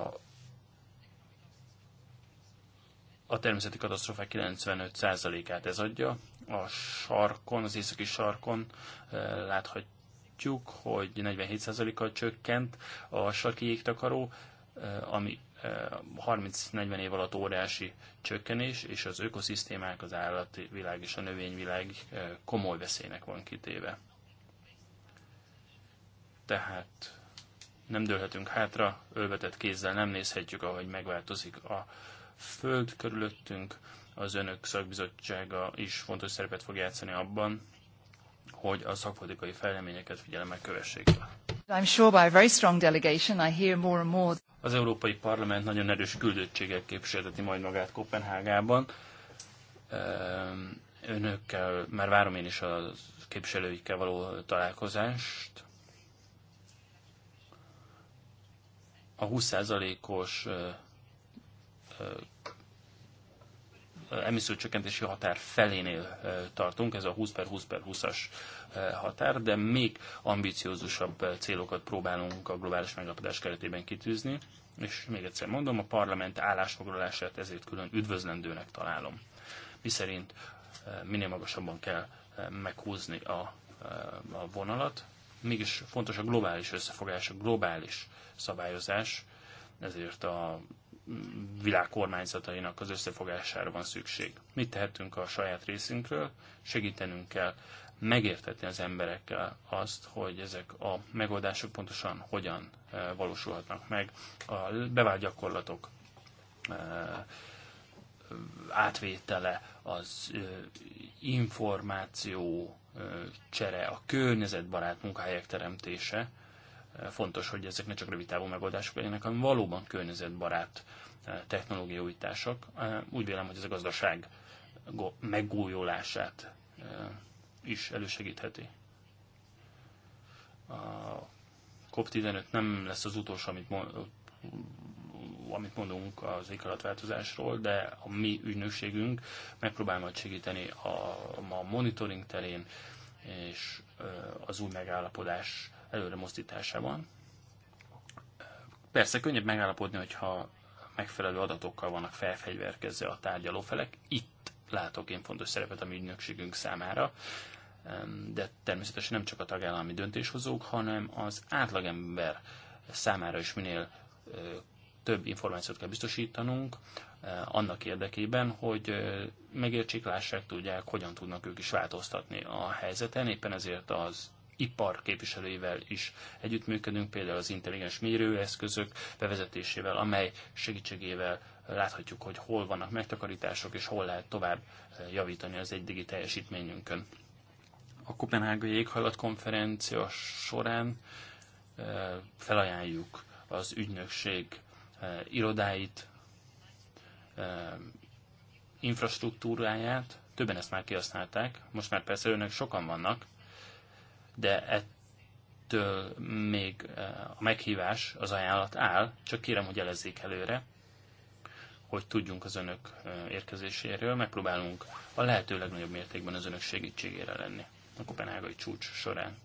a természeti katasztrófák 95%-át ez adja. A sarkon, az északi sarkon láthatjuk, hogy 47%-kal csökkent a sarki jégtakaró, ami 30-40 év alatt óriási csökkenés, és az ökoszisztémák, az állatvilág és a növényvilág eh, komoly veszélynek van kitéve. Tehát nem dőlhetünk hátra, ölvetett kézzel nem nézhetjük, ahogy megváltozik a föld körülöttünk. Az önök szakbizottsága is fontos szerepet fog játszani abban, hogy a szakpolitikai fejleményeket figyelemmel kövessék. I'm sure by a very strong delegation I hear more and more az Európai Parlament nagyon erős küldöttséggel képviselteti majd magát Kopenhágában. Ehm, önökkel már várom én is a képviselőikkel való találkozást. A 20%-os emissziócsökkentési határ felénél tartunk, ez a 20 per 20 per 20-as határ, de még ambiciózusabb célokat próbálunk a globális megállapodás keretében kitűzni, és még egyszer mondom, a parlament állásfoglalását ezért külön üdvözlendőnek találom, szerint minél magasabban kell meghúzni a, a vonalat, mégis fontos a globális összefogás, a globális szabályozás, ezért a világkormányzatainak az összefogására van szükség. Mit tehetünk a saját részünkről? Segítenünk kell megértetni az emberekkel azt, hogy ezek a megoldások pontosan hogyan eh, valósulhatnak meg. A bevált gyakorlatok eh, átvétele, az eh, információ csere, a környezetbarát munkahelyek teremtése, fontos, hogy ezek ne csak rövid távú megoldások legyenek, hanem valóban környezetbarát eh, technológiai újítások. Eh, úgy vélem, hogy ez a gazdaság megújulását eh, is elősegítheti. A COP15 nem lesz az utolsó, amit, amit mondunk az éghajlatváltozásról, de a mi ügynökségünk megpróbál majd segíteni a, a monitoring terén, és az új megállapodás előre van. Persze könnyebb megállapodni, hogyha megfelelő adatokkal vannak felfegyverkezve a tárgyalófelek. Itt látok én fontos szerepet a mi ügynökségünk számára, de természetesen nem csak a tagállami döntéshozók, hanem az átlagember számára is minél több információt kell biztosítanunk, annak érdekében, hogy megértsék, lássák, tudják, hogyan tudnak ők is változtatni a helyzeten. Éppen ezért az ipar képviselőivel is együttműködünk, például az intelligens mérőeszközök bevezetésével, amely segítségével láthatjuk, hogy hol vannak megtakarítások, és hol lehet tovább eh, javítani az egydigi teljesítményünkön. A Kopenhágai konferencia során eh, felajánljuk az ügynökség eh, irodáit, infrastruktúráját, többen ezt már kihasználták, most már persze önök sokan vannak, de ettől még eh, a meghívás, az ajánlat áll, csak kérem, hogy jelezzék előre, hogy tudjunk az önök eh, érkezéséről, megpróbálunk a lehető legnagyobb mértékben az önök segítségére lenni a kopenhágai csúcs során.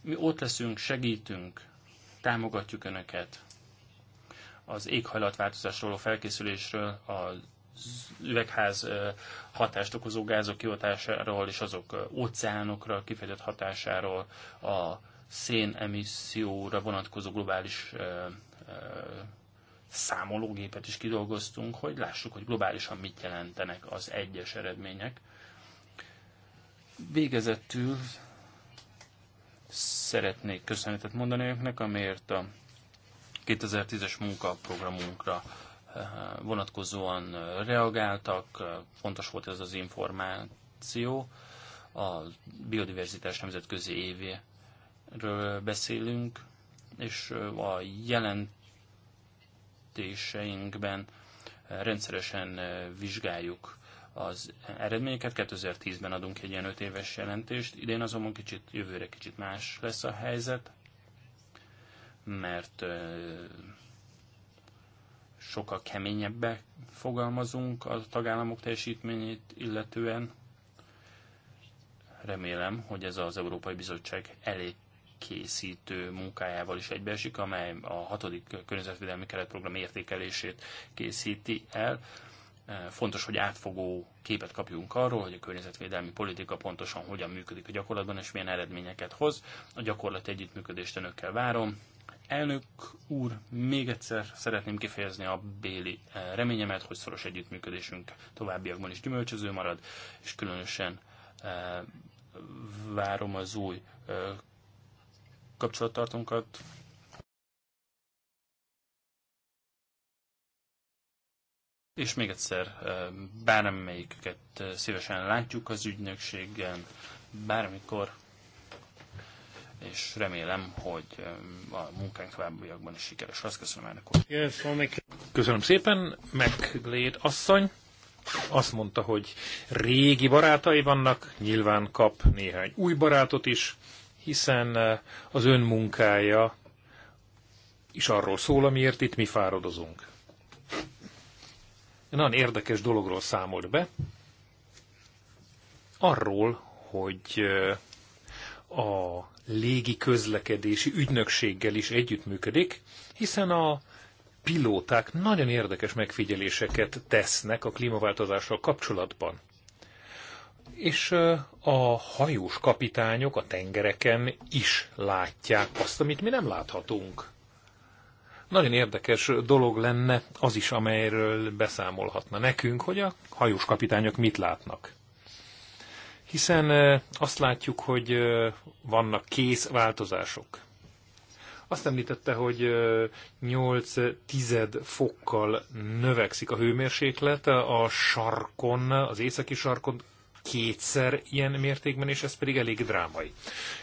Mi ott leszünk, segítünk, támogatjuk önöket, az éghajlatváltozásról, a felkészülésről, az üvegház hatást okozó gázok kihatásáról és azok óceánokra kifejezett hatásáról, a szénemisszióra vonatkozó globális számológépet is kidolgoztunk, hogy lássuk, hogy globálisan mit jelentenek az egyes eredmények. Végezetül szeretnék köszönetet mondani önöknek, amiért a 2010-es munkaprogramunkra vonatkozóan reagáltak, fontos volt ez az információ. A biodiverzitás nemzetközi évéről beszélünk, és a jelentéseinkben rendszeresen vizsgáljuk az eredményeket. 2010-ben adunk egy ilyen 5 éves jelentést, idén azonban kicsit, jövőre kicsit más lesz a helyzet, mert sokkal keményebbe fogalmazunk a tagállamok teljesítményét illetően. Remélem, hogy ez az Európai Bizottság elé készítő munkájával is egybeesik, amely a hatodik környezetvédelmi keretprogram értékelését készíti el. Eh, fontos, hogy átfogó képet kapjunk arról, hogy a környezetvédelmi politika pontosan hogyan működik a gyakorlatban, és milyen eredményeket hoz. A gyakorlat együttműködést önökkel várom Elnök úr, még egyszer szeretném kifejezni a béli eh, reményemet, hogy szoros együttműködésünk továbbiakban is gyümölcsöző marad, és különösen eh, várom az új eh, kapcsolattartónkat. És még egyszer, bármelyiküket szívesen látjuk az ügynökségen, bármikor és remélem, hogy a munkánk továbbiakban is sikeres lesz. Köszönöm elnök úr. Köszönöm szépen. Megléd asszony azt mondta, hogy régi barátai vannak, nyilván kap néhány új barátot is, hiszen az ön munkája is arról szól, amiért itt mi fáradozunk. Nagyon érdekes dologról számolt be, arról, hogy a légi közlekedési ügynökséggel is együttműködik, hiszen a pilóták nagyon érdekes megfigyeléseket tesznek a klímaváltozással kapcsolatban. És a hajós kapitányok a tengereken is látják azt, amit mi nem láthatunk. Nagyon érdekes dolog lenne az is, amelyről beszámolhatna nekünk, hogy a hajós kapitányok mit látnak hiszen azt látjuk, hogy vannak kész változások. Azt említette, hogy 8 tized fokkal növekszik a hőmérséklet a sarkon, az északi sarkon kétszer ilyen mértékben, és ez pedig elég drámai.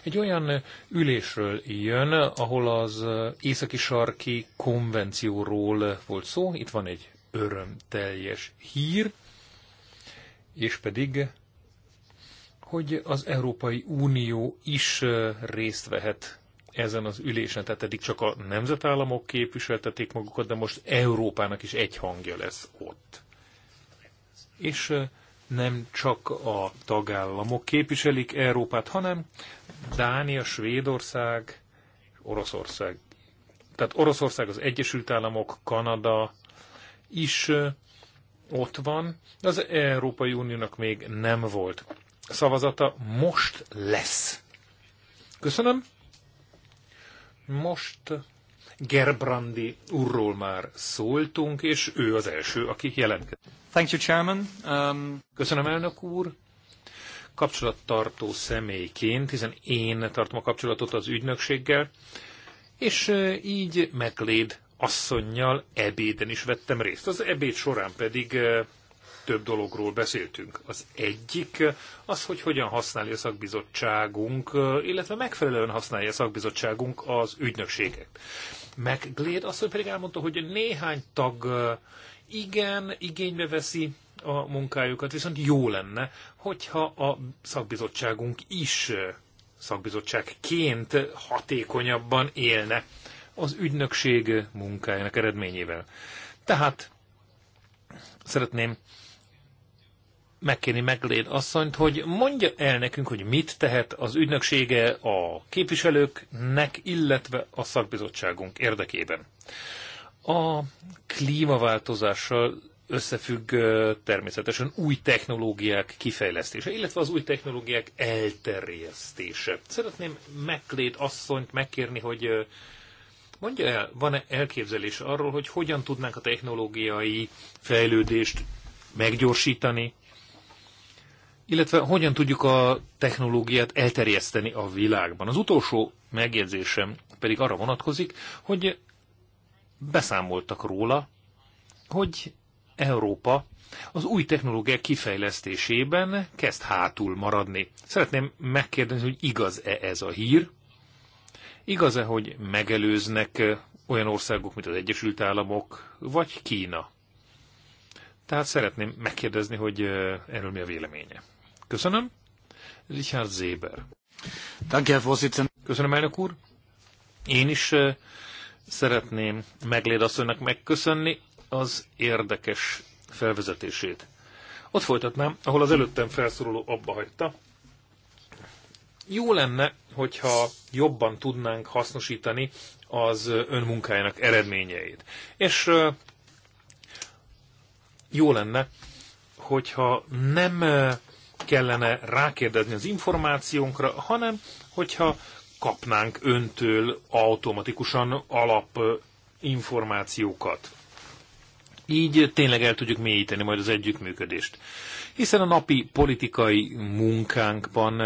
Egy olyan ülésről jön, ahol az északi sarki konvencióról volt szó, itt van egy örömteljes hír, és pedig hogy az Európai Unió is részt vehet ezen az ülésen, tehát eddig csak a nemzetállamok képviseltetik magukat, de most Európának is egy hangja lesz ott. És nem csak a tagállamok képviselik Európát, hanem Dánia, Svédország, Oroszország. Tehát Oroszország, az Egyesült Államok, Kanada is ott van, az Európai Uniónak még nem volt szavazata most lesz. Köszönöm. Most Gerbrandi úrról már szóltunk, és ő az első, aki jelentkezett. Thank you, Chairman. Um... Köszönöm, elnök úr. Kapcsolattartó személyként, hiszen én tartom a kapcsolatot az ügynökséggel, és így McLeod asszonynal ebéden is vettem részt. Az ebéd során pedig több dologról beszéltünk. Az egyik az, hogy hogyan használja a szakbizottságunk, illetve megfelelően használja a szakbizottságunk az ügynökséget. McGlade azt pedig elmondta, hogy néhány tag eh, igen, igénybe veszi a munkájukat, viszont jó lenne, hogyha a szakbizottságunk is eh, szakbizottságként hatékonyabban élne az ügynökség munkájának eredményével. Tehát szeretném megkérni Meglén asszonyt, hogy mondja el nekünk, hogy mit tehet az ügynöksége a képviselőknek, illetve a szakbizottságunk érdekében. A klímaváltozással összefügg természetesen új technológiák kifejlesztése, illetve az új technológiák elterjesztése. Szeretném Meklét asszonyt megkérni, hogy mondja el, van-e elképzelés arról, hogy hogyan tudnánk a technológiai fejlődést meggyorsítani, illetve hogyan tudjuk a technológiát elterjeszteni a világban. Az utolsó megjegyzésem pedig arra vonatkozik, hogy beszámoltak róla, hogy Európa az új technológiák kifejlesztésében kezd hátul maradni. Szeretném megkérdezni, hogy igaz-e ez a hír? Igaz-e, hogy megelőznek olyan országok, mint az Egyesült Államok, vagy Kína? Tehát szeretném megkérdezni, hogy eh, erről mi a véleménye. Köszönöm. Richard Zéber. Köszönöm, elnök úr. Én is eh, szeretném Megléd asszonynak megköszönni az érdekes felvezetését. Ott folytatnám, ahol az előttem felszoruló abba hagyta. Jó lenne, hogyha jobban tudnánk hasznosítani az eh, önmunkájának eredményeit. És eh, jó lenne, hogyha nem kellene rákérdezni az információnkra, hanem hogyha kapnánk öntől automatikusan alap információkat. Így tényleg el tudjuk mélyíteni majd az együttműködést. Hiszen a napi politikai munkánkban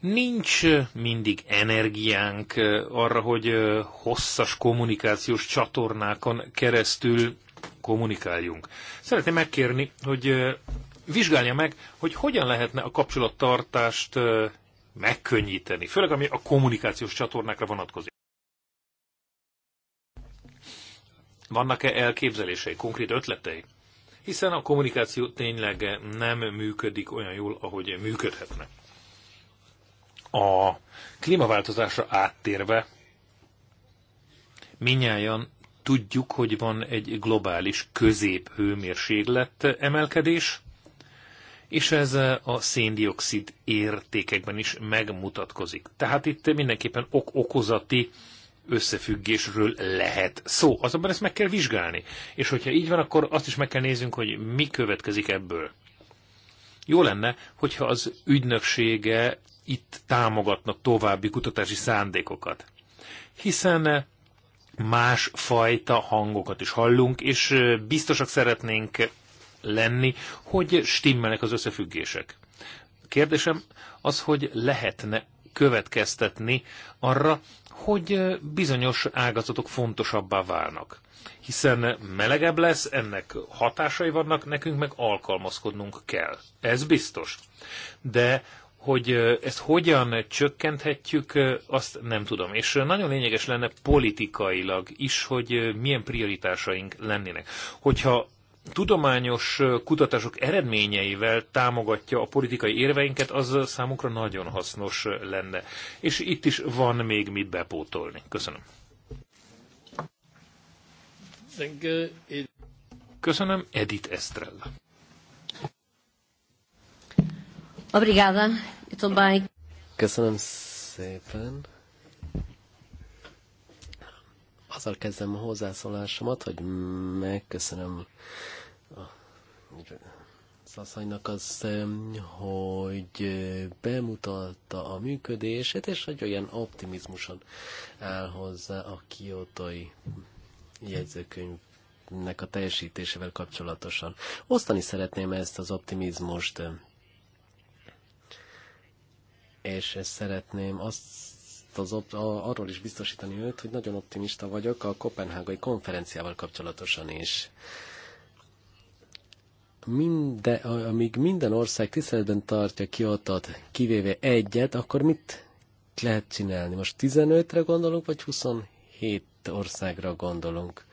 nincs mindig energiánk arra, hogy hosszas kommunikációs csatornákon keresztül kommunikáljunk. Szeretném megkérni, hogy vizsgálja meg, hogy hogyan lehetne a kapcsolattartást megkönnyíteni, főleg ami a kommunikációs csatornákra vonatkozik. Vannak-e elképzelései, konkrét ötletei? Hiszen a kommunikáció tényleg nem működik olyan jól, ahogy működhetne. A klímaváltozásra áttérve minnyáján tudjuk, hogy van egy globális középhőmérséklet emelkedés, és ez a széndiokszid értékekben is megmutatkozik. Tehát itt mindenképpen ok-okozati összefüggésről lehet szó. Azonban ezt meg kell vizsgálni. És hogyha így van, akkor azt is meg kell néznünk, hogy mi következik ebből. Jó lenne, hogyha az ügynöksége itt támogatna további kutatási szándékokat. Hiszen más fajta hangokat is hallunk, és biztosak szeretnénk lenni, hogy stimmelnek az összefüggések. Kérdésem az, hogy lehetne következtetni arra, hogy bizonyos ágazatok fontosabbá válnak. Hiszen melegebb lesz, ennek hatásai vannak, nekünk meg alkalmazkodnunk kell. Ez biztos. De hogy ezt hogyan csökkenthetjük, azt nem tudom. És nagyon lényeges lenne politikailag is, hogy milyen prioritásaink lennének. Hogyha tudományos kutatások eredményeivel támogatja a politikai érveinket, az számukra nagyon hasznos lenne. És itt is van még mit bepótolni. Köszönöm. Köszönöm, Edith Estrella. Obrigada. Köszönöm szépen. Azzal kezdem a hozzászólásomat, hogy megköszönöm Szaszanynak az, hogy eh, bemutatta a működését, és hogy olyan optimizmusan áll hozzá a kiotai jegyzőkönyvnek a teljesítésével kapcsolatosan. Osztani szeretném ezt az optimizmust, és szeretném azt az, arról is biztosítani őt, hogy nagyon optimista vagyok a Kopenhágai konferenciával kapcsolatosan is minden, amíg minden ország tiszteletben tartja Kiotot, kivéve egyet, akkor mit lehet csinálni? Most 15-re gondolunk, vagy 27 országra gondolunk?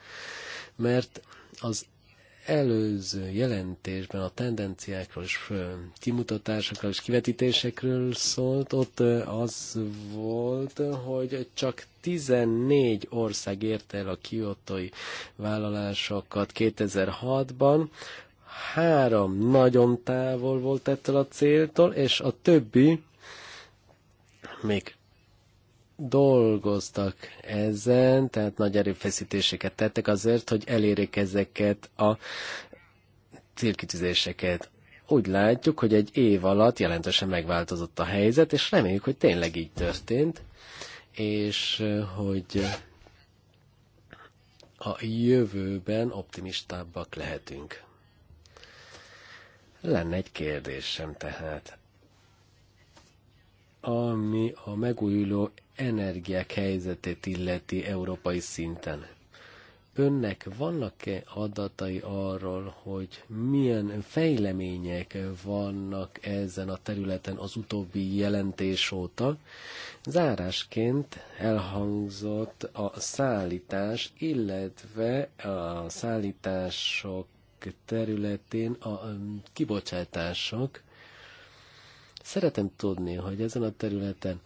Mert az előző jelentésben a tendenciákról és kimutatásokról és kivetítésekről szólt, ott az volt, hogy csak 14 ország érte el a kiotói vállalásokat 2006-ban, három nagyon távol volt ettől a céltól, és a többi még dolgoztak ezen, tehát nagy erőfeszítéseket tettek azért, hogy elérjék ezeket a célkitűzéseket. Úgy látjuk, hogy egy év alatt jelentősen megváltozott a helyzet, és reméljük, hogy tényleg így történt, és eh, hogy a jövőben optimistábbak lehetünk. Lenne egy kérdésem tehát. Ami a megújuló energiák helyzetét illeti európai szinten. Önnek vannak-e adatai arról, hogy milyen fejlemények vannak ezen a területen az utóbbi jelentés óta? Zárásként elhangzott a szállítás, illetve a szállítások területén a kibocsátások. Szeretem tudni, hogy ezen a területen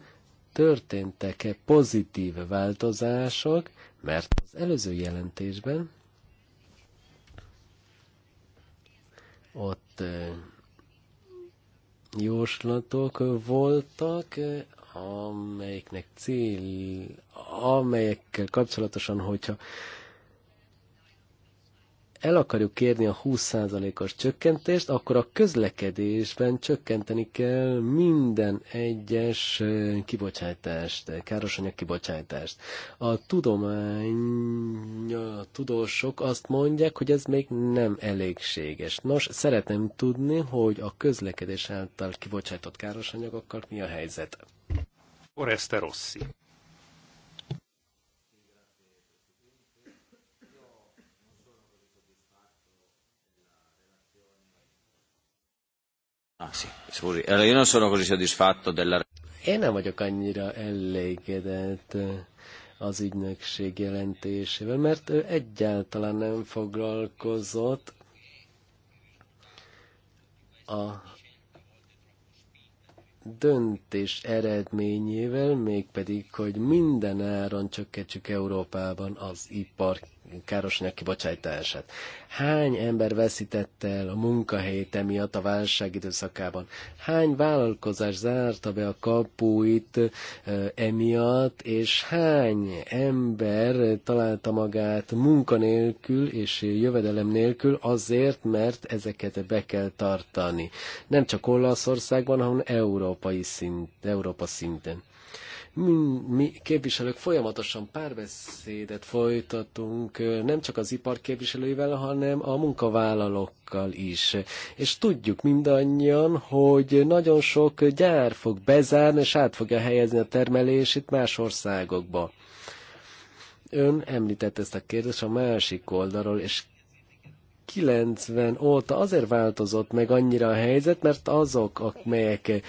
történtek-e pozitív változások, mert az előző jelentésben ott jóslatok voltak, amelyiknek cél, amelyekkel kapcsolatosan, hogyha el akarjuk kérni a 20%-os csökkentést, akkor a közlekedésben csökkenteni kell minden egyes kibocsátást, károsanyag kibocsátást. A tudomány, a tudósok azt mondják, hogy ez még nem elégséges. Nos, szeretném tudni, hogy a közlekedés által kibocsátott károsanyagokkal mi a helyzet. Oreste Rossi. Ah, sì, scusi. io non sono così soddisfatto della... Én nem vagyok annyira elégedett az ügynökség jelentésével, mert ő egyáltalán nem foglalkozott a döntés eredményével, mégpedig, hogy minden áron csökkentsük Európában az ipar károsanyag kibocsátását. Hány ember veszített el a munkahelyét emiatt a válság időszakában? Hány vállalkozás zárta be a kapuit emiatt, és hány ember találta magát munkanélkül és jövedelem nélkül azért, mert ezeket be kell tartani. Nem csak Olaszországban, hanem európai szint, Európa szinten mi képviselők folyamatosan párbeszédet folytatunk, nem csak az ipar képviselőivel, hanem a munkavállalókkal is. És tudjuk mindannyian, hogy nagyon sok gyár fog bezárni, és át fogja helyezni a termelését más országokba. Ön említett ezt a kérdést a másik oldalról, és 90 óta azért változott meg annyira a helyzet, mert azok, amelyek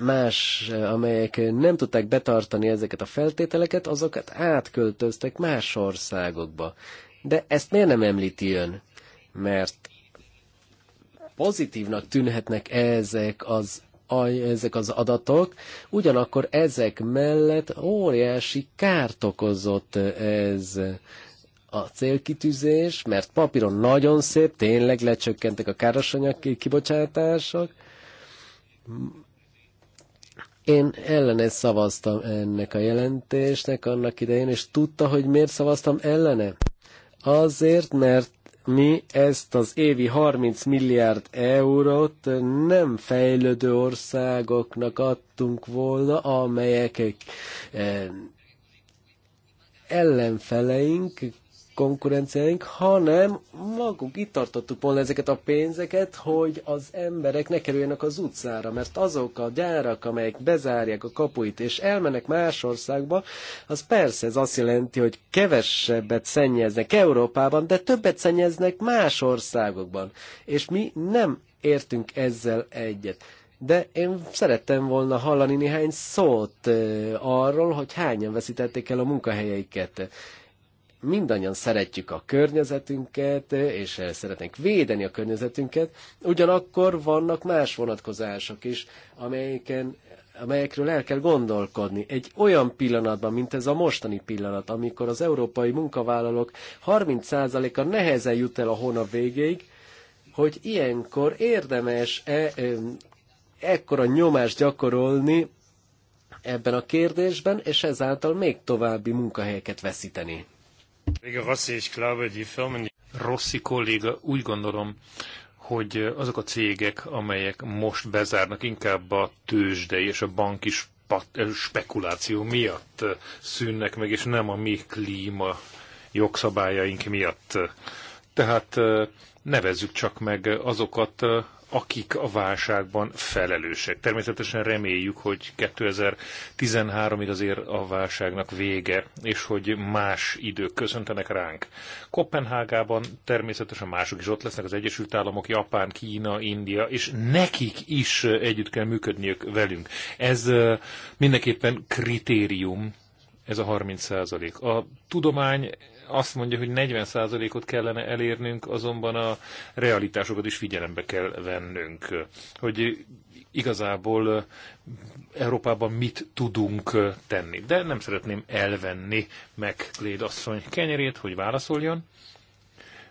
más, amelyek nem tudták betartani ezeket a feltételeket, azokat átköltöztek más országokba. De ezt miért nem említi ön? Mert pozitívnak tűnhetnek ezek az ezek az adatok, ugyanakkor ezek mellett óriási kárt okozott ez a célkitűzés, mert papíron nagyon szép, tényleg lecsökkentek a károsanyag kibocsátások, én ellene szavaztam ennek a jelentésnek annak idején, és tudta, hogy miért szavaztam ellene? Azért, mert mi ezt az évi 30 milliárd eurót nem fejlődő országoknak adtunk volna, amelyek eh, ellenfeleink konkurenciáink, hanem magunk itt tartottuk volna ezeket a pénzeket, hogy az emberek ne kerüljenek az utcára, mert azok a gyárak, amelyek bezárják a kapuit és elmennek más országba, az persze ez azt jelenti, hogy kevesebbet szennyeznek Európában, de többet szennyeznek más országokban, és mi nem értünk ezzel egyet de én szerettem volna hallani néhány szót arról, hogy hányan veszítették el a munkahelyeiket mindannyian szeretjük a környezetünket, és szeretnénk védeni a környezetünket, ugyanakkor vannak más vonatkozások is, amelyeken, amelyekről el kell gondolkodni. Egy olyan pillanatban, mint ez a mostani pillanat, amikor az európai munkavállalók 30%-a nehezen jut el a hónap végéig, hogy ilyenkor érdemes-e ekkora nyomást gyakorolni ebben a kérdésben, és ezáltal még további munkahelyeket veszíteni. Rossi kolléga, úgy gondolom, hogy azok a cégek, amelyek most bezárnak, inkább a tőzsdei és a banki eh, spekuláció miatt eh, szűnnek meg, és nem a mi klíma jogszabályaink miatt. Tehát eh, nevezzük csak meg azokat akik a válságban felelősek. Természetesen reméljük, hogy 2013-ig azért a válságnak vége, és hogy más idők köszöntenek ránk. Kopenhágában természetesen mások is ott lesznek, az Egyesült Államok, Japán, Kína, India, és nekik is együtt kell működniük velünk. Ez mindenképpen kritérium, ez a 30 százalék. A tudomány azt mondja, hogy 40%-ot kellene elérnünk, azonban a realitásokat is figyelembe kell vennünk, hogy igazából Európában mit tudunk tenni. De nem szeretném elvenni meg Léd asszony kenyerét, hogy válaszoljon.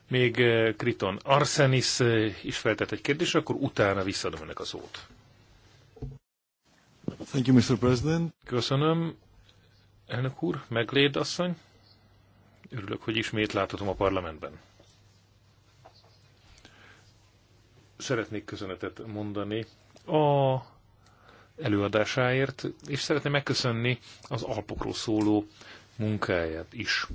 Még eh, Kriton Arsenis eh, is feltett egy kérdést, akkor utána visszadom ennek a szót. Thank you, Mr. President. Köszönöm, elnök úr, megléd asszony. Örülök, hogy ismét láthatom a parlamentben. Szeretnék köszönetet mondani a előadásáért, és szeretném megköszönni az Alpokról szóló munkáját is.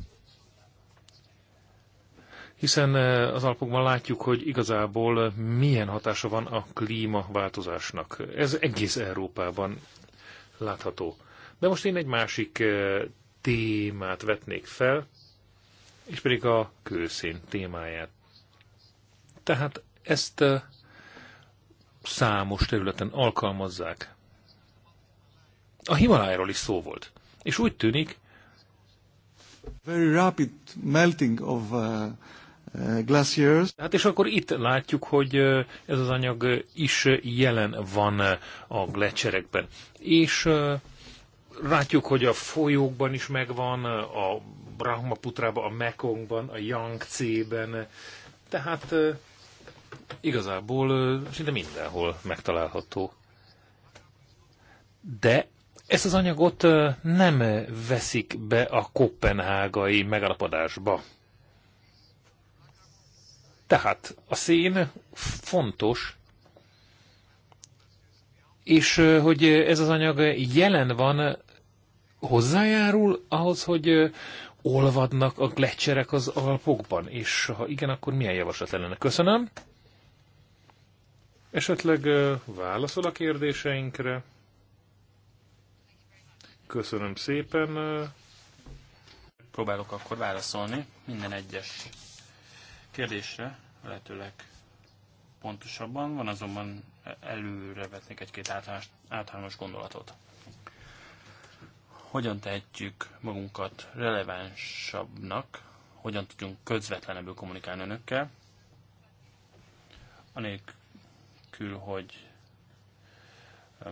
Hiszen eh, az Alpokban látjuk, hogy igazából milyen hatása van a klímaváltozásnak. Ez egész Európában látható. De most én egy másik eh, témát vetnék fel, és pedig a kőszén témáját. Tehát ezt számos területen alkalmazzák. A Himalájáról is szó volt. És úgy tűnik, Very rapid melting of uh, glaciers. Hát és akkor itt látjuk, hogy ez az anyag is jelen van a glecserekben. És látjuk, hogy a folyókban is megvan, a Brahmaputrában, a Mekongban, a Yangtze-ben. Tehát igazából szinte mindenhol megtalálható. De ezt az anyagot nem veszik be a kopenhágai megalapodásba. Tehát a szén fontos, és hogy ez az anyag jelen van, hozzájárul ahhoz, hogy olvadnak a gletszerek az Alpokban? És ha igen, akkor milyen javaslat lenne? Köszönöm. Esetleg válaszol a kérdéseinkre? Köszönöm szépen. Próbálok akkor válaszolni minden egyes kérdésre, lehetőleg pontosabban, van azonban előre vetnék egy-két általános, általános gondolatot hogyan tehetjük magunkat relevánsabbnak, hogyan tudjunk közvetlenebbül kommunikálni önökkel, anélkül, hogy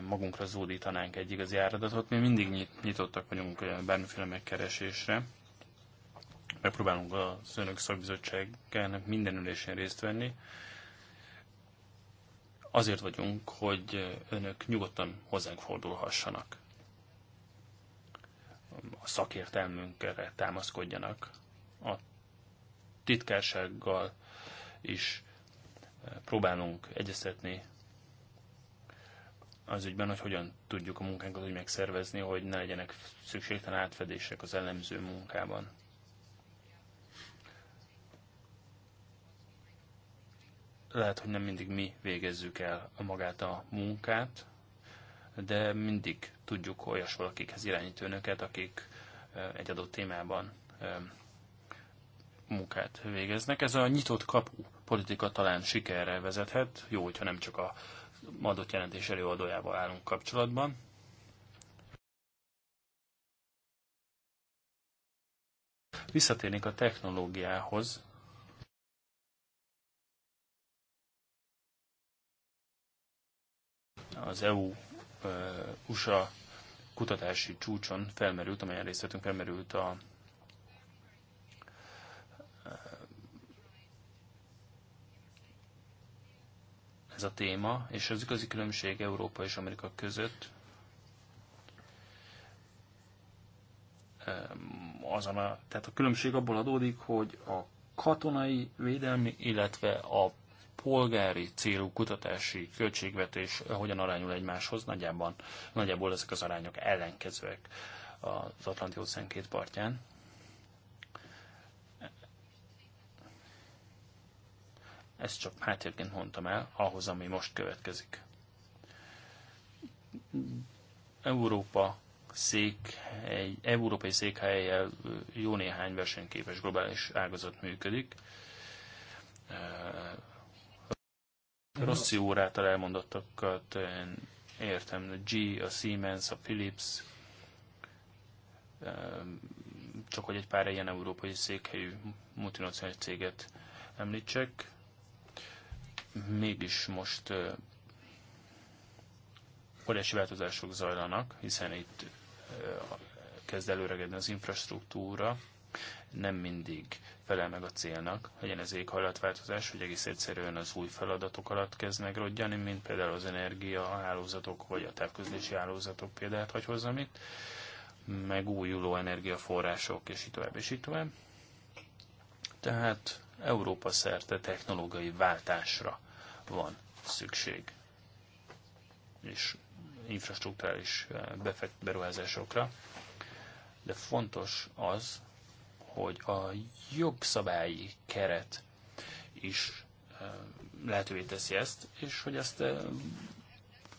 magunkra zúdítanánk egy igazi áradatot. Mi mindig nyitottak vagyunk bármiféle megkeresésre. Megpróbálunk a önök szakbizottságának minden ülésén részt venni. Azért vagyunk, hogy önök nyugodtan hozzánk fordulhassanak a szakértelmünkre támaszkodjanak. A titkársággal is eh, próbálunk egyeztetni az ügyben, hogy hogyan tudjuk a munkánkat úgy megszervezni, hogy ne legyenek szükségtelen átfedések az ellenző munkában. Lehet, hogy nem mindig mi végezzük el magát a munkát, de mindig tudjuk olyas valakikhez irányítőnöket, akik egy adott témában munkát végeznek. Ez a nyitott kapu politika talán sikerre vezethet, jó, hogyha nem csak a adott jelentés előadójával állunk kapcsolatban. Visszatérnék a technológiához, az EU USA kutatási csúcson felmerült, amelyen részt vettünk, felmerült a ez a téma, és az igazi különbség Európa és Amerika között azon a, tehát a különbség abból adódik, hogy a katonai védelmi, illetve a polgári célú kutatási költségvetés hogyan arányul egymáshoz, nagyjában, nagyjából ezek az arányok ellenkezőek az Atlanti óceán két partján. Ezt csak háttérként mondtam el, ahhoz, ami most következik. Európa szék, egy európai székhelyjel jó néhány versenyképes globális ágazat működik. Rossi úr által elmondottakat én értem, a G, a Siemens, a Philips, um, csak hogy egy pár ilyen európai székhelyű multinacionális céget említsek. Mégis most uh, óriási változások zajlanak, hiszen itt uh, kezd előregedni az infrastruktúra, nem mindig felel meg a célnak, legyen ez éghajlatváltozás, hogy egész egyszerűen az új feladatok alatt kezd megrodjani, mint például az hálózatok, vagy a távközlési hálózatok példát, hogy hozzam itt, megújuló energiaforrások, és így tovább, és így tovább. Tehát Európa szerte technológiai váltásra van szükség, és infrastruktúrális beruházásokra, de fontos az, hogy a jogszabályi keret is lehetővé teszi ezt, és hogy ezt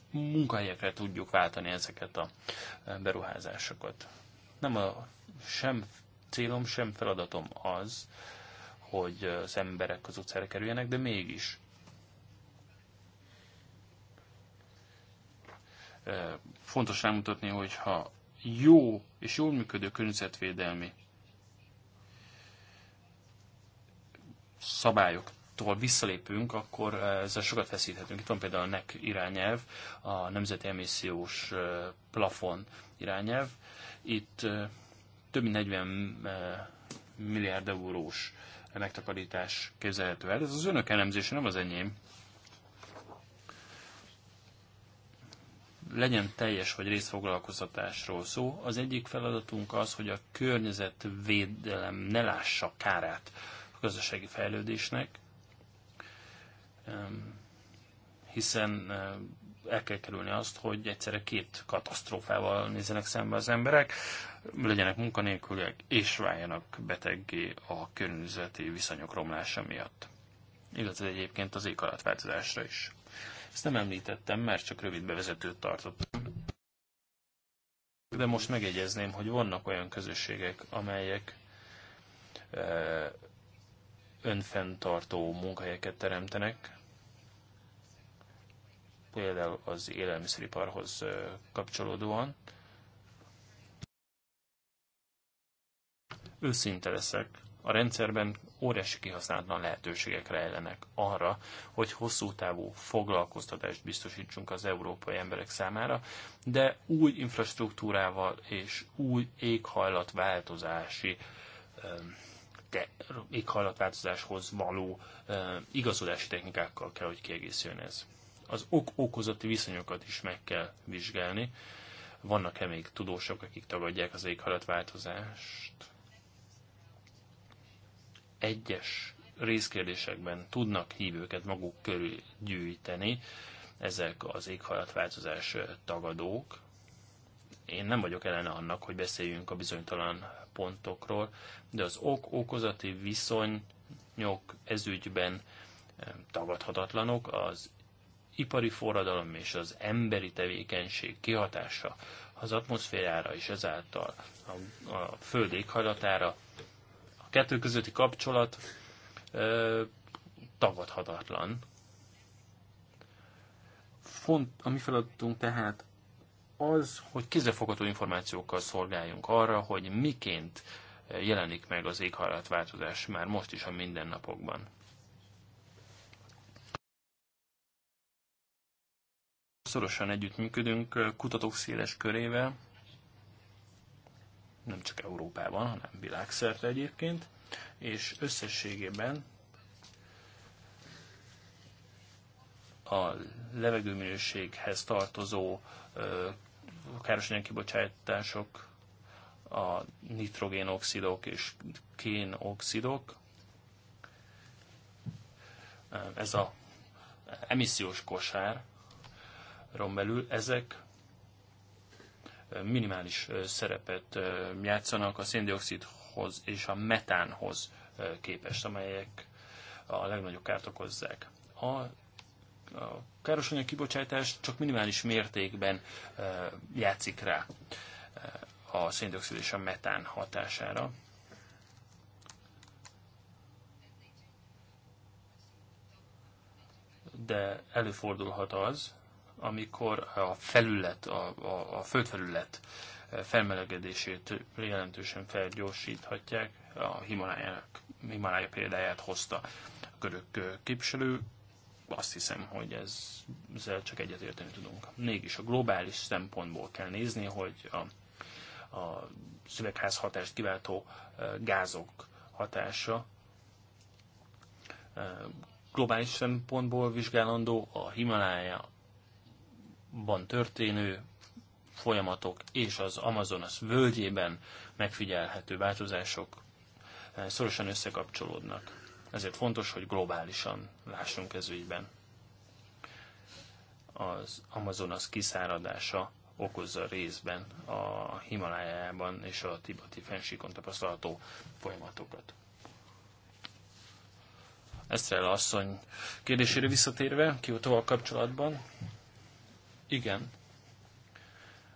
munkahelyekre tudjuk váltani ezeket a beruházásokat. Nem a sem célom, sem feladatom az, hogy az emberek az utcára kerüljenek, de mégis fontos rámutatni, hogy ha jó és jól működő környezetvédelmi szabályoktól visszalépünk, akkor eh, ezzel sokat veszíthetünk. Itt van például a NEC irányelv, a Nemzeti Emissziós eh, Plafon irányelv. Itt eh, több mint 40 milliárd eurós megtakarítás képzelhető el. Ez az önök elemzése, nem az enyém. Legyen teljes vagy részfoglalkoztatásról szó. Az egyik feladatunk az, hogy a környezetvédelem ne lássa kárát gazdasági fejlődésnek, hiszen el kell kerülni azt, hogy egyszerre két katasztrófával nézzenek szembe az emberek, legyenek munkanélküliek, és váljanak beteggé a környezeti viszonyok romlása miatt. Illetve egyébként az változásra is. Ezt nem említettem, mert csak rövid bevezetőt tartottam. De most megegyezném, hogy vannak olyan közösségek, amelyek eh, önfenntartó munkahelyeket teremtenek, például az élelmiszeriparhoz kapcsolódóan. Őszinte leszek, a rendszerben óriási kihasználatlan lehetőségek rejlenek arra, hogy hosszú távú foglalkoztatást biztosítsunk az európai emberek számára, de új infrastruktúrával és új éghajlatváltozási de éghajlatváltozáshoz való e, technikákkal kell, hogy kiegészüljön ez. Az ok-okozati viszonyokat is meg kell vizsgálni. Vannak-e még tudósok, akik tagadják az éghajlatváltozást? Egyes részkérdésekben tudnak hívőket maguk körül gyűjteni, ezek az éghajlatváltozás tagadók. Én nem vagyok ellene annak, hogy beszéljünk a bizonytalan pontokról, de az ok-okozati viszonyok ezügyben eh, tagadhatatlanok, az ipari forradalom és az emberi tevékenység kihatása az atmoszférára és ezáltal a, a föld éghajlatára. A kettő közötti kapcsolat ö, eh, tagadhatatlan. Font, ami feladatunk tehát az, hogy kézzelfogható információkkal szolgáljunk arra, hogy miként jelenik meg az éghajlatváltozás már most is a mindennapokban. Szorosan együttműködünk kutatók széles körével, nem csak Európában, hanem világszerte egyébként, és összességében a levegőminőséghez tartozó a károsanyag kibocsátások, a nitrogénoxidok és kénoxidok. Ez a emissziós kosár belül ezek minimális szerepet játszanak a széndiokszidhoz és a metánhoz képest, amelyek a legnagyobb kárt okozzák. A, a károsanyag kibocsátás csak minimális mértékben játszik rá a széndiokszid és a metán hatására. De előfordulhat az, amikor a felület, a, a, a földfelület felmelegedését jelentősen felgyorsíthatják, a Himalája példáját hozta a körök képviselő azt hiszem, hogy ez, ezzel csak egyetérteni tudunk. Mégis a globális szempontból kell nézni, hogy a, a szüvegház hatást kiváltó e, gázok hatása e, globális szempontból vizsgálandó a Himalájában történő folyamatok és az Amazonas völgyében megfigyelhető változások e, szorosan összekapcsolódnak ezért fontos, hogy globálisan lássunk ez ügyben. Az Amazonas kiszáradása okozza részben a Himalájában és a tibeti fensíkon tapasztalható folyamatokat. Esztrella asszony kérdésére visszatérve, Kiotóval kapcsolatban, igen,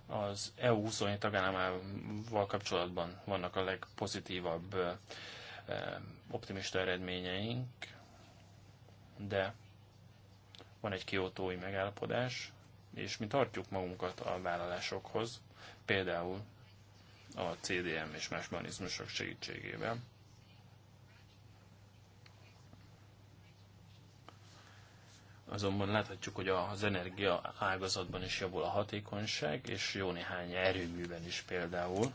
az EU 27 tagállamával kapcsolatban vannak a legpozitívabb optimista eredményeink, de van egy kiotói megállapodás, és mi tartjuk magunkat a vállalásokhoz, például a CDM és más mechanizmusok segítségével. Azonban láthatjuk, hogy az energia ágazatban is javul a hatékonyság, és jó néhány erőműben is például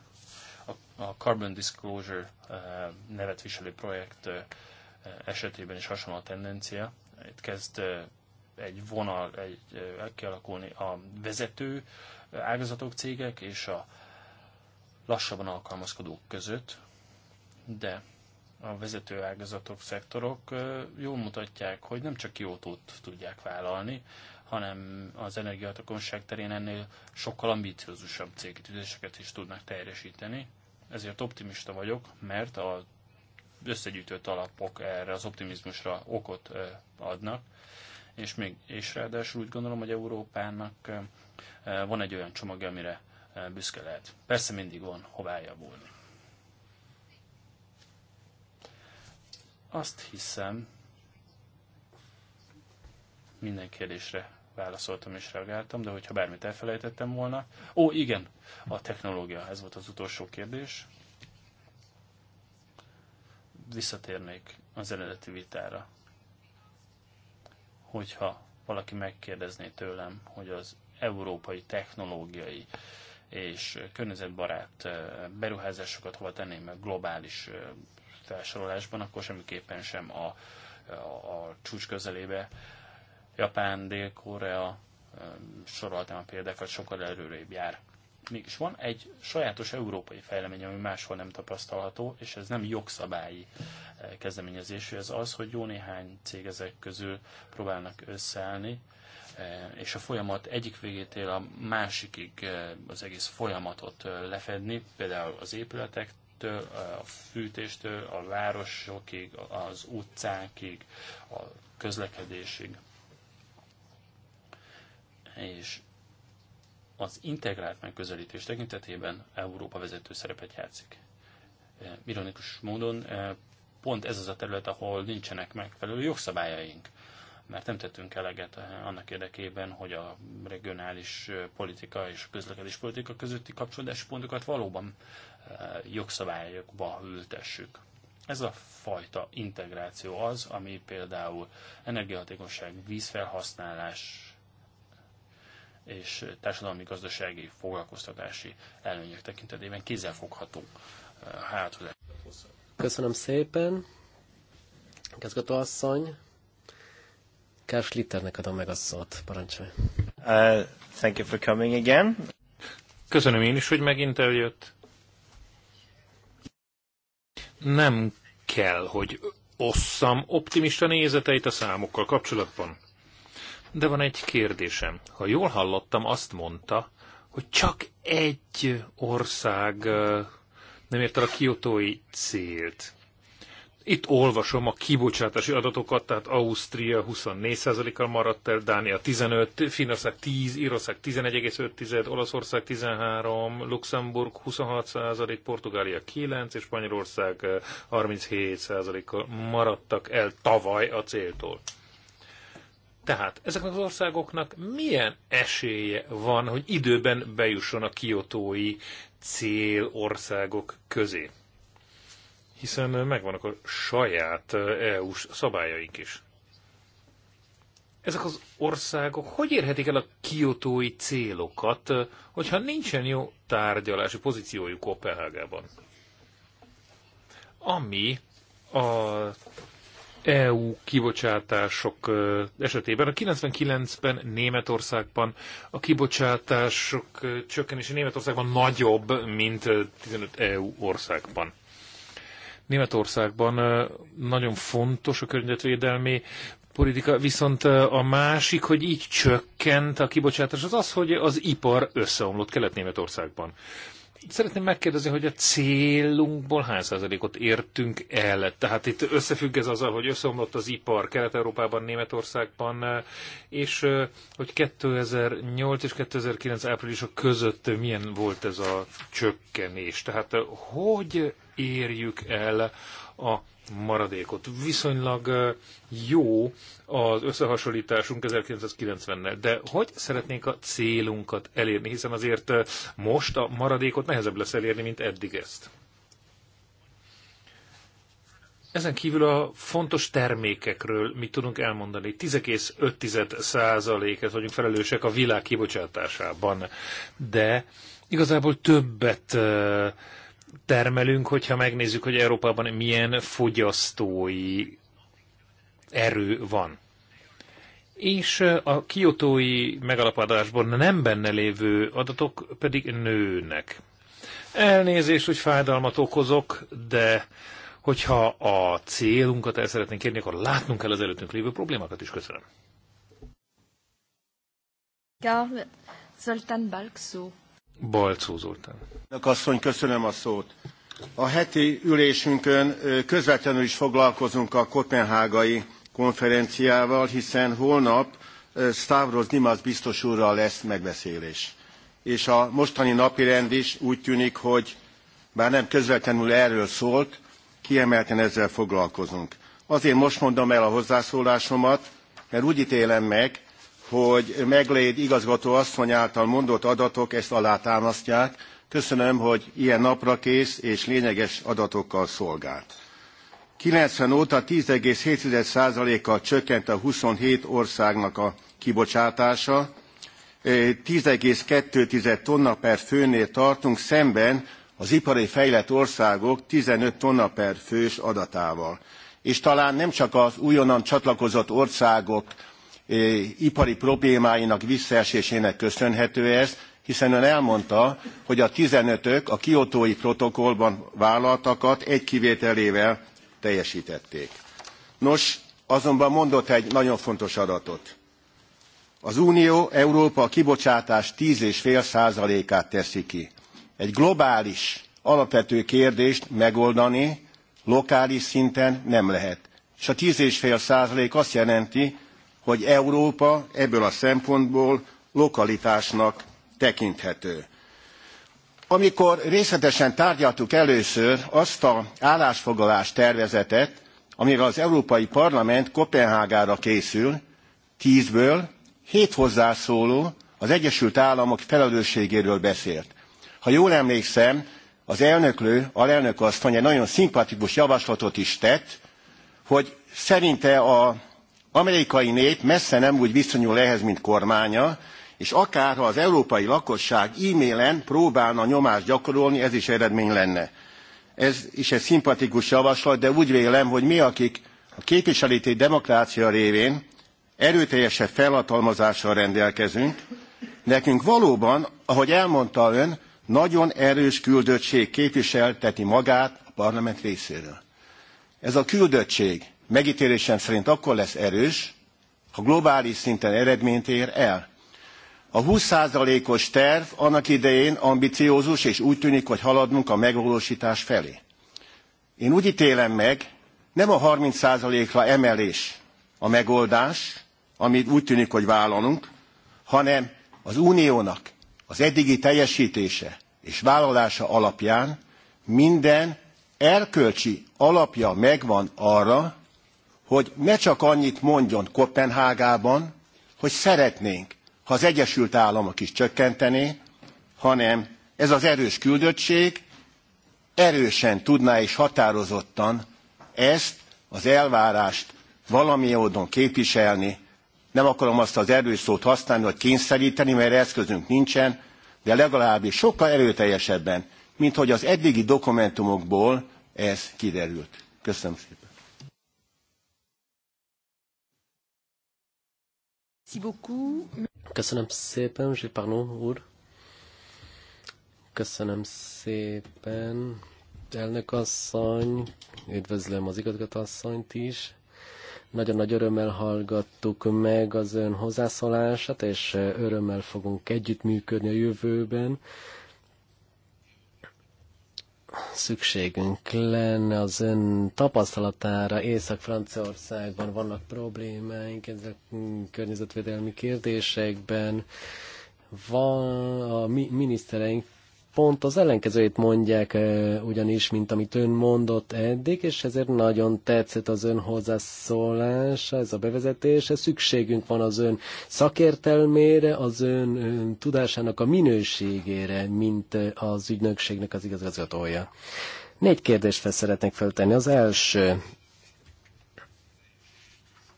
a Carbon Disclosure eh, nevet viselő projekt eh, esetében is hasonló a tendencia. Itt kezd eh, egy vonal egy, el kialakulni a vezető ágazatok, cégek és a lassabban alkalmazkodók között, de a vezető ágazatok, szektorok jól mutatják, hogy nem csak Kiotót tudják vállalni, hanem az energiahatókonság terén ennél sokkal ambíciózusabb célkitűzéseket is tudnak teljesíteni. Ezért optimista vagyok, mert a összegyűjtött alapok erre az optimizmusra okot adnak, és, még, és ráadásul úgy gondolom, hogy Európának van egy olyan csomag, amire büszke lehet. Persze mindig van hová javulni. Azt hiszem, minden kérdésre válaszoltam és reagáltam, de hogyha bármit elfelejtettem volna. Ó, igen, a technológia, ez volt az utolsó kérdés. Visszatérnék az eredeti vitára. Hogyha valaki megkérdezné tőlem, hogy az európai technológiai és környezetbarát beruházásokat hova tenném meg globális felsorolásban, akkor semmiképpen sem a, a, a csúcs közelébe Japán, Dél-Korea soroltam a példákat, sokkal előrébb jár. Mégis van egy sajátos európai fejlemény, ami máshol nem tapasztalható, és ez nem jogszabályi kezdeményezésű, ez az, hogy jó néhány cég ezek közül próbálnak összeállni, és a folyamat egyik végétől a másikig az egész folyamatot lefedni, például az épületektől, a fűtéstől, a városokig, az utcákig, a közlekedésig és az integrált megközelítés tekintetében Európa vezető szerepet játszik. E, ironikus módon e, pont ez az a terület, ahol nincsenek megfelelő jogszabályaink, mert nem tettünk eleget e, annak érdekében, hogy a regionális politika és a közlekedés politika közötti kapcsolódási pontokat valóban jogszabályokba ültessük. Ez a fajta integráció az, ami például energiahatékonyság, vízfelhasználás, és társadalmi-gazdasági foglalkoztatási előnyök tekintetében kézzelfogható hátulás. Köszönöm szépen. Igazgató asszony, Kár Schlitternek adom meg a szót. Parancsolj. Uh, thank you for coming again. Köszönöm én is, hogy megint eljött. Nem kell, hogy osszam optimista nézeteit a számokkal kapcsolatban. De van egy kérdésem. Ha jól hallottam, azt mondta, hogy csak egy ország nem ért el a kiotói célt. Itt olvasom a kibocsátási adatokat, tehát Ausztria 24%-kal maradt el, Dánia 15, Finnország 10, Írország 11,5, Olaszország 13, Luxemburg 26%, Portugália 9 és Spanyolország 37%-kal maradtak el tavaly a céltól. Tehát ezeknek az országoknak milyen esélye van, hogy időben bejusson a kiotói cél országok közé? Hiszen megvannak a saját EU-s eh, e szabályaink is. Ezek az országok hogy érhetik el a kiotói célokat, eh, hogyha nincsen jó tárgyalási pozíciójuk Kopenhágában? Ami a EU kibocsátások esetében. A 99-ben Németországban a kibocsátások csökkenése Németországban nagyobb, mint 15 EU országban. Németországban nagyon fontos a környezetvédelmi politika, viszont a másik, hogy így csökkent a kibocsátás, az az, hogy az ipar összeomlott Kelet-Németországban. Szeretném megkérdezni, hogy a célunkból hány százalékot értünk el? Tehát itt összefügg ez azzal, hogy összeomlott az ipar Kelet-Európában, Németországban, és hogy 2008 és 2009 áprilisok között milyen volt ez a csökkenés? Tehát hogy érjük el a maradékot. Viszonylag jó az összehasonlításunk 1990-nel, de hogy szeretnénk a célunkat elérni, hiszen azért most a maradékot nehezebb lesz elérni, mint eddig ezt. Ezen kívül a fontos termékekről mit tudunk elmondani? 10,5%-et vagyunk felelősek a világ kibocsátásában, de igazából többet termelünk, hogyha megnézzük, hogy Európában milyen fogyasztói erő van. És a kiotói megalapodásban nem benne lévő adatok pedig nőnek. Elnézést, hogy fájdalmat okozok, de hogyha a célunkat el szeretnénk kérni, akkor látnunk kell az előttünk lévő problémákat is. Köszönöm. Ja, Zoltán Balkszó. Balcó Zoltán. Asszony, köszönöm a szót. A heti ülésünkön közvetlenül is foglalkozunk a kopenhágai konferenciával, hiszen holnap Stavros Dimas biztos úrral lesz megbeszélés. És a mostani napirend is úgy tűnik, hogy bár nem közvetlenül erről szólt, kiemelten ezzel foglalkozunk. Azért most mondom el a hozzászólásomat, mert úgy ítélem meg, hogy McLeod igazgató asszony által mondott adatok ezt alátámasztják. Köszönöm, hogy ilyen naprakész és lényeges adatokkal szolgált. 90 óta 10,7%-kal csökkent a 27 országnak a kibocsátása, 10,2 tonna per főnél tartunk, szemben az ipari fejlett országok 15 tonna per fős adatával. És talán nem csak az újonnan csatlakozott országok ipari problémáinak visszaesésének köszönhető ez, hiszen ön elmondta, hogy a 15-ök a kiotói protokollban vállaltakat egy kivételével teljesítették. Nos, azonban mondott egy nagyon fontos adatot. Az Unió Európa a kibocsátás five százalékát teszi ki. Egy globális, alapvető kérdést megoldani lokális szinten nem lehet. S a five százalék azt jelenti, hogy Európa ebből a szempontból lokalitásnak tekinthető. Amikor részletesen tárgyaltuk először azt a állásfoglalás tervezetet, amivel az Európai Parlament Kopenhágára készül, tízből hét hozzászóló az Egyesült Államok felelősségéről beszélt. Ha jól emlékszem, az elnöklő, alelnök asszony egy nagyon szimpatikus javaslatot is tett, hogy szerinte a amerikai nép messze nem úgy viszonyul ehhez, mint kormánya, és akárha az európai lakosság e-mailen próbálna nyomást gyakorolni, ez is eredmény lenne. Ez is egy szimpatikus javaslat, de úgy vélem, hogy mi, akik a képviseleti demokrácia révén erőteljesebb felhatalmazással rendelkezünk, nekünk valóban, ahogy elmondta ön, nagyon erős küldöttség képviselteti magát a parlament részéről. Ez a küldöttség megítélésem szerint akkor lesz erős, ha globális szinten eredményt ér el. A 20%-os terv annak idején ambiciózus, és úgy tűnik, hogy haladunk a megvalósítás felé. Én úgy ítélem meg, nem a 30%-ra emelés a megoldás, amit úgy tűnik, hogy vállalunk, hanem az uniónak az eddigi teljesítése és vállalása alapján minden erkölcsi alapja megvan arra, hogy ne csak annyit mondjon Kopenhágában, hogy szeretnénk, ha az Egyesült Államok is csökkentené, hanem ez az erős küldöttség erősen tudná és határozottan ezt az elvárást valami módon képviselni. Nem akarom azt az erős szót használni, hogy kényszeríteni, mert eszközünk nincsen, de legalábbis sokkal erőteljesebben, mint hogy az eddigi dokumentumokból ez kiderült. Köszönöm szépen. Merci beaucoup. Köszönöm szépen, Zsiparnó úr. Köszönöm szépen, elnök asszony. Üdvözlöm az igazgatóasszonyt is. Nagyon nagy örömmel hallgattuk meg az ön hozzászólását, és örömmel fogunk együttműködni a jövőben szükségünk lenne az ön tapasztalatára. Észak-Franciaországban vannak problémáink ezek környezetvédelmi kérdésekben. Van, a mi minisztereink pont az ellenkezőjét mondják ugyanis, mint amit ön mondott eddig, és ezért nagyon tetszett az ön hozzászólása, ez a bevezetése. Szükségünk van az ön szakértelmére, az ön, tudásának a minőségére, mint az ügynökségnek az igazgatója. Négy kérdést fel szeretnék feltenni. Az első,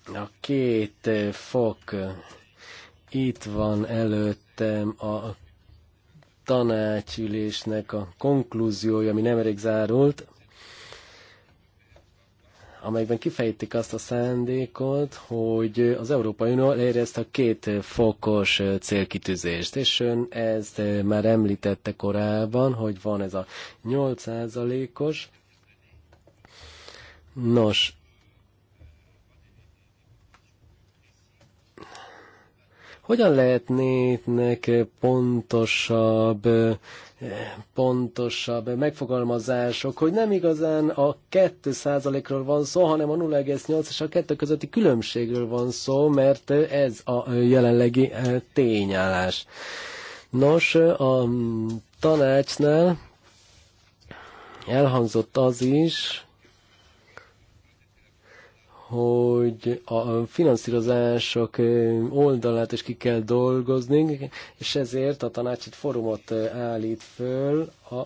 a két fok itt van előttem a tanácsülésnek a konklúziója, ami nemrég zárult, amelyben kifejtik azt a szándékot, hogy az Európai Unió elérje ezt a két fokos célkitűzést. És ön ezt már említette korábban, hogy van ez a 8%-os. Nos, Hogyan lehetnének pontosabb, pontosabb megfogalmazások, hogy nem igazán a 2%-ról van szó, hanem a 0,8 és a 2 közötti különbségről van szó, mert ez a jelenlegi eh, tényállás. Nos, a tanácsnál elhangzott az is, hogy a finanszírozások oldalát is ki kell dolgozni, és ezért a tanács egy forumot állít föl, a,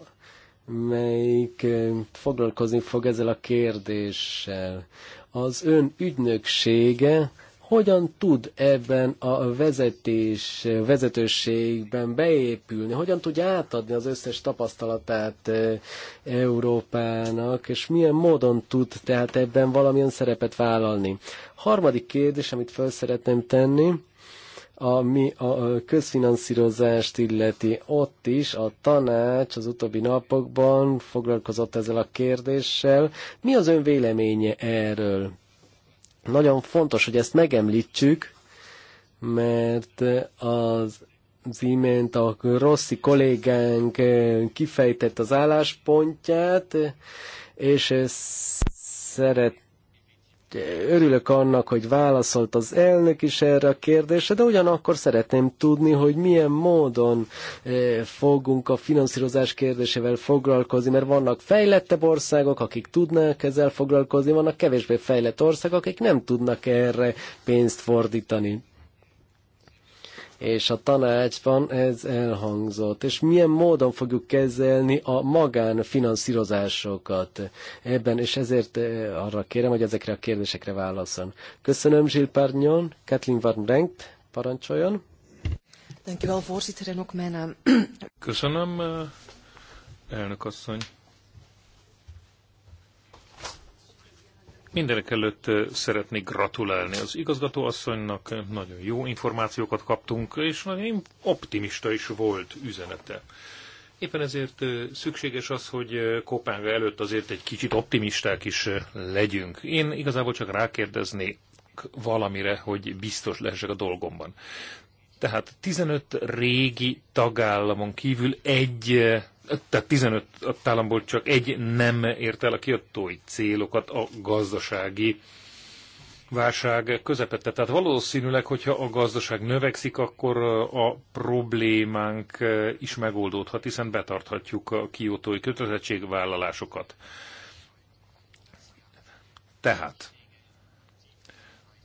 melyik foglalkozni fog ezzel a kérdéssel. Az ön ügynöksége hogyan tud ebben a vezetés, vezetőségben beépülni, hogyan tudja átadni az összes tapasztalatát eh, Európának, és milyen módon tud tehát ebben valamilyen szerepet vállalni. Harmadik kérdés, amit fel szeretném tenni, ami a közfinanszírozást illeti, ott is a tanács az utóbbi napokban foglalkozott ezzel a kérdéssel. Mi az ön véleménye erről? Nagyon fontos, hogy ezt megemlítsük, mert az az imént a Rossi kollégánk kifejtett az álláspontját, és szeret, örülök annak, hogy válaszolt az elnök is erre a kérdésre, de ugyanakkor szeretném tudni, hogy milyen módon eh, fogunk a finanszírozás kérdésével foglalkozni, mert vannak fejlettebb országok, akik tudnak ezzel foglalkozni, vannak kevésbé fejlett országok, akik nem tudnak erre pénzt fordítani és a tanácsban ez elhangzott. És milyen módon fogjuk kezelni a magánfinanszírozásokat ebben, és ezért eh, arra kérem, hogy ezekre a kérdésekre válaszol. Köszönöm, Zsil Párnyon, Kathleen Van Brengt, parancsoljon. Köszönöm, eh, elnök asszony. Mindenek előtt szeretnék gratulálni az igazgatóasszonynak, nagyon jó információkat kaptunk, és nagyon optimista is volt üzenete. Éppen ezért szükséges az, hogy Kopenhága előtt azért egy kicsit optimisták is legyünk. Én igazából csak rákérdeznék valamire, hogy biztos lehessek a dolgomban. Tehát 15 régi tagállamon kívül egy tehát 15 államból csak egy nem ért el a kiadói célokat a gazdasági válság közepette. Tehát valószínűleg, hogyha a gazdaság növekszik, akkor a problémánk is megoldódhat, hiszen betarthatjuk a kiótói kötelezettségvállalásokat. Tehát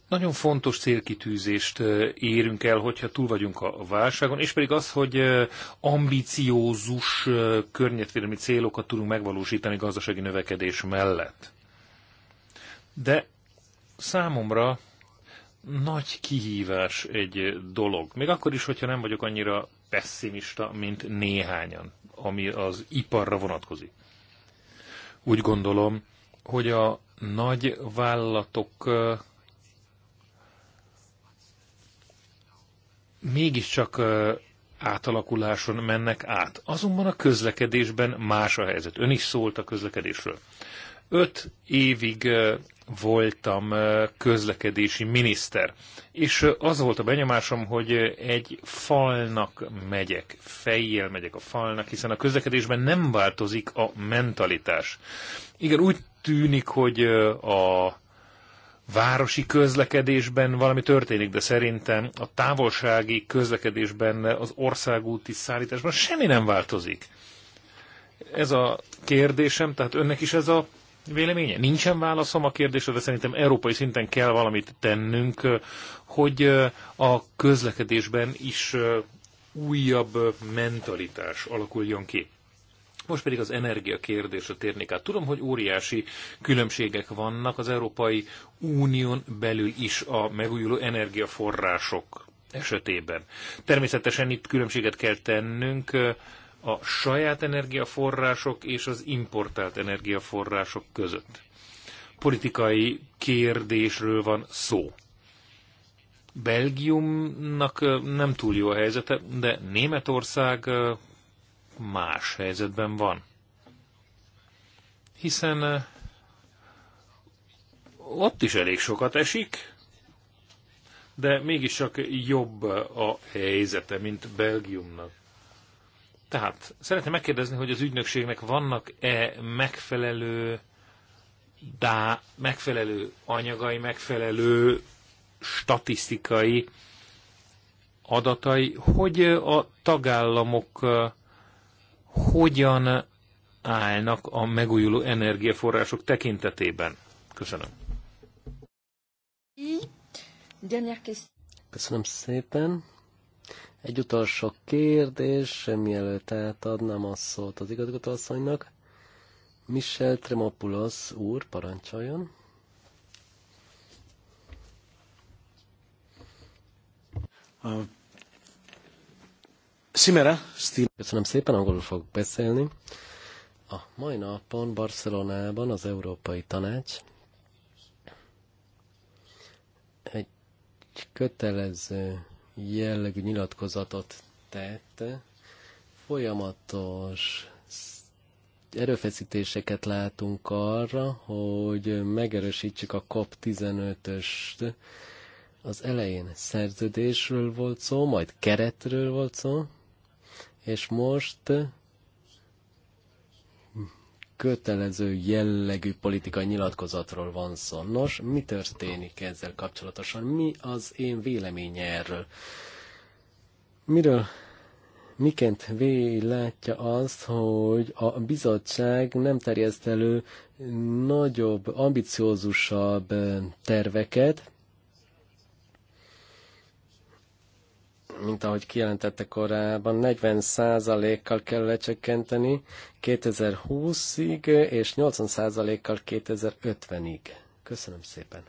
nagyon fontos célkitűzést érünk el, hogyha túl vagyunk a válságon, és pedig az, hogy ambiciózus környezetvédelmi célokat tudunk megvalósítani gazdasági növekedés mellett. De számomra nagy kihívás egy dolog. Még akkor is, hogyha nem vagyok annyira pessimista, mint néhányan, ami az iparra vonatkozik. Úgy gondolom, hogy a nagy vállalatok mégiscsak átalakuláson mennek át. Azonban a közlekedésben más a helyzet. Ön is szólt a közlekedésről. Öt évig voltam közlekedési miniszter, és az volt a benyomásom, hogy egy falnak megyek, fejjel megyek a falnak, hiszen a közlekedésben nem változik a mentalitás. Igen, úgy tűnik, hogy a városi közlekedésben valami történik, de szerintem a távolsági közlekedésben, az országúti szállításban semmi nem változik. Ez a kérdésem, tehát önnek is ez a véleménye? Nincsen válaszom a kérdésre, de szerintem európai szinten kell valamit tennünk, hogy a közlekedésben is újabb mentalitás alakuljon ki. Most pedig az energia kérdésre térnék át. Tudom, hogy óriási különbségek vannak az Európai Unión belül is a megújuló energiaforrások esetében. Természetesen itt különbséget kell tennünk a saját energiaforrások és az importált energiaforrások között. Politikai kérdésről van szó. Belgiumnak nem túl jó a helyzete, de Németország más helyzetben van. Hiszen eh, ott is elég sokat esik, de mégiscsak jobb a helyzete, mint Belgiumnak. Tehát szeretném megkérdezni, hogy az ügynökségnek vannak-e megfelelő dá, megfelelő anyagai, megfelelő statisztikai adatai, hogy a tagállamok eh, hogyan állnak a megújuló energiaforrások tekintetében? Köszönöm. Köszönöm szépen. Egy utolsó kérdés, mielőtt átadnám a szót az igazgatóasszonynak. Michel Tremopoulos úr, parancsoljon. Simera, stíl. Köszönöm szépen, angolul fog beszélni. A mai napon Barcelonában az Európai Tanács egy kötelező jellegű nyilatkozatot tett, folyamatos erőfeszítéseket látunk arra, hogy megerősítsük a COP15-öst. Az elején szerződésről volt szó, majd keretről volt szó, és most kötelező jellegű politikai nyilatkozatról van szó. Nos, mi történik ezzel kapcsolatosan? Mi az én véleménye erről? Miről miként látja azt, hogy a bizottság nem terjeszt elő nagyobb, ambiciózusabb eh, terveket, mint ahogy kijelentette korábban, 40%-kal kell lecsökkenteni 2020-ig, és 80%-kal 2050-ig. Köszönöm szépen.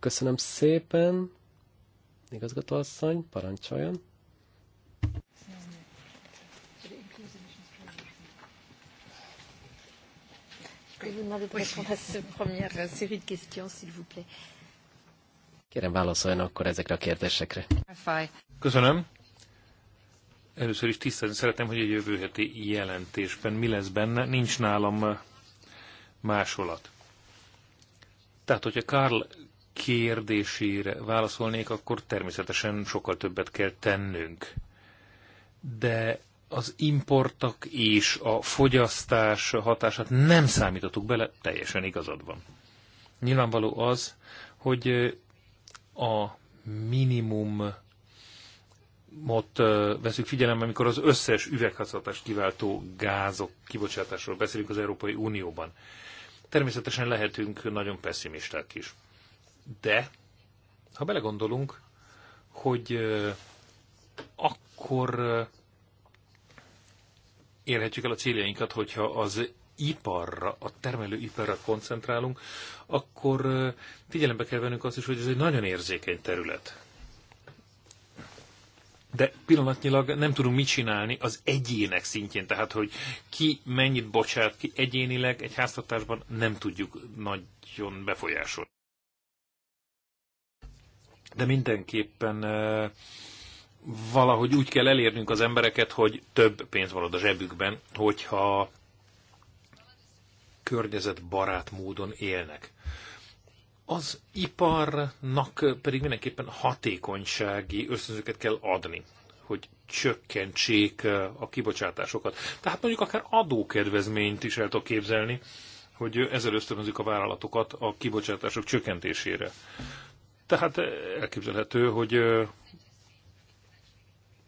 Köszönöm szépen. Igazgatóasszony, parancsoljon. Je vous demander de répondre à cette première série de questions, s'il vous plaît. Kérem válaszoljon akkor ezekre a kérdésekre. Köszönöm. Először is tisztelni szeretném, hogy a jövő heti jelentésben mi lesz benne. Nincs nálam eh, másolat. Tehát, hogyha Karl kérdésére válaszolnék, akkor természetesen sokkal többet kell tennünk. De az importok és a fogyasztás hatását nem számítottuk bele, teljesen igazad van. Nyilvánvaló az, hogy eh, a minimum mot veszük figyelembe, amikor az összes üvegházhatást kiváltó gázok kibocsátásról beszélünk az Európai Unióban. Természetesen lehetünk nagyon pessimisták is. De, ha belegondolunk, hogy akkor érhetjük el a céljainkat, hogyha az iparra, a termelőiparra koncentrálunk, akkor figyelembe kell vennünk azt is, hogy ez egy nagyon érzékeny terület. De pillanatnyilag nem tudunk mit csinálni az egyének szintjén, tehát hogy ki mennyit bocsát ki egyénileg egy háztartásban nem tudjuk nagyon befolyásolni. De mindenképpen valahogy úgy kell elérnünk az embereket, hogy több pénz van a zsebükben, hogyha környezetbarát módon élnek. Az iparnak pedig mindenképpen hatékonysági ösztönzőket kell adni, hogy csökkentsék eh, a kibocsátásokat. Tehát mondjuk akár adókedvezményt is el tudok képzelni, hogy ezzel ösztönözik a vállalatokat a kibocsátások csökkentésére. Tehát eh, elképzelhető, hogy eh,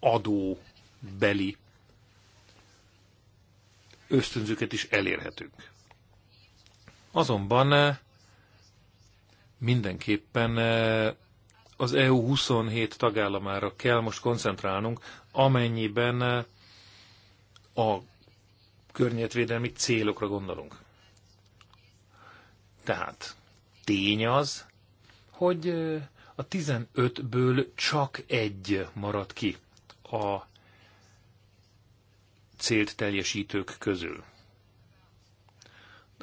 adóbeli ösztönzőket is elérhetünk. Azonban eh, mindenképpen eh, az EU 27 tagállamára kell most koncentrálnunk, amennyiben eh, a környezetvédelmi célokra gondolunk. Tehát tény az, hogy a 15-ből csak egy marad ki a célt teljesítők közül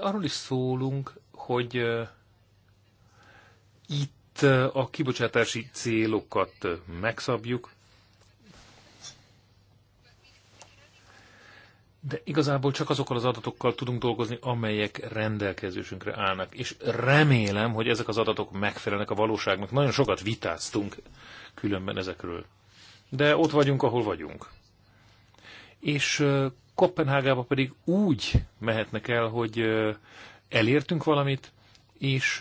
arról is szólunk, hogy itt a kibocsátási célokat megszabjuk, de igazából csak azokkal az adatokkal tudunk dolgozni, amelyek rendelkezésünkre állnak. És remélem, hogy ezek az adatok megfelelnek a valóságnak. Nagyon sokat vitáztunk különben ezekről. De ott vagyunk, ahol vagyunk. És Kopenhágába pedig úgy mehetnek el, hogy elértünk valamit, és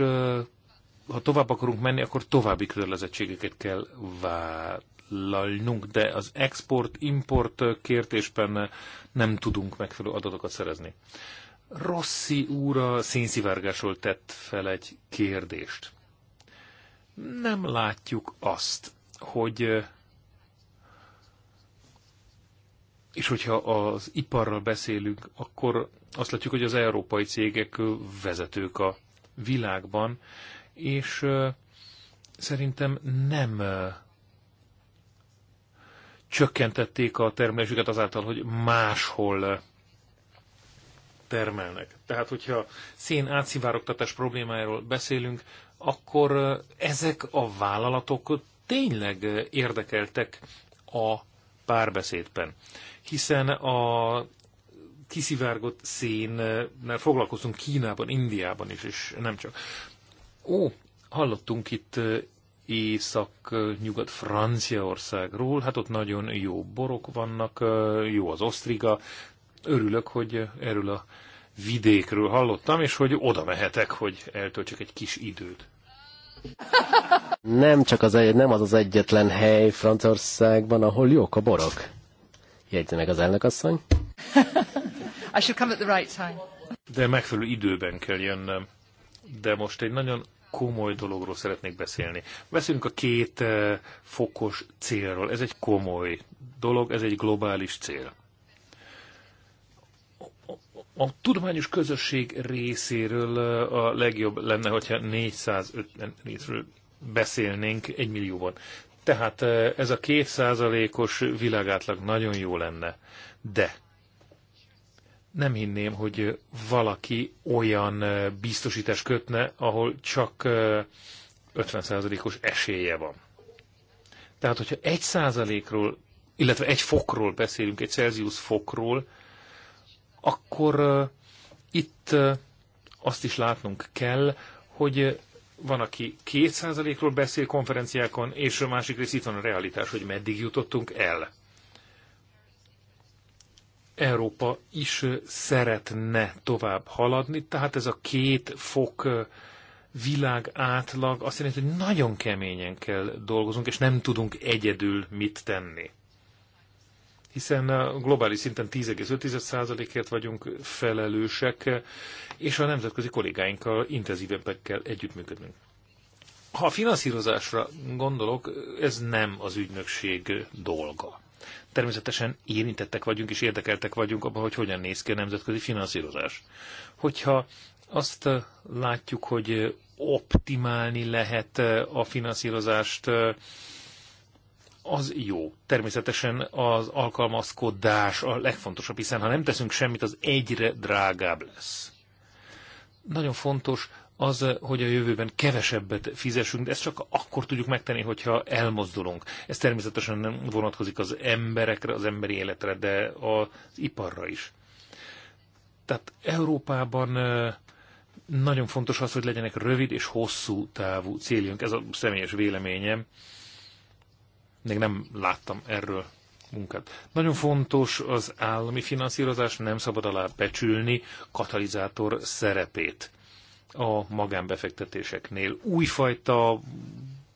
ha tovább akarunk menni, akkor további kötelezettségeket kell vállalnunk, de az export-import kértésben nem tudunk megfelelő adatokat szerezni. Rossi úr a szénszivárgásról tett fel egy kérdést. Nem látjuk azt, hogy És hogyha az iparral beszélünk, akkor azt látjuk, hogy az európai cégek vezetők a világban, és szerintem nem csökkentették a termelésüket azáltal, hogy máshol termelnek. Tehát, hogyha szén átszivárogtatás problémájáról beszélünk, akkor ezek a vállalatok tényleg érdekeltek a párbeszédben, hiszen a kiszivárgott eh, mert foglalkozunk Kínában, Indiában is, és nem csak. Ó, hallottunk itt eh, észak-nyugat eh, Franciaországról, hát ott nagyon jó borok vannak, jó az osztriga. Örülök, hogy erről a vidékről hallottam, és hogy oda mehetek, hogy eltöltsek egy kis időt. Nem csak az, nem az az egyetlen hely Franciaországban, ahol jók a borok. Jegyzi meg az elnökasszony. I should come at the right time. De megfelelő időben kell jönnöm. De most egy nagyon komoly dologról szeretnék beszélni. Beszélünk a két eh, fokos célról. Ez egy komoly dolog, ez egy globális cél. A tudományos közösség részéről eh, a legjobb lenne, hogyha 450 részről beszélnénk egy millióban. Tehát eh, ez a kétszázalékos világátlag nagyon jó lenne. De nem hinném, hogy valaki olyan eh, biztosítás kötne, ahol csak 50%-os esélye van. Tehát, hogyha egy százalékról, illetve egy fokról beszélünk, egy Celsius fokról, akkor itt azt is látnunk kell, hogy van, aki kétszázalékról beszél konferenciákon, és a másik rész itt van a realitás, hogy meddig jutottunk el. Európa is szeretne tovább haladni, tehát ez a két fok világ átlag azt jelenti, hogy nagyon keményen kell dolgozunk, és nem tudunk egyedül mit tenni hiszen a globális szinten 10,5%-ért vagyunk felelősek, és a nemzetközi kollégáinkkal intenzívebben kell együttműködnünk. Ha a finanszírozásra gondolok, ez nem az ügynökség dolga. Természetesen érintettek vagyunk és érdekeltek vagyunk abban, hogy hogyan néz ki a nemzetközi finanszírozás. Hogyha azt látjuk, hogy optimálni lehet a finanszírozást, az jó. Természetesen az alkalmazkodás a legfontosabb, hiszen ha nem teszünk semmit, az egyre drágább lesz. Nagyon fontos az, hogy a jövőben kevesebbet fizessünk, de ezt csak akkor tudjuk megtenni, hogyha elmozdulunk. Ez természetesen nem vonatkozik az emberekre, az emberi életre, de az iparra is. Tehát Európában nagyon fontos az, hogy legyenek rövid és hosszú távú céljunk. Ez a személyes véleményem még nem láttam erről munkát. Nagyon fontos az állami finanszírozás, nem szabad alá becsülni katalizátor szerepét a magánbefektetéseknél. Újfajta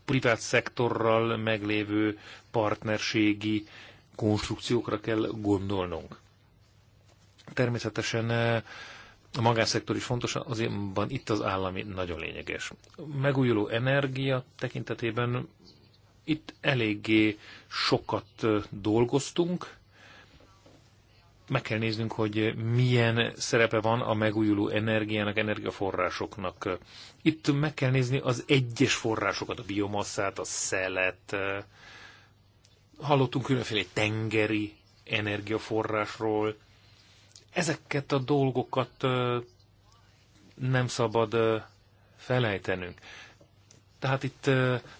privát szektorral meglévő partnerségi konstrukciókra kell gondolnunk. Természetesen eh, a magánszektor is fontos, van itt az állami nagyon lényeges. Megújuló energia tekintetében itt eléggé sokat dolgoztunk, meg kell néznünk, hogy milyen szerepe van a megújuló energiának, energiaforrásoknak. Itt meg kell nézni az egyes forrásokat, a biomasszát, a szelet. Hallottunk különféle tengeri energiaforrásról. Ezeket a dolgokat nem szabad felejtenünk. Tehát itt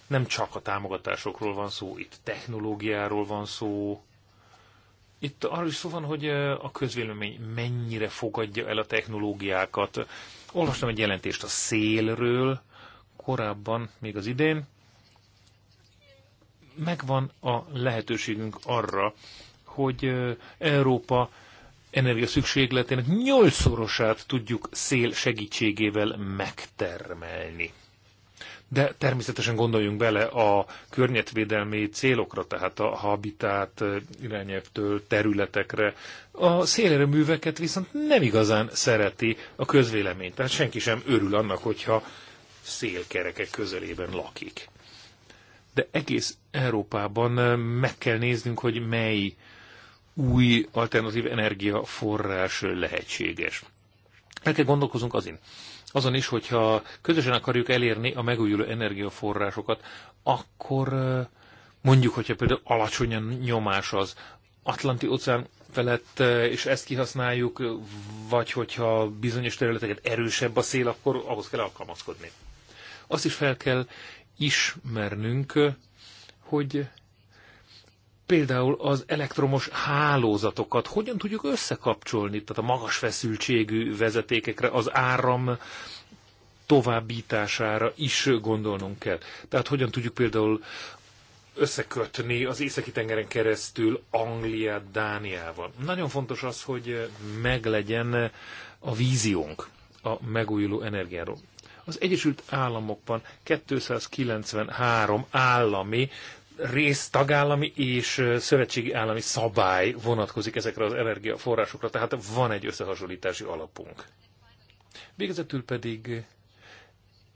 nem csak a támogatásokról van szó, itt technológiáról van szó. Itt arról is szó van, hogy a közvélemény mennyire fogadja el a technológiákat. Olvastam egy jelentést a szélről, korábban, még az idén. Megvan a lehetőségünk arra, hogy Európa energia szükségletének nyolcszorosát tudjuk szél segítségével megtermelni de természetesen gondoljunk bele a környezetvédelmi célokra, tehát a habitát irányelvtől területekre. A szélerőműveket viszont nem igazán szereti a közvélemény, tehát senki sem örül annak, hogyha szélkerekek közelében lakik. De egész Európában meg kell néznünk, hogy mely új alternatív energiaforrás lehetséges. El kell gondolkozunk azért azon is, hogyha közösen akarjuk elérni a megújuló energiaforrásokat, akkor mondjuk, hogyha például alacsony a nyomás az Atlanti óceán felett, és ezt kihasználjuk, vagy hogyha bizonyos területeket erősebb a szél, akkor ahhoz kell alkalmazkodni. Azt is fel kell ismernünk, hogy például az elektromos hálózatokat hogyan tudjuk összekapcsolni, tehát a magas feszültségű vezetékekre, az áram továbbítására is gondolnunk kell. Tehát hogyan tudjuk például összekötni az északi tengeren keresztül Angliát Dániával. Nagyon fontos az, hogy meglegyen a víziónk a megújuló energiáról. Az Egyesült Államokban 293 állami rész tagállami és szövetségi állami szabály vonatkozik ezekre az energiaforrásokra, tehát van egy összehasonlítási alapunk. Végezetül pedig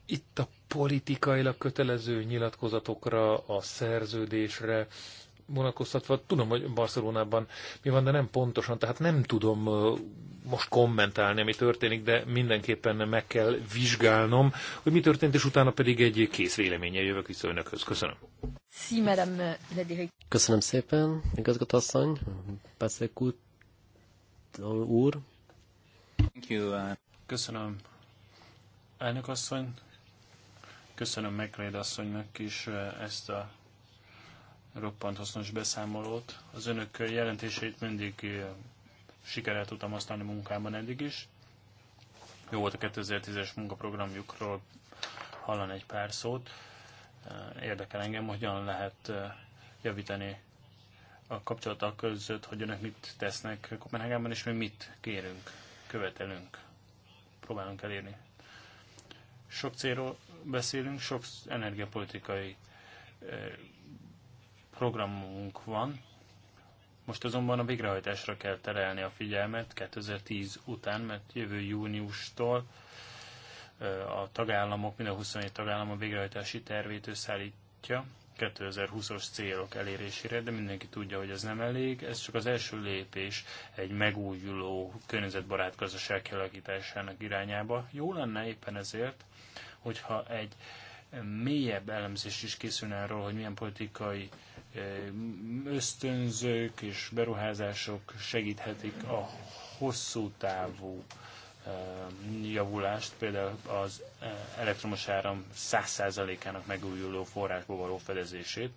itt a politikailag kötelező nyilatkozatokra, a szerződésre vonatkoztatva, tudom, hogy Barcelonában mi van, de nem pontosan, tehát nem tudom most kommentálni, ami történik, de mindenképpen meg kell vizsgálnom, hogy mi történt, és utána pedig egy kész véleménye jövök vissza önökhöz. Köszönöm madame la Köszönöm szépen, igazgatóasszony, Pászekút úr. Thank you. Uh, Köszönöm, elnök asszony. Köszönöm McLeod asszonynak is uh, ezt a roppant hasznos beszámolót. Az önök jelentését mindig uh, sikerrel tudtam használni munkában eddig is. Jó volt a 2010-es munkaprogramjukról hallani egy pár szót. Eh, érdekel engem, hogyan lehet eh, javítani a kapcsolatok között, hogy önök mit tesznek Kopenhágában, és mi mit kérünk, követelünk, próbálunk elérni. Sok célról beszélünk, sok energiapolitikai eh, programunk van, most azonban a végrehajtásra kell terelni a figyelmet 2010 után, mert jövő júniustól a tagállamok, minden 27 tagállam a végrehajtási tervét összeállítja 2020 os célok elérésére, de mindenki tudja, hogy ez nem elég. Ez csak az első lépés egy megújuló környezetbarát gazdaság kialakításának irányába. Jó lenne éppen ezért, hogyha egy mélyebb elemzést is készülne arról, hogy milyen politikai ösztönzők és beruházások segíthetik a hosszú távú javulást, például az elektromos áram 100%-ának megújuló forrásból való fedezését.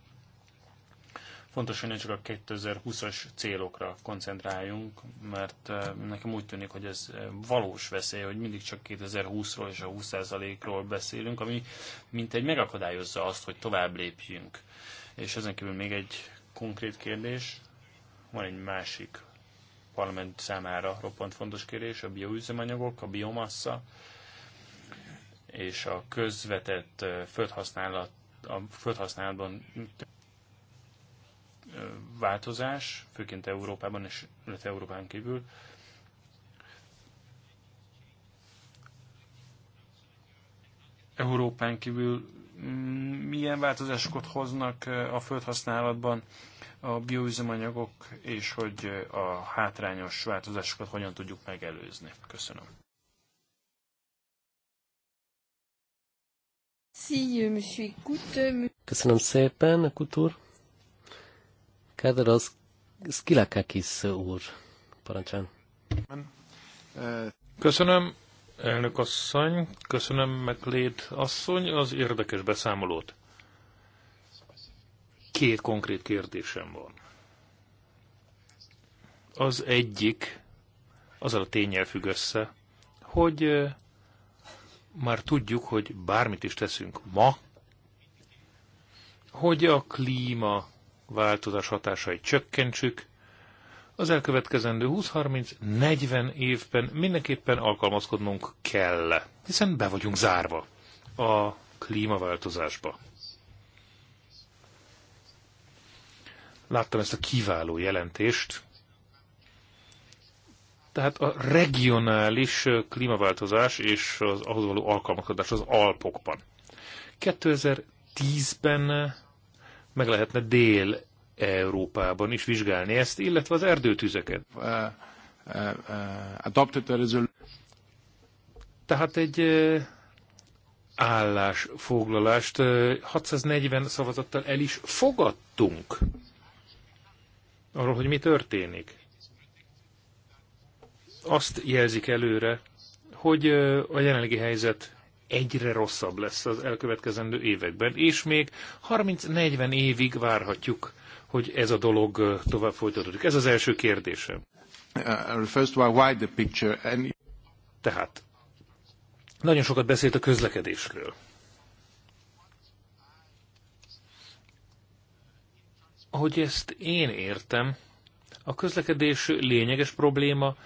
Fontos, hogy ne csak a 2020-as célokra koncentráljunk, mert nekem úgy tűnik, hogy ez valós veszély, hogy mindig csak 2020-ról és a 20%-ról beszélünk, ami mint egy megakadályozza azt, hogy tovább lépjünk. És ezen kívül még egy konkrét kérdés, van egy másik parlament számára roppant fontos kérés, a bioüzemanyagok, a biomassa és a közvetett földhasználat, a földhasználatban változás, főként Európában és illetve Európán kívül. Európán kívül mm, milyen változásokat hoznak a földhasználatban, a bioüzemanyagok, és hogy a hátrányos változásokat hogyan tudjuk megelőzni. Köszönöm. Euh, köszönöm szépen, Kutur. Kedves az Skilakakis úr. Parancsán. Köszönöm, elnök asszony, köszönöm, McLeod asszony, az érdekes beszámolót. Két konkrét kérdésem van. Az egyik azzal a tényel függ össze, hogy már tudjuk, hogy bármit is teszünk ma, hogy a klíma változás hatásait csökkentsük, az elkövetkezendő 20-30-40 évben mindenképpen alkalmazkodnunk kell, hiszen be vagyunk zárva a klímaváltozásba. Láttam ezt a kiváló jelentést. Tehát a regionális klímaváltozás és az ahhoz való alkalmazkodás az Alpokban. 2010-ben meg lehetne Dél-Európában is vizsgálni ezt, illetve az erdőtüzeket. Uh, uh, uh, Tehát egy állásfoglalást 640 szavazattal el is fogadtunk arról, hogy mi történik. Azt jelzik előre, hogy a jelenlegi helyzet egyre rosszabb lesz az elkövetkezendő években, és még 30-40 évig várhatjuk, hogy ez a dolog tovább folytatódik. Ez az első kérdésem. Uh, uh, Tehát, nagyon sokat beszélt a közlekedésről. Ahogy ezt én értem, a közlekedés lényeges probléma,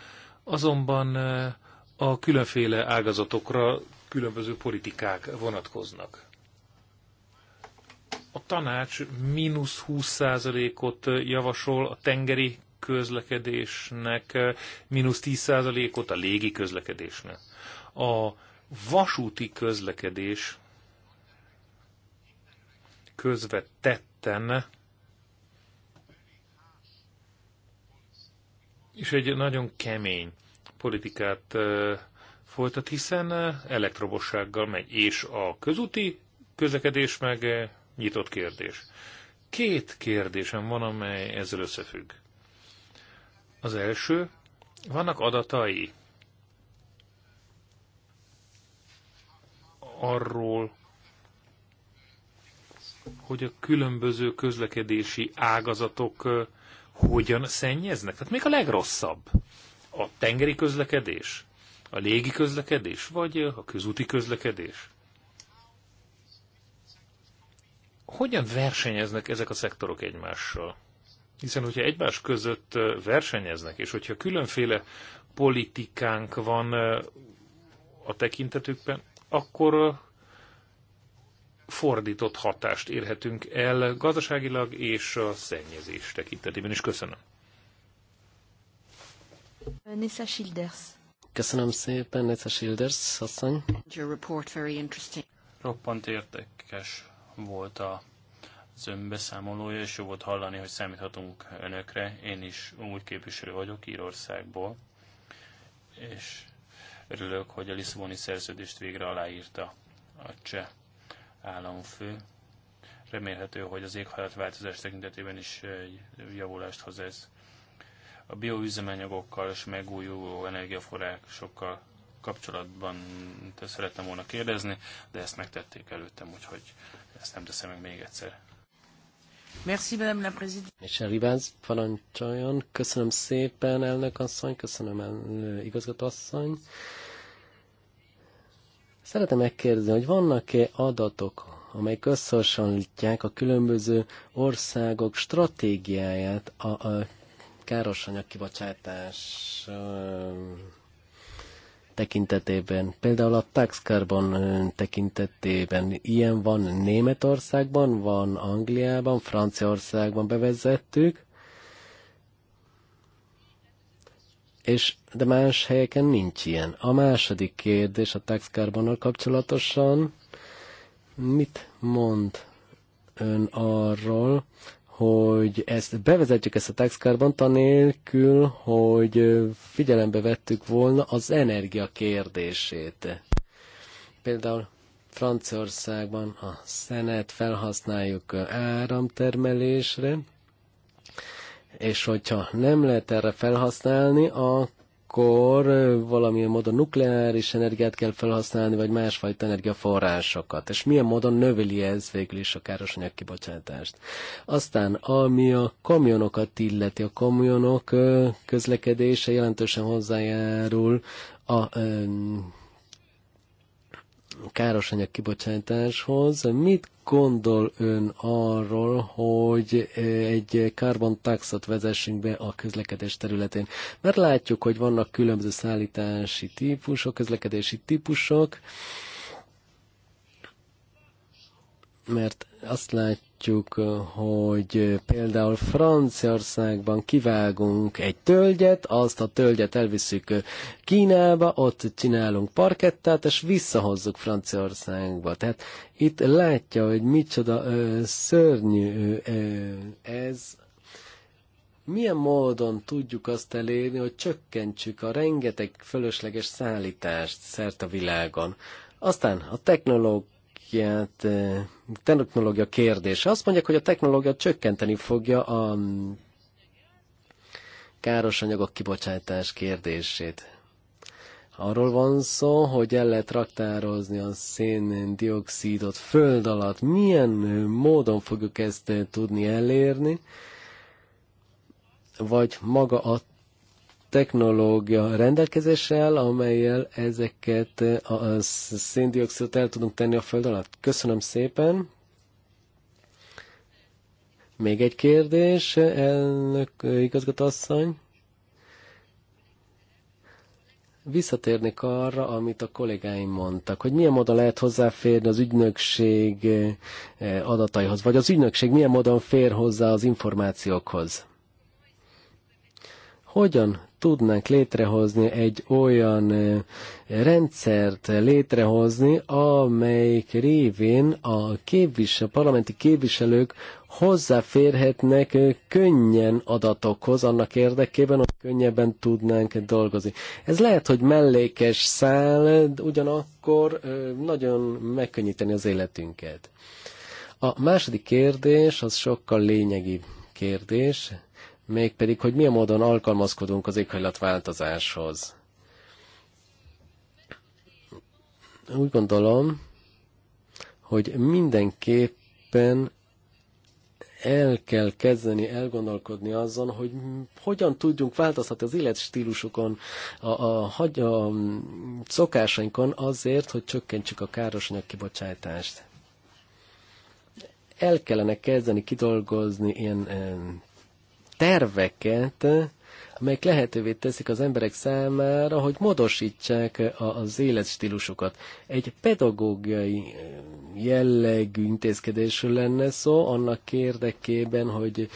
azonban eh, a különféle ágazatokra különböző politikák vonatkoznak. A tanács mínusz 20%-ot javasol a tengeri közlekedésnek, eh, mínusz 10%-ot a légi közlekedésnek. A vasúti közlekedés közvetetten és egy nagyon kemény politikát folytat, hiszen elektrobossággal megy, és a közúti közlekedés meg nyitott kérdés. Két kérdésem van, amely ezzel összefügg. Az első, vannak adatai arról, hogy a különböző közlekedési ágazatok hogyan szennyeznek. Tehát még a legrosszabb a tengeri közlekedés, a légi közlekedés, vagy a közúti közlekedés. Hogyan versenyeznek ezek a szektorok egymással? Hiszen, hogyha egymás között versenyeznek, és hogyha különféle politikánk van a tekintetükben, akkor fordított hatást érhetünk el gazdaságilag és a szennyezés tekintetében is. Köszönöm. Nessa Schilders. Köszönöm szépen, Nessa Schilders asszony. Your report very interesting. Roppant érdekes volt a az önbeszámolója, és jó volt hallani, hogy számíthatunk önökre. Én is úgy képviselő vagyok Írországból, és örülök, hogy a Lisszaboni szerződést végre aláírta a cseh államfő. Remélhető, hogy az éghajlatváltozás tekintetében is eh, javulást hoz ez. A bioüzemanyagokkal és megújuló energiaforrásokkal kapcsolatban szerettem volna kérdezni, de ezt megtették előttem, úgyhogy ezt nem teszem meg még egyszer. Merci, Madame la Présidente. És Ribánc parancsoljon. Köszönöm szépen, elnök asszony, köszönöm el, igazgató asszony. Szeretem megkérdezni, hogy vannak-e adatok, amelyek összehasonlítják a különböző országok stratégiáját a, a károsanyag kibocsátás tekintetében, például a tax carbon tekintetében. Ilyen van Németországban, van Angliában, Franciaországban bevezettük, és de más helyeken nincs ilyen. A második kérdés a taxkárbonnal kapcsolatosan, mit mond ön arról, hogy ezt bevezetjük ezt a taxkárbont anélkül, hogy figyelembe vettük volna az energia kérdését. Például Franciaországban a szenet felhasználjuk áramtermelésre, és hogyha nem lehet erre felhasználni, akkor valamilyen módon nukleáris energiát kell felhasználni, vagy másfajta energiaforrásokat. És milyen módon növeli ez végül is a károsanyag kibocsátást. Aztán, ami a kamionokat illeti, a kamionok közlekedése jelentősen hozzájárul a károsanyag kibocsátáshoz. Mit gondol ön arról, hogy eh, egy taxot vezessünk be a közlekedés területén? Mert látjuk, hogy vannak különböző szállítási típusok, közlekedési típusok, mert azt lát, látjuk, eh, hogy eh, például Franciaországban kivágunk egy tölgyet, azt a tölgyet elviszük eh, Kínába, ott csinálunk parkettát, és visszahozzuk Franciaországba. Tehát itt látja, hogy micsoda ö, szörnyű ö, ez, milyen módon tudjuk azt elérni, hogy csökkentsük a rengeteg fölösleges szállítást szert a világon. Aztán a technológ technológiát, eh, technológia kérdése. Azt mondják, hogy a technológia csökkenteni fogja a káros anyagok kibocsátás kérdését. Arról van szó, hogy el lehet raktározni a széndiokszidot föld alatt. Milyen módon fogjuk ezt eh, tudni elérni? Vagy maga a technológia rendelkezéssel, amelyel ezeket a széndiokszidot el tudunk tenni a föld alatt. Köszönöm szépen! Még egy kérdés, elnök igazgatóasszony. Visszatérnék arra, amit a kollégáim mondtak, hogy milyen módon lehet hozzáférni az ügynökség eh, adataihoz, vagy az ügynökség milyen módon fér hozzá az információkhoz. Hogyan tudnánk létrehozni egy olyan rendszert létrehozni, amelyik révén a, képvisel, a parlamenti képviselők hozzáférhetnek könnyen adatokhoz annak érdekében, hogy könnyebben tudnánk dolgozni. Ez lehet, hogy mellékes szál, ugyanakkor nagyon megkönnyíteni az életünket. A második kérdés az sokkal lényegi kérdés, mégpedig, hogy milyen módon alkalmazkodunk az éghajlatváltozáshoz. Úgy gondolom, hogy mindenképpen el kell kezdeni elgondolkodni azon, hogy hogyan tudjunk változtatni az életstílusokon, a, a, a, a mm, szokásainkon azért, hogy csökkentsük a káros kibocsátást. El kellene kezdeni kidolgozni ilyen terveket, amelyek lehetővé teszik az emberek számára, hogy modosítsák az életstílusukat. Egy pedagógiai jellegű intézkedésről lenne szó, annak érdekében, hogy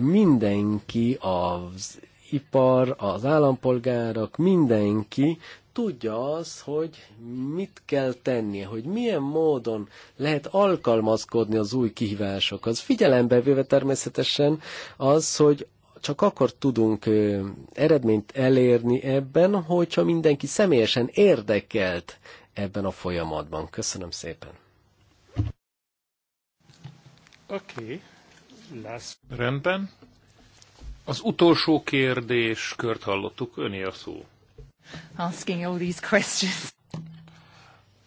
mindenki az ipar, az állampolgárok, mindenki tudja az, hogy mit kell tennie, hogy milyen módon lehet alkalmazkodni az új kihívásokhoz. Figyelembe véve természetesen az, hogy csak akkor tudunk eredményt elérni ebben, hogyha mindenki személyesen érdekelt ebben a folyamatban. Köszönöm szépen. Oké, okay. lesz. Rendben. Az utolsó kérdés kört hallottuk, öné a szó. Asking all these questions.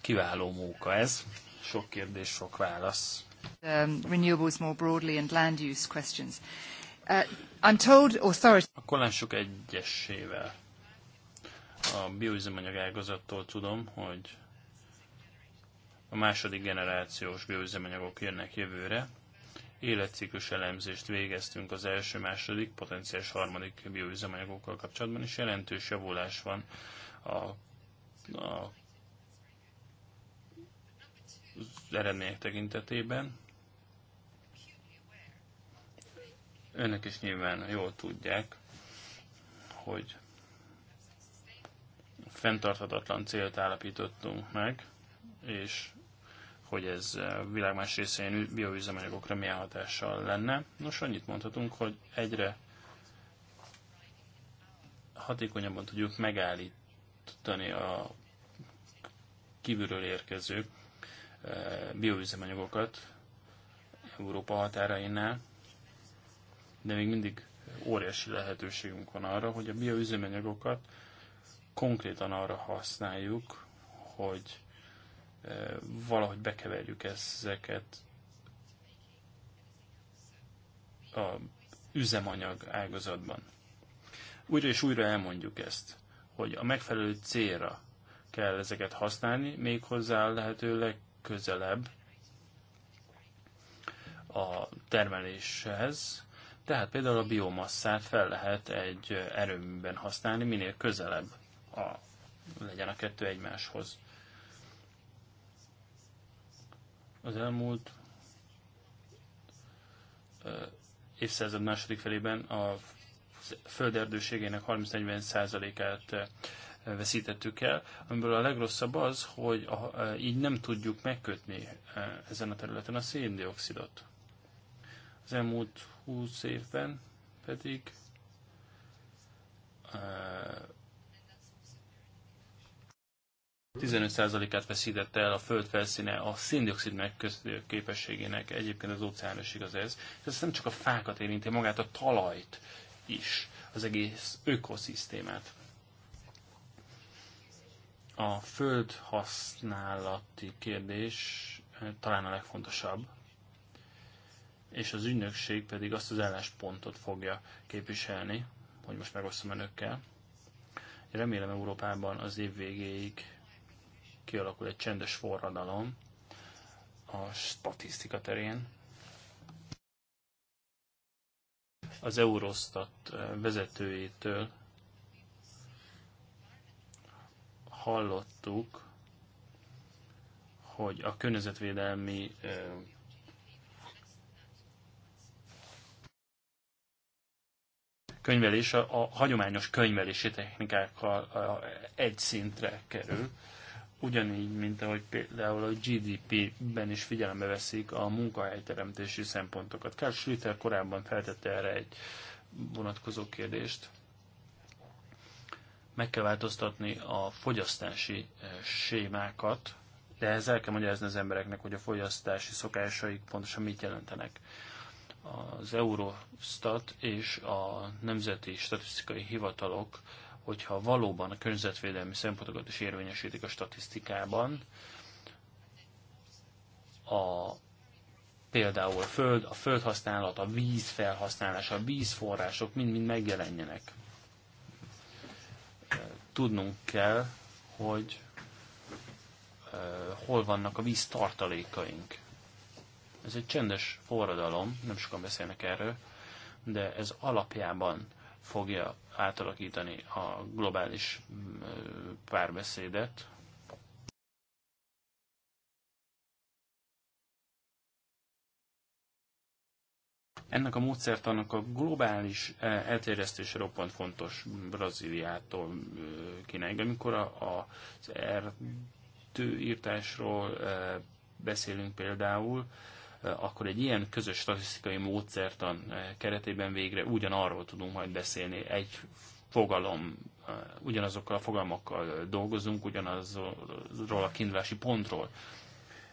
Kiváló móka ez. Sok kérdés, sok válasz. Um, renewables more broadly and land use questions. Uh, I'm told, authorities. sorry. Akkor lássuk egyesével. A bioüzemanyag ágazattól tudom, hogy a második generációs bioüzemanyagok jönnek jövőre, életciklus elemzést végeztünk az első, második, potenciális harmadik bioüzemanyagokkal kapcsolatban, és jelentős javulás van a, a az eredmények tekintetében. Önök is nyilván jól tudják, hogy fenntarthatatlan célt állapítottunk meg, és hogy ez világ más részén bioüzemanyagokra milyen hatással lenne. Nos, annyit mondhatunk, hogy egyre hatékonyabban tudjuk megállítani a kívülről érkező e, bioüzemanyagokat Európa határainál, de még mindig óriási lehetőségünk van arra, hogy a bioüzemanyagokat konkrétan arra használjuk, hogy Eh, valahogy bekeverjük ezeket a üzemanyag ágazatban. Újra és újra elmondjuk ezt, hogy a megfelelő célra kell ezeket használni, méghozzá lehetőleg közelebb a termeléshez, tehát például a biomasszát fel lehet egy erőműben használni, minél közelebb a, legyen a kettő egymáshoz. Az elmúlt évszázad második felében a föld erdőségének 30-40%-át veszítettük el, amiből a legrosszabb az, hogy a, így nem tudjuk megkötni ezen a területen a széndiokszidot. Az elmúlt 20 évben pedig 15%-át veszítette el a föld felszíne a széndiokszid megköszönő képességének, egyébként az óceános igaz ez. Ez nem csak a fákat érinti, magát a talajt is, az egész ökoszisztémát. A föld használati kérdés eh, talán a legfontosabb, és az ügynökség pedig azt az álláspontot fogja képviselni, hogy most megosztom önökkel. Remélem Európában az év végéig kialakul egy csendes forradalom a statisztika terén. Az Eurostat eh, vezetőjétől hallottuk, hogy a környezetvédelmi eh, könyvelés a, a hagyományos könyvelési technikákkal eh, egy szintre kerül ugyanígy, mint ahogy például a GDP-ben is figyelembe veszik a munkahelyteremtési szempontokat. Kár Schlüter korábban feltette erre egy vonatkozó kérdést. Meg kell változtatni a fogyasztási eh, sémákat, de ez el kell magyarázni az embereknek, hogy a fogyasztási szokásaik pontosan mit jelentenek. Az Eurostat és a Nemzeti Statisztikai Hivatalok hogyha valóban a környezetvédelmi szempontokat is érvényesítik a statisztikában, a, például a föld, a földhasználat, a víz felhasználása, a vízforrások mind-mind megjelenjenek. Tudnunk kell, hogy hol vannak a víz tartalékaink. Ez egy csendes forradalom, nem sokan beszélnek erről, de ez alapjában fogja átalakítani a globális mm, párbeszédet, Ennek a módszertanak a globális e, elterjesztése roppant fontos Brazíliától e, Kínáig. Amikor az erdőírtásról e, beszélünk például, akkor egy ilyen közös statisztikai módszertan eh, keretében végre ugyanarról tudunk majd beszélni, egy fogalom, eh, ugyanazokkal a fogalmakkal dolgozunk, ugyanazról a kiindulási pontról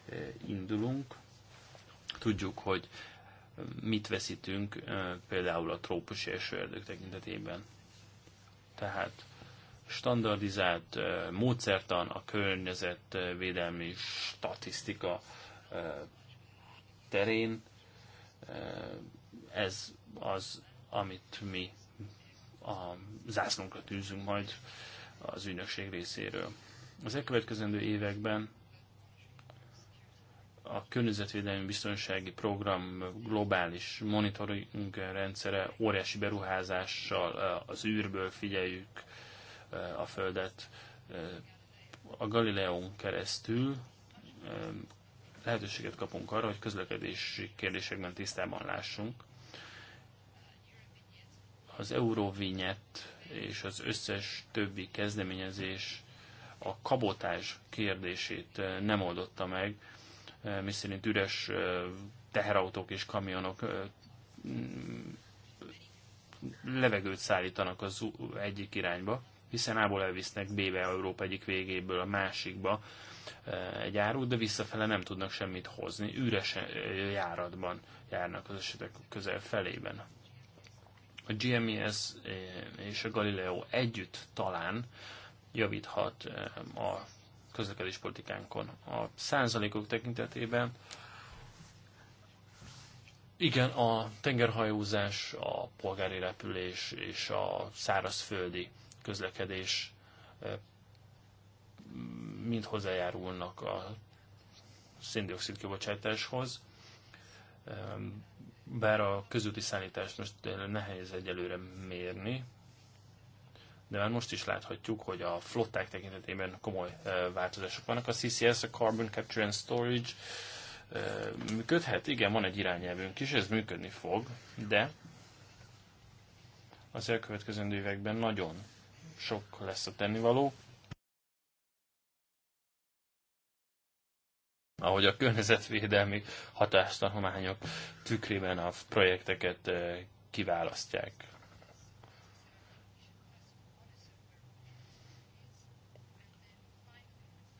eh, indulunk. Tudjuk, hogy mit veszítünk például a trópusi esőerdők tekintetében. Tehát standardizált módszertan a környezetvédelmi statisztika terén. Eh, ez az, amit mi a zászlónkra tűzünk majd az ügynökség részéről. Az elkövetkezendő években a környezetvédelmi biztonsági program globális monitoring rendszere óriási beruházással eh, az űrből figyeljük eh, a Földet. A Galileón keresztül lehetőséget kapunk arra, hogy közlekedési kérdésekben tisztában lássunk. Az euróvinyet és az összes többi kezdeményezés a kabotás kérdését eh, nem oldotta meg, eh, miszerint üres eh, teherautók és kamionok mm, levegőt szállítanak az egyik irányba, hiszen A-ból elvisznek B-be Európa egyik végéből a másikba Eh, egy árut, de visszafele nem tudnak semmit hozni. Üres eh, járatban járnak az esetek közel felében. A GMES eh, és a Galileo együtt talán javíthat a közlekedés politikánkon. A százalékok tekintetében igen, a tengerhajózás, a polgári repülés és a szárazföldi közlekedés mind hozzájárulnak a széndiokszid kibocsátáshoz, bár a közúti szállítást most nehéz egyelőre mérni, de már most is láthatjuk, hogy a flották tekintetében komoly eh, változások vannak. A CCS, a Carbon Capture and Storage eh, működhet, igen, van egy irányelvünk is, ez működni fog, de az elkövetkező években nagyon sok lesz a tennivaló. ahogy a környezetvédelmi hatástanományok tükrében a projekteket eh, kiválasztják.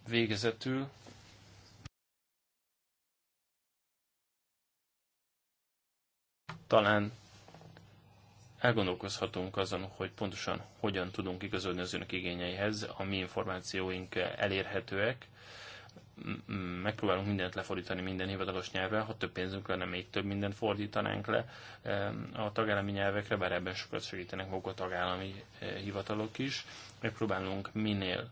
Végezetül talán elgondolkozhatunk azon, hogy pontosan hogyan tudunk igazodni az önök igényeihez, a mi információink elérhetőek, megpróbálunk mindent lefordítani minden hivatalos nyelvre, ha több pénzünk lenne, még több mindent fordítanánk le eh, a tagállami nyelvekre, bár ebben sokat segítenek maguk a tagállami eh, hivatalok is. Megpróbálunk minél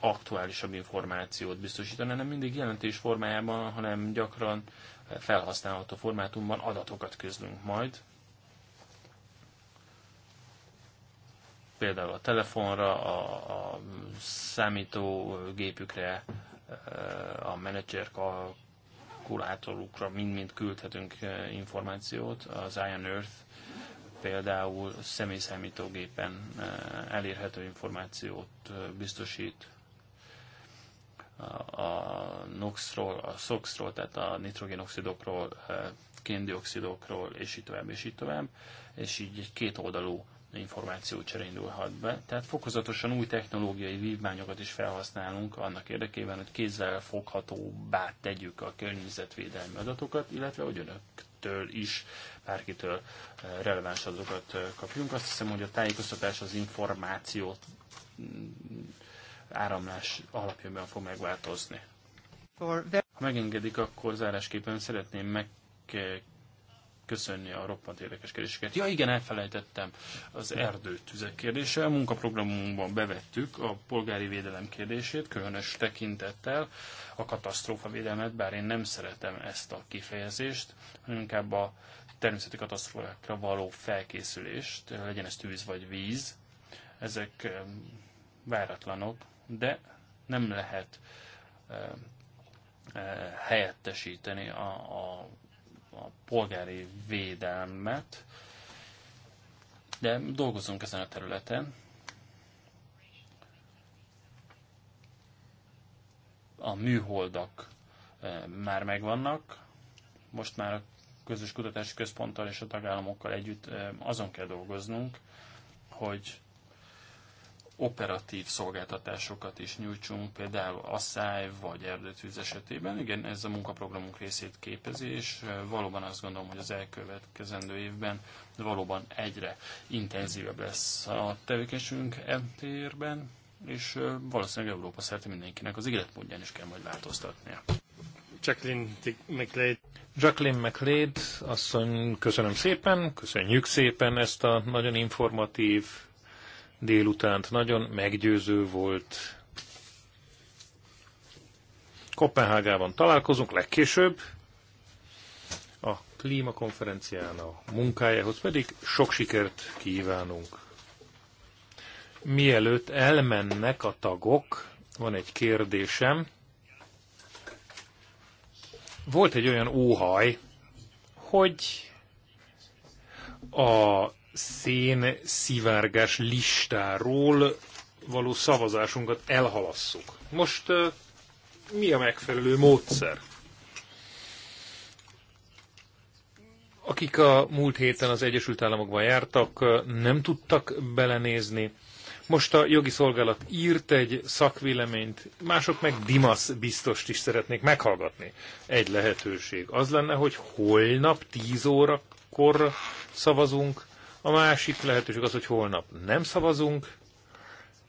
aktuálisabb információt biztosítani, nem mindig jelentés formájában, hanem gyakran felhasználható formátumban adatokat közlünk majd. Például a telefonra, a, a számítógépükre, a menedzser kalkulátorukra mind-mind küldhetünk eh, információt. Az Iron Earth például személyszámítógépen eh, elérhető információt eh, biztosít a NOx-ról, a SOx-ról, tehát a nitrogénoxidokról, kéndioxidokról, és így tovább, és így tovább, és így egy kétoldalú információcsere indulhat be. Tehát fokozatosan új technológiai vívmányokat is felhasználunk annak érdekében, hogy kézzel foghatóbbá tegyük a környezetvédelmi adatokat, illetve hogy önöktől is, bárkitől eh, releváns adatokat eh, kapjunk. Azt hiszem, hogy a tájékoztatás az információ mm, áramlás alapjában fog megváltozni. Ha megengedik, akkor zárásképpen szeretném meg eh, köszönni a roppant érdekes kérdéseket. Ja igen, elfelejtettem az erdőtüzek kérdése. A munkaprogramunkban bevettük a polgári védelem kérdését, különös tekintettel a katasztrófa védelmet, bár én nem szeretem ezt a kifejezést, hanem inkább a természeti katasztrófákra való felkészülést, legyen ez tűz vagy víz. Ezek váratlanok, de nem lehet helyettesíteni a, a a polgári védelmet, de dolgozunk ezen a területen. A műholdak eh, már megvannak, most már a közös kutatási központtal és a tagállamokkal együtt eh, azon kell dolgoznunk, hogy operatív szolgáltatásokat is nyújtsunk, például asszály vagy erdőtűz esetében. Igen, ez a munkaprogramunk részét képezi, és valóban azt gondolom, hogy az elkövetkezendő évben valóban egyre intenzívebb lesz a tevékenységünk ebben, és valószínűleg Európa szerte mindenkinek az életmódján is kell majd változtatnia. Jacqueline McLeod. Jacqueline McLeod asszony, köszönöm szépen, köszönjük szépen ezt a nagyon informatív délutánt. Nagyon meggyőző volt. Kopenhágában találkozunk legkésőbb. A klímakonferencián a munkájához pedig sok sikert kívánunk. Mielőtt elmennek a tagok, van egy kérdésem. Volt egy olyan óhaj, hogy a szén szivárgás listáról való szavazásunkat elhalasszuk. Most mi a megfelelő módszer? Akik a múlt héten az Egyesült Államokban jártak, nem tudtak belenézni. Most a jogi szolgálat írt egy szakvéleményt, mások meg Dimas biztost is szeretnék meghallgatni. Egy lehetőség az lenne, hogy holnap 10 órakor szavazunk, a másik lehetőség az, hogy holnap nem szavazunk,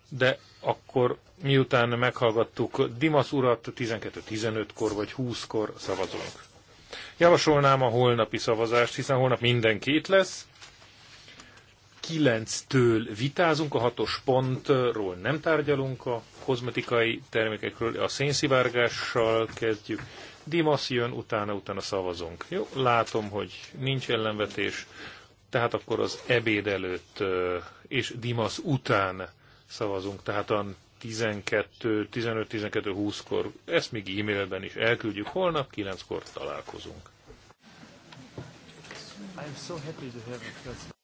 de akkor miután meghallgattuk Dimas urat 12-15-kor vagy 20-kor szavazunk. Javasolnám a holnapi szavazást, hiszen holnap mindenki itt lesz. 9-től vitázunk, a hatos pontról nem tárgyalunk, a kozmetikai termékekről a szénszivárgással kezdjük. Dimas jön, utána, utána szavazunk. Jó, látom, hogy nincs ellenvetés tehát akkor az ebéd előtt és Dimasz után szavazunk, tehát a 12, 15, 12, 20-kor, ezt még e-mailben is elküldjük, holnap 9-kor találkozunk. I'm so happy to have a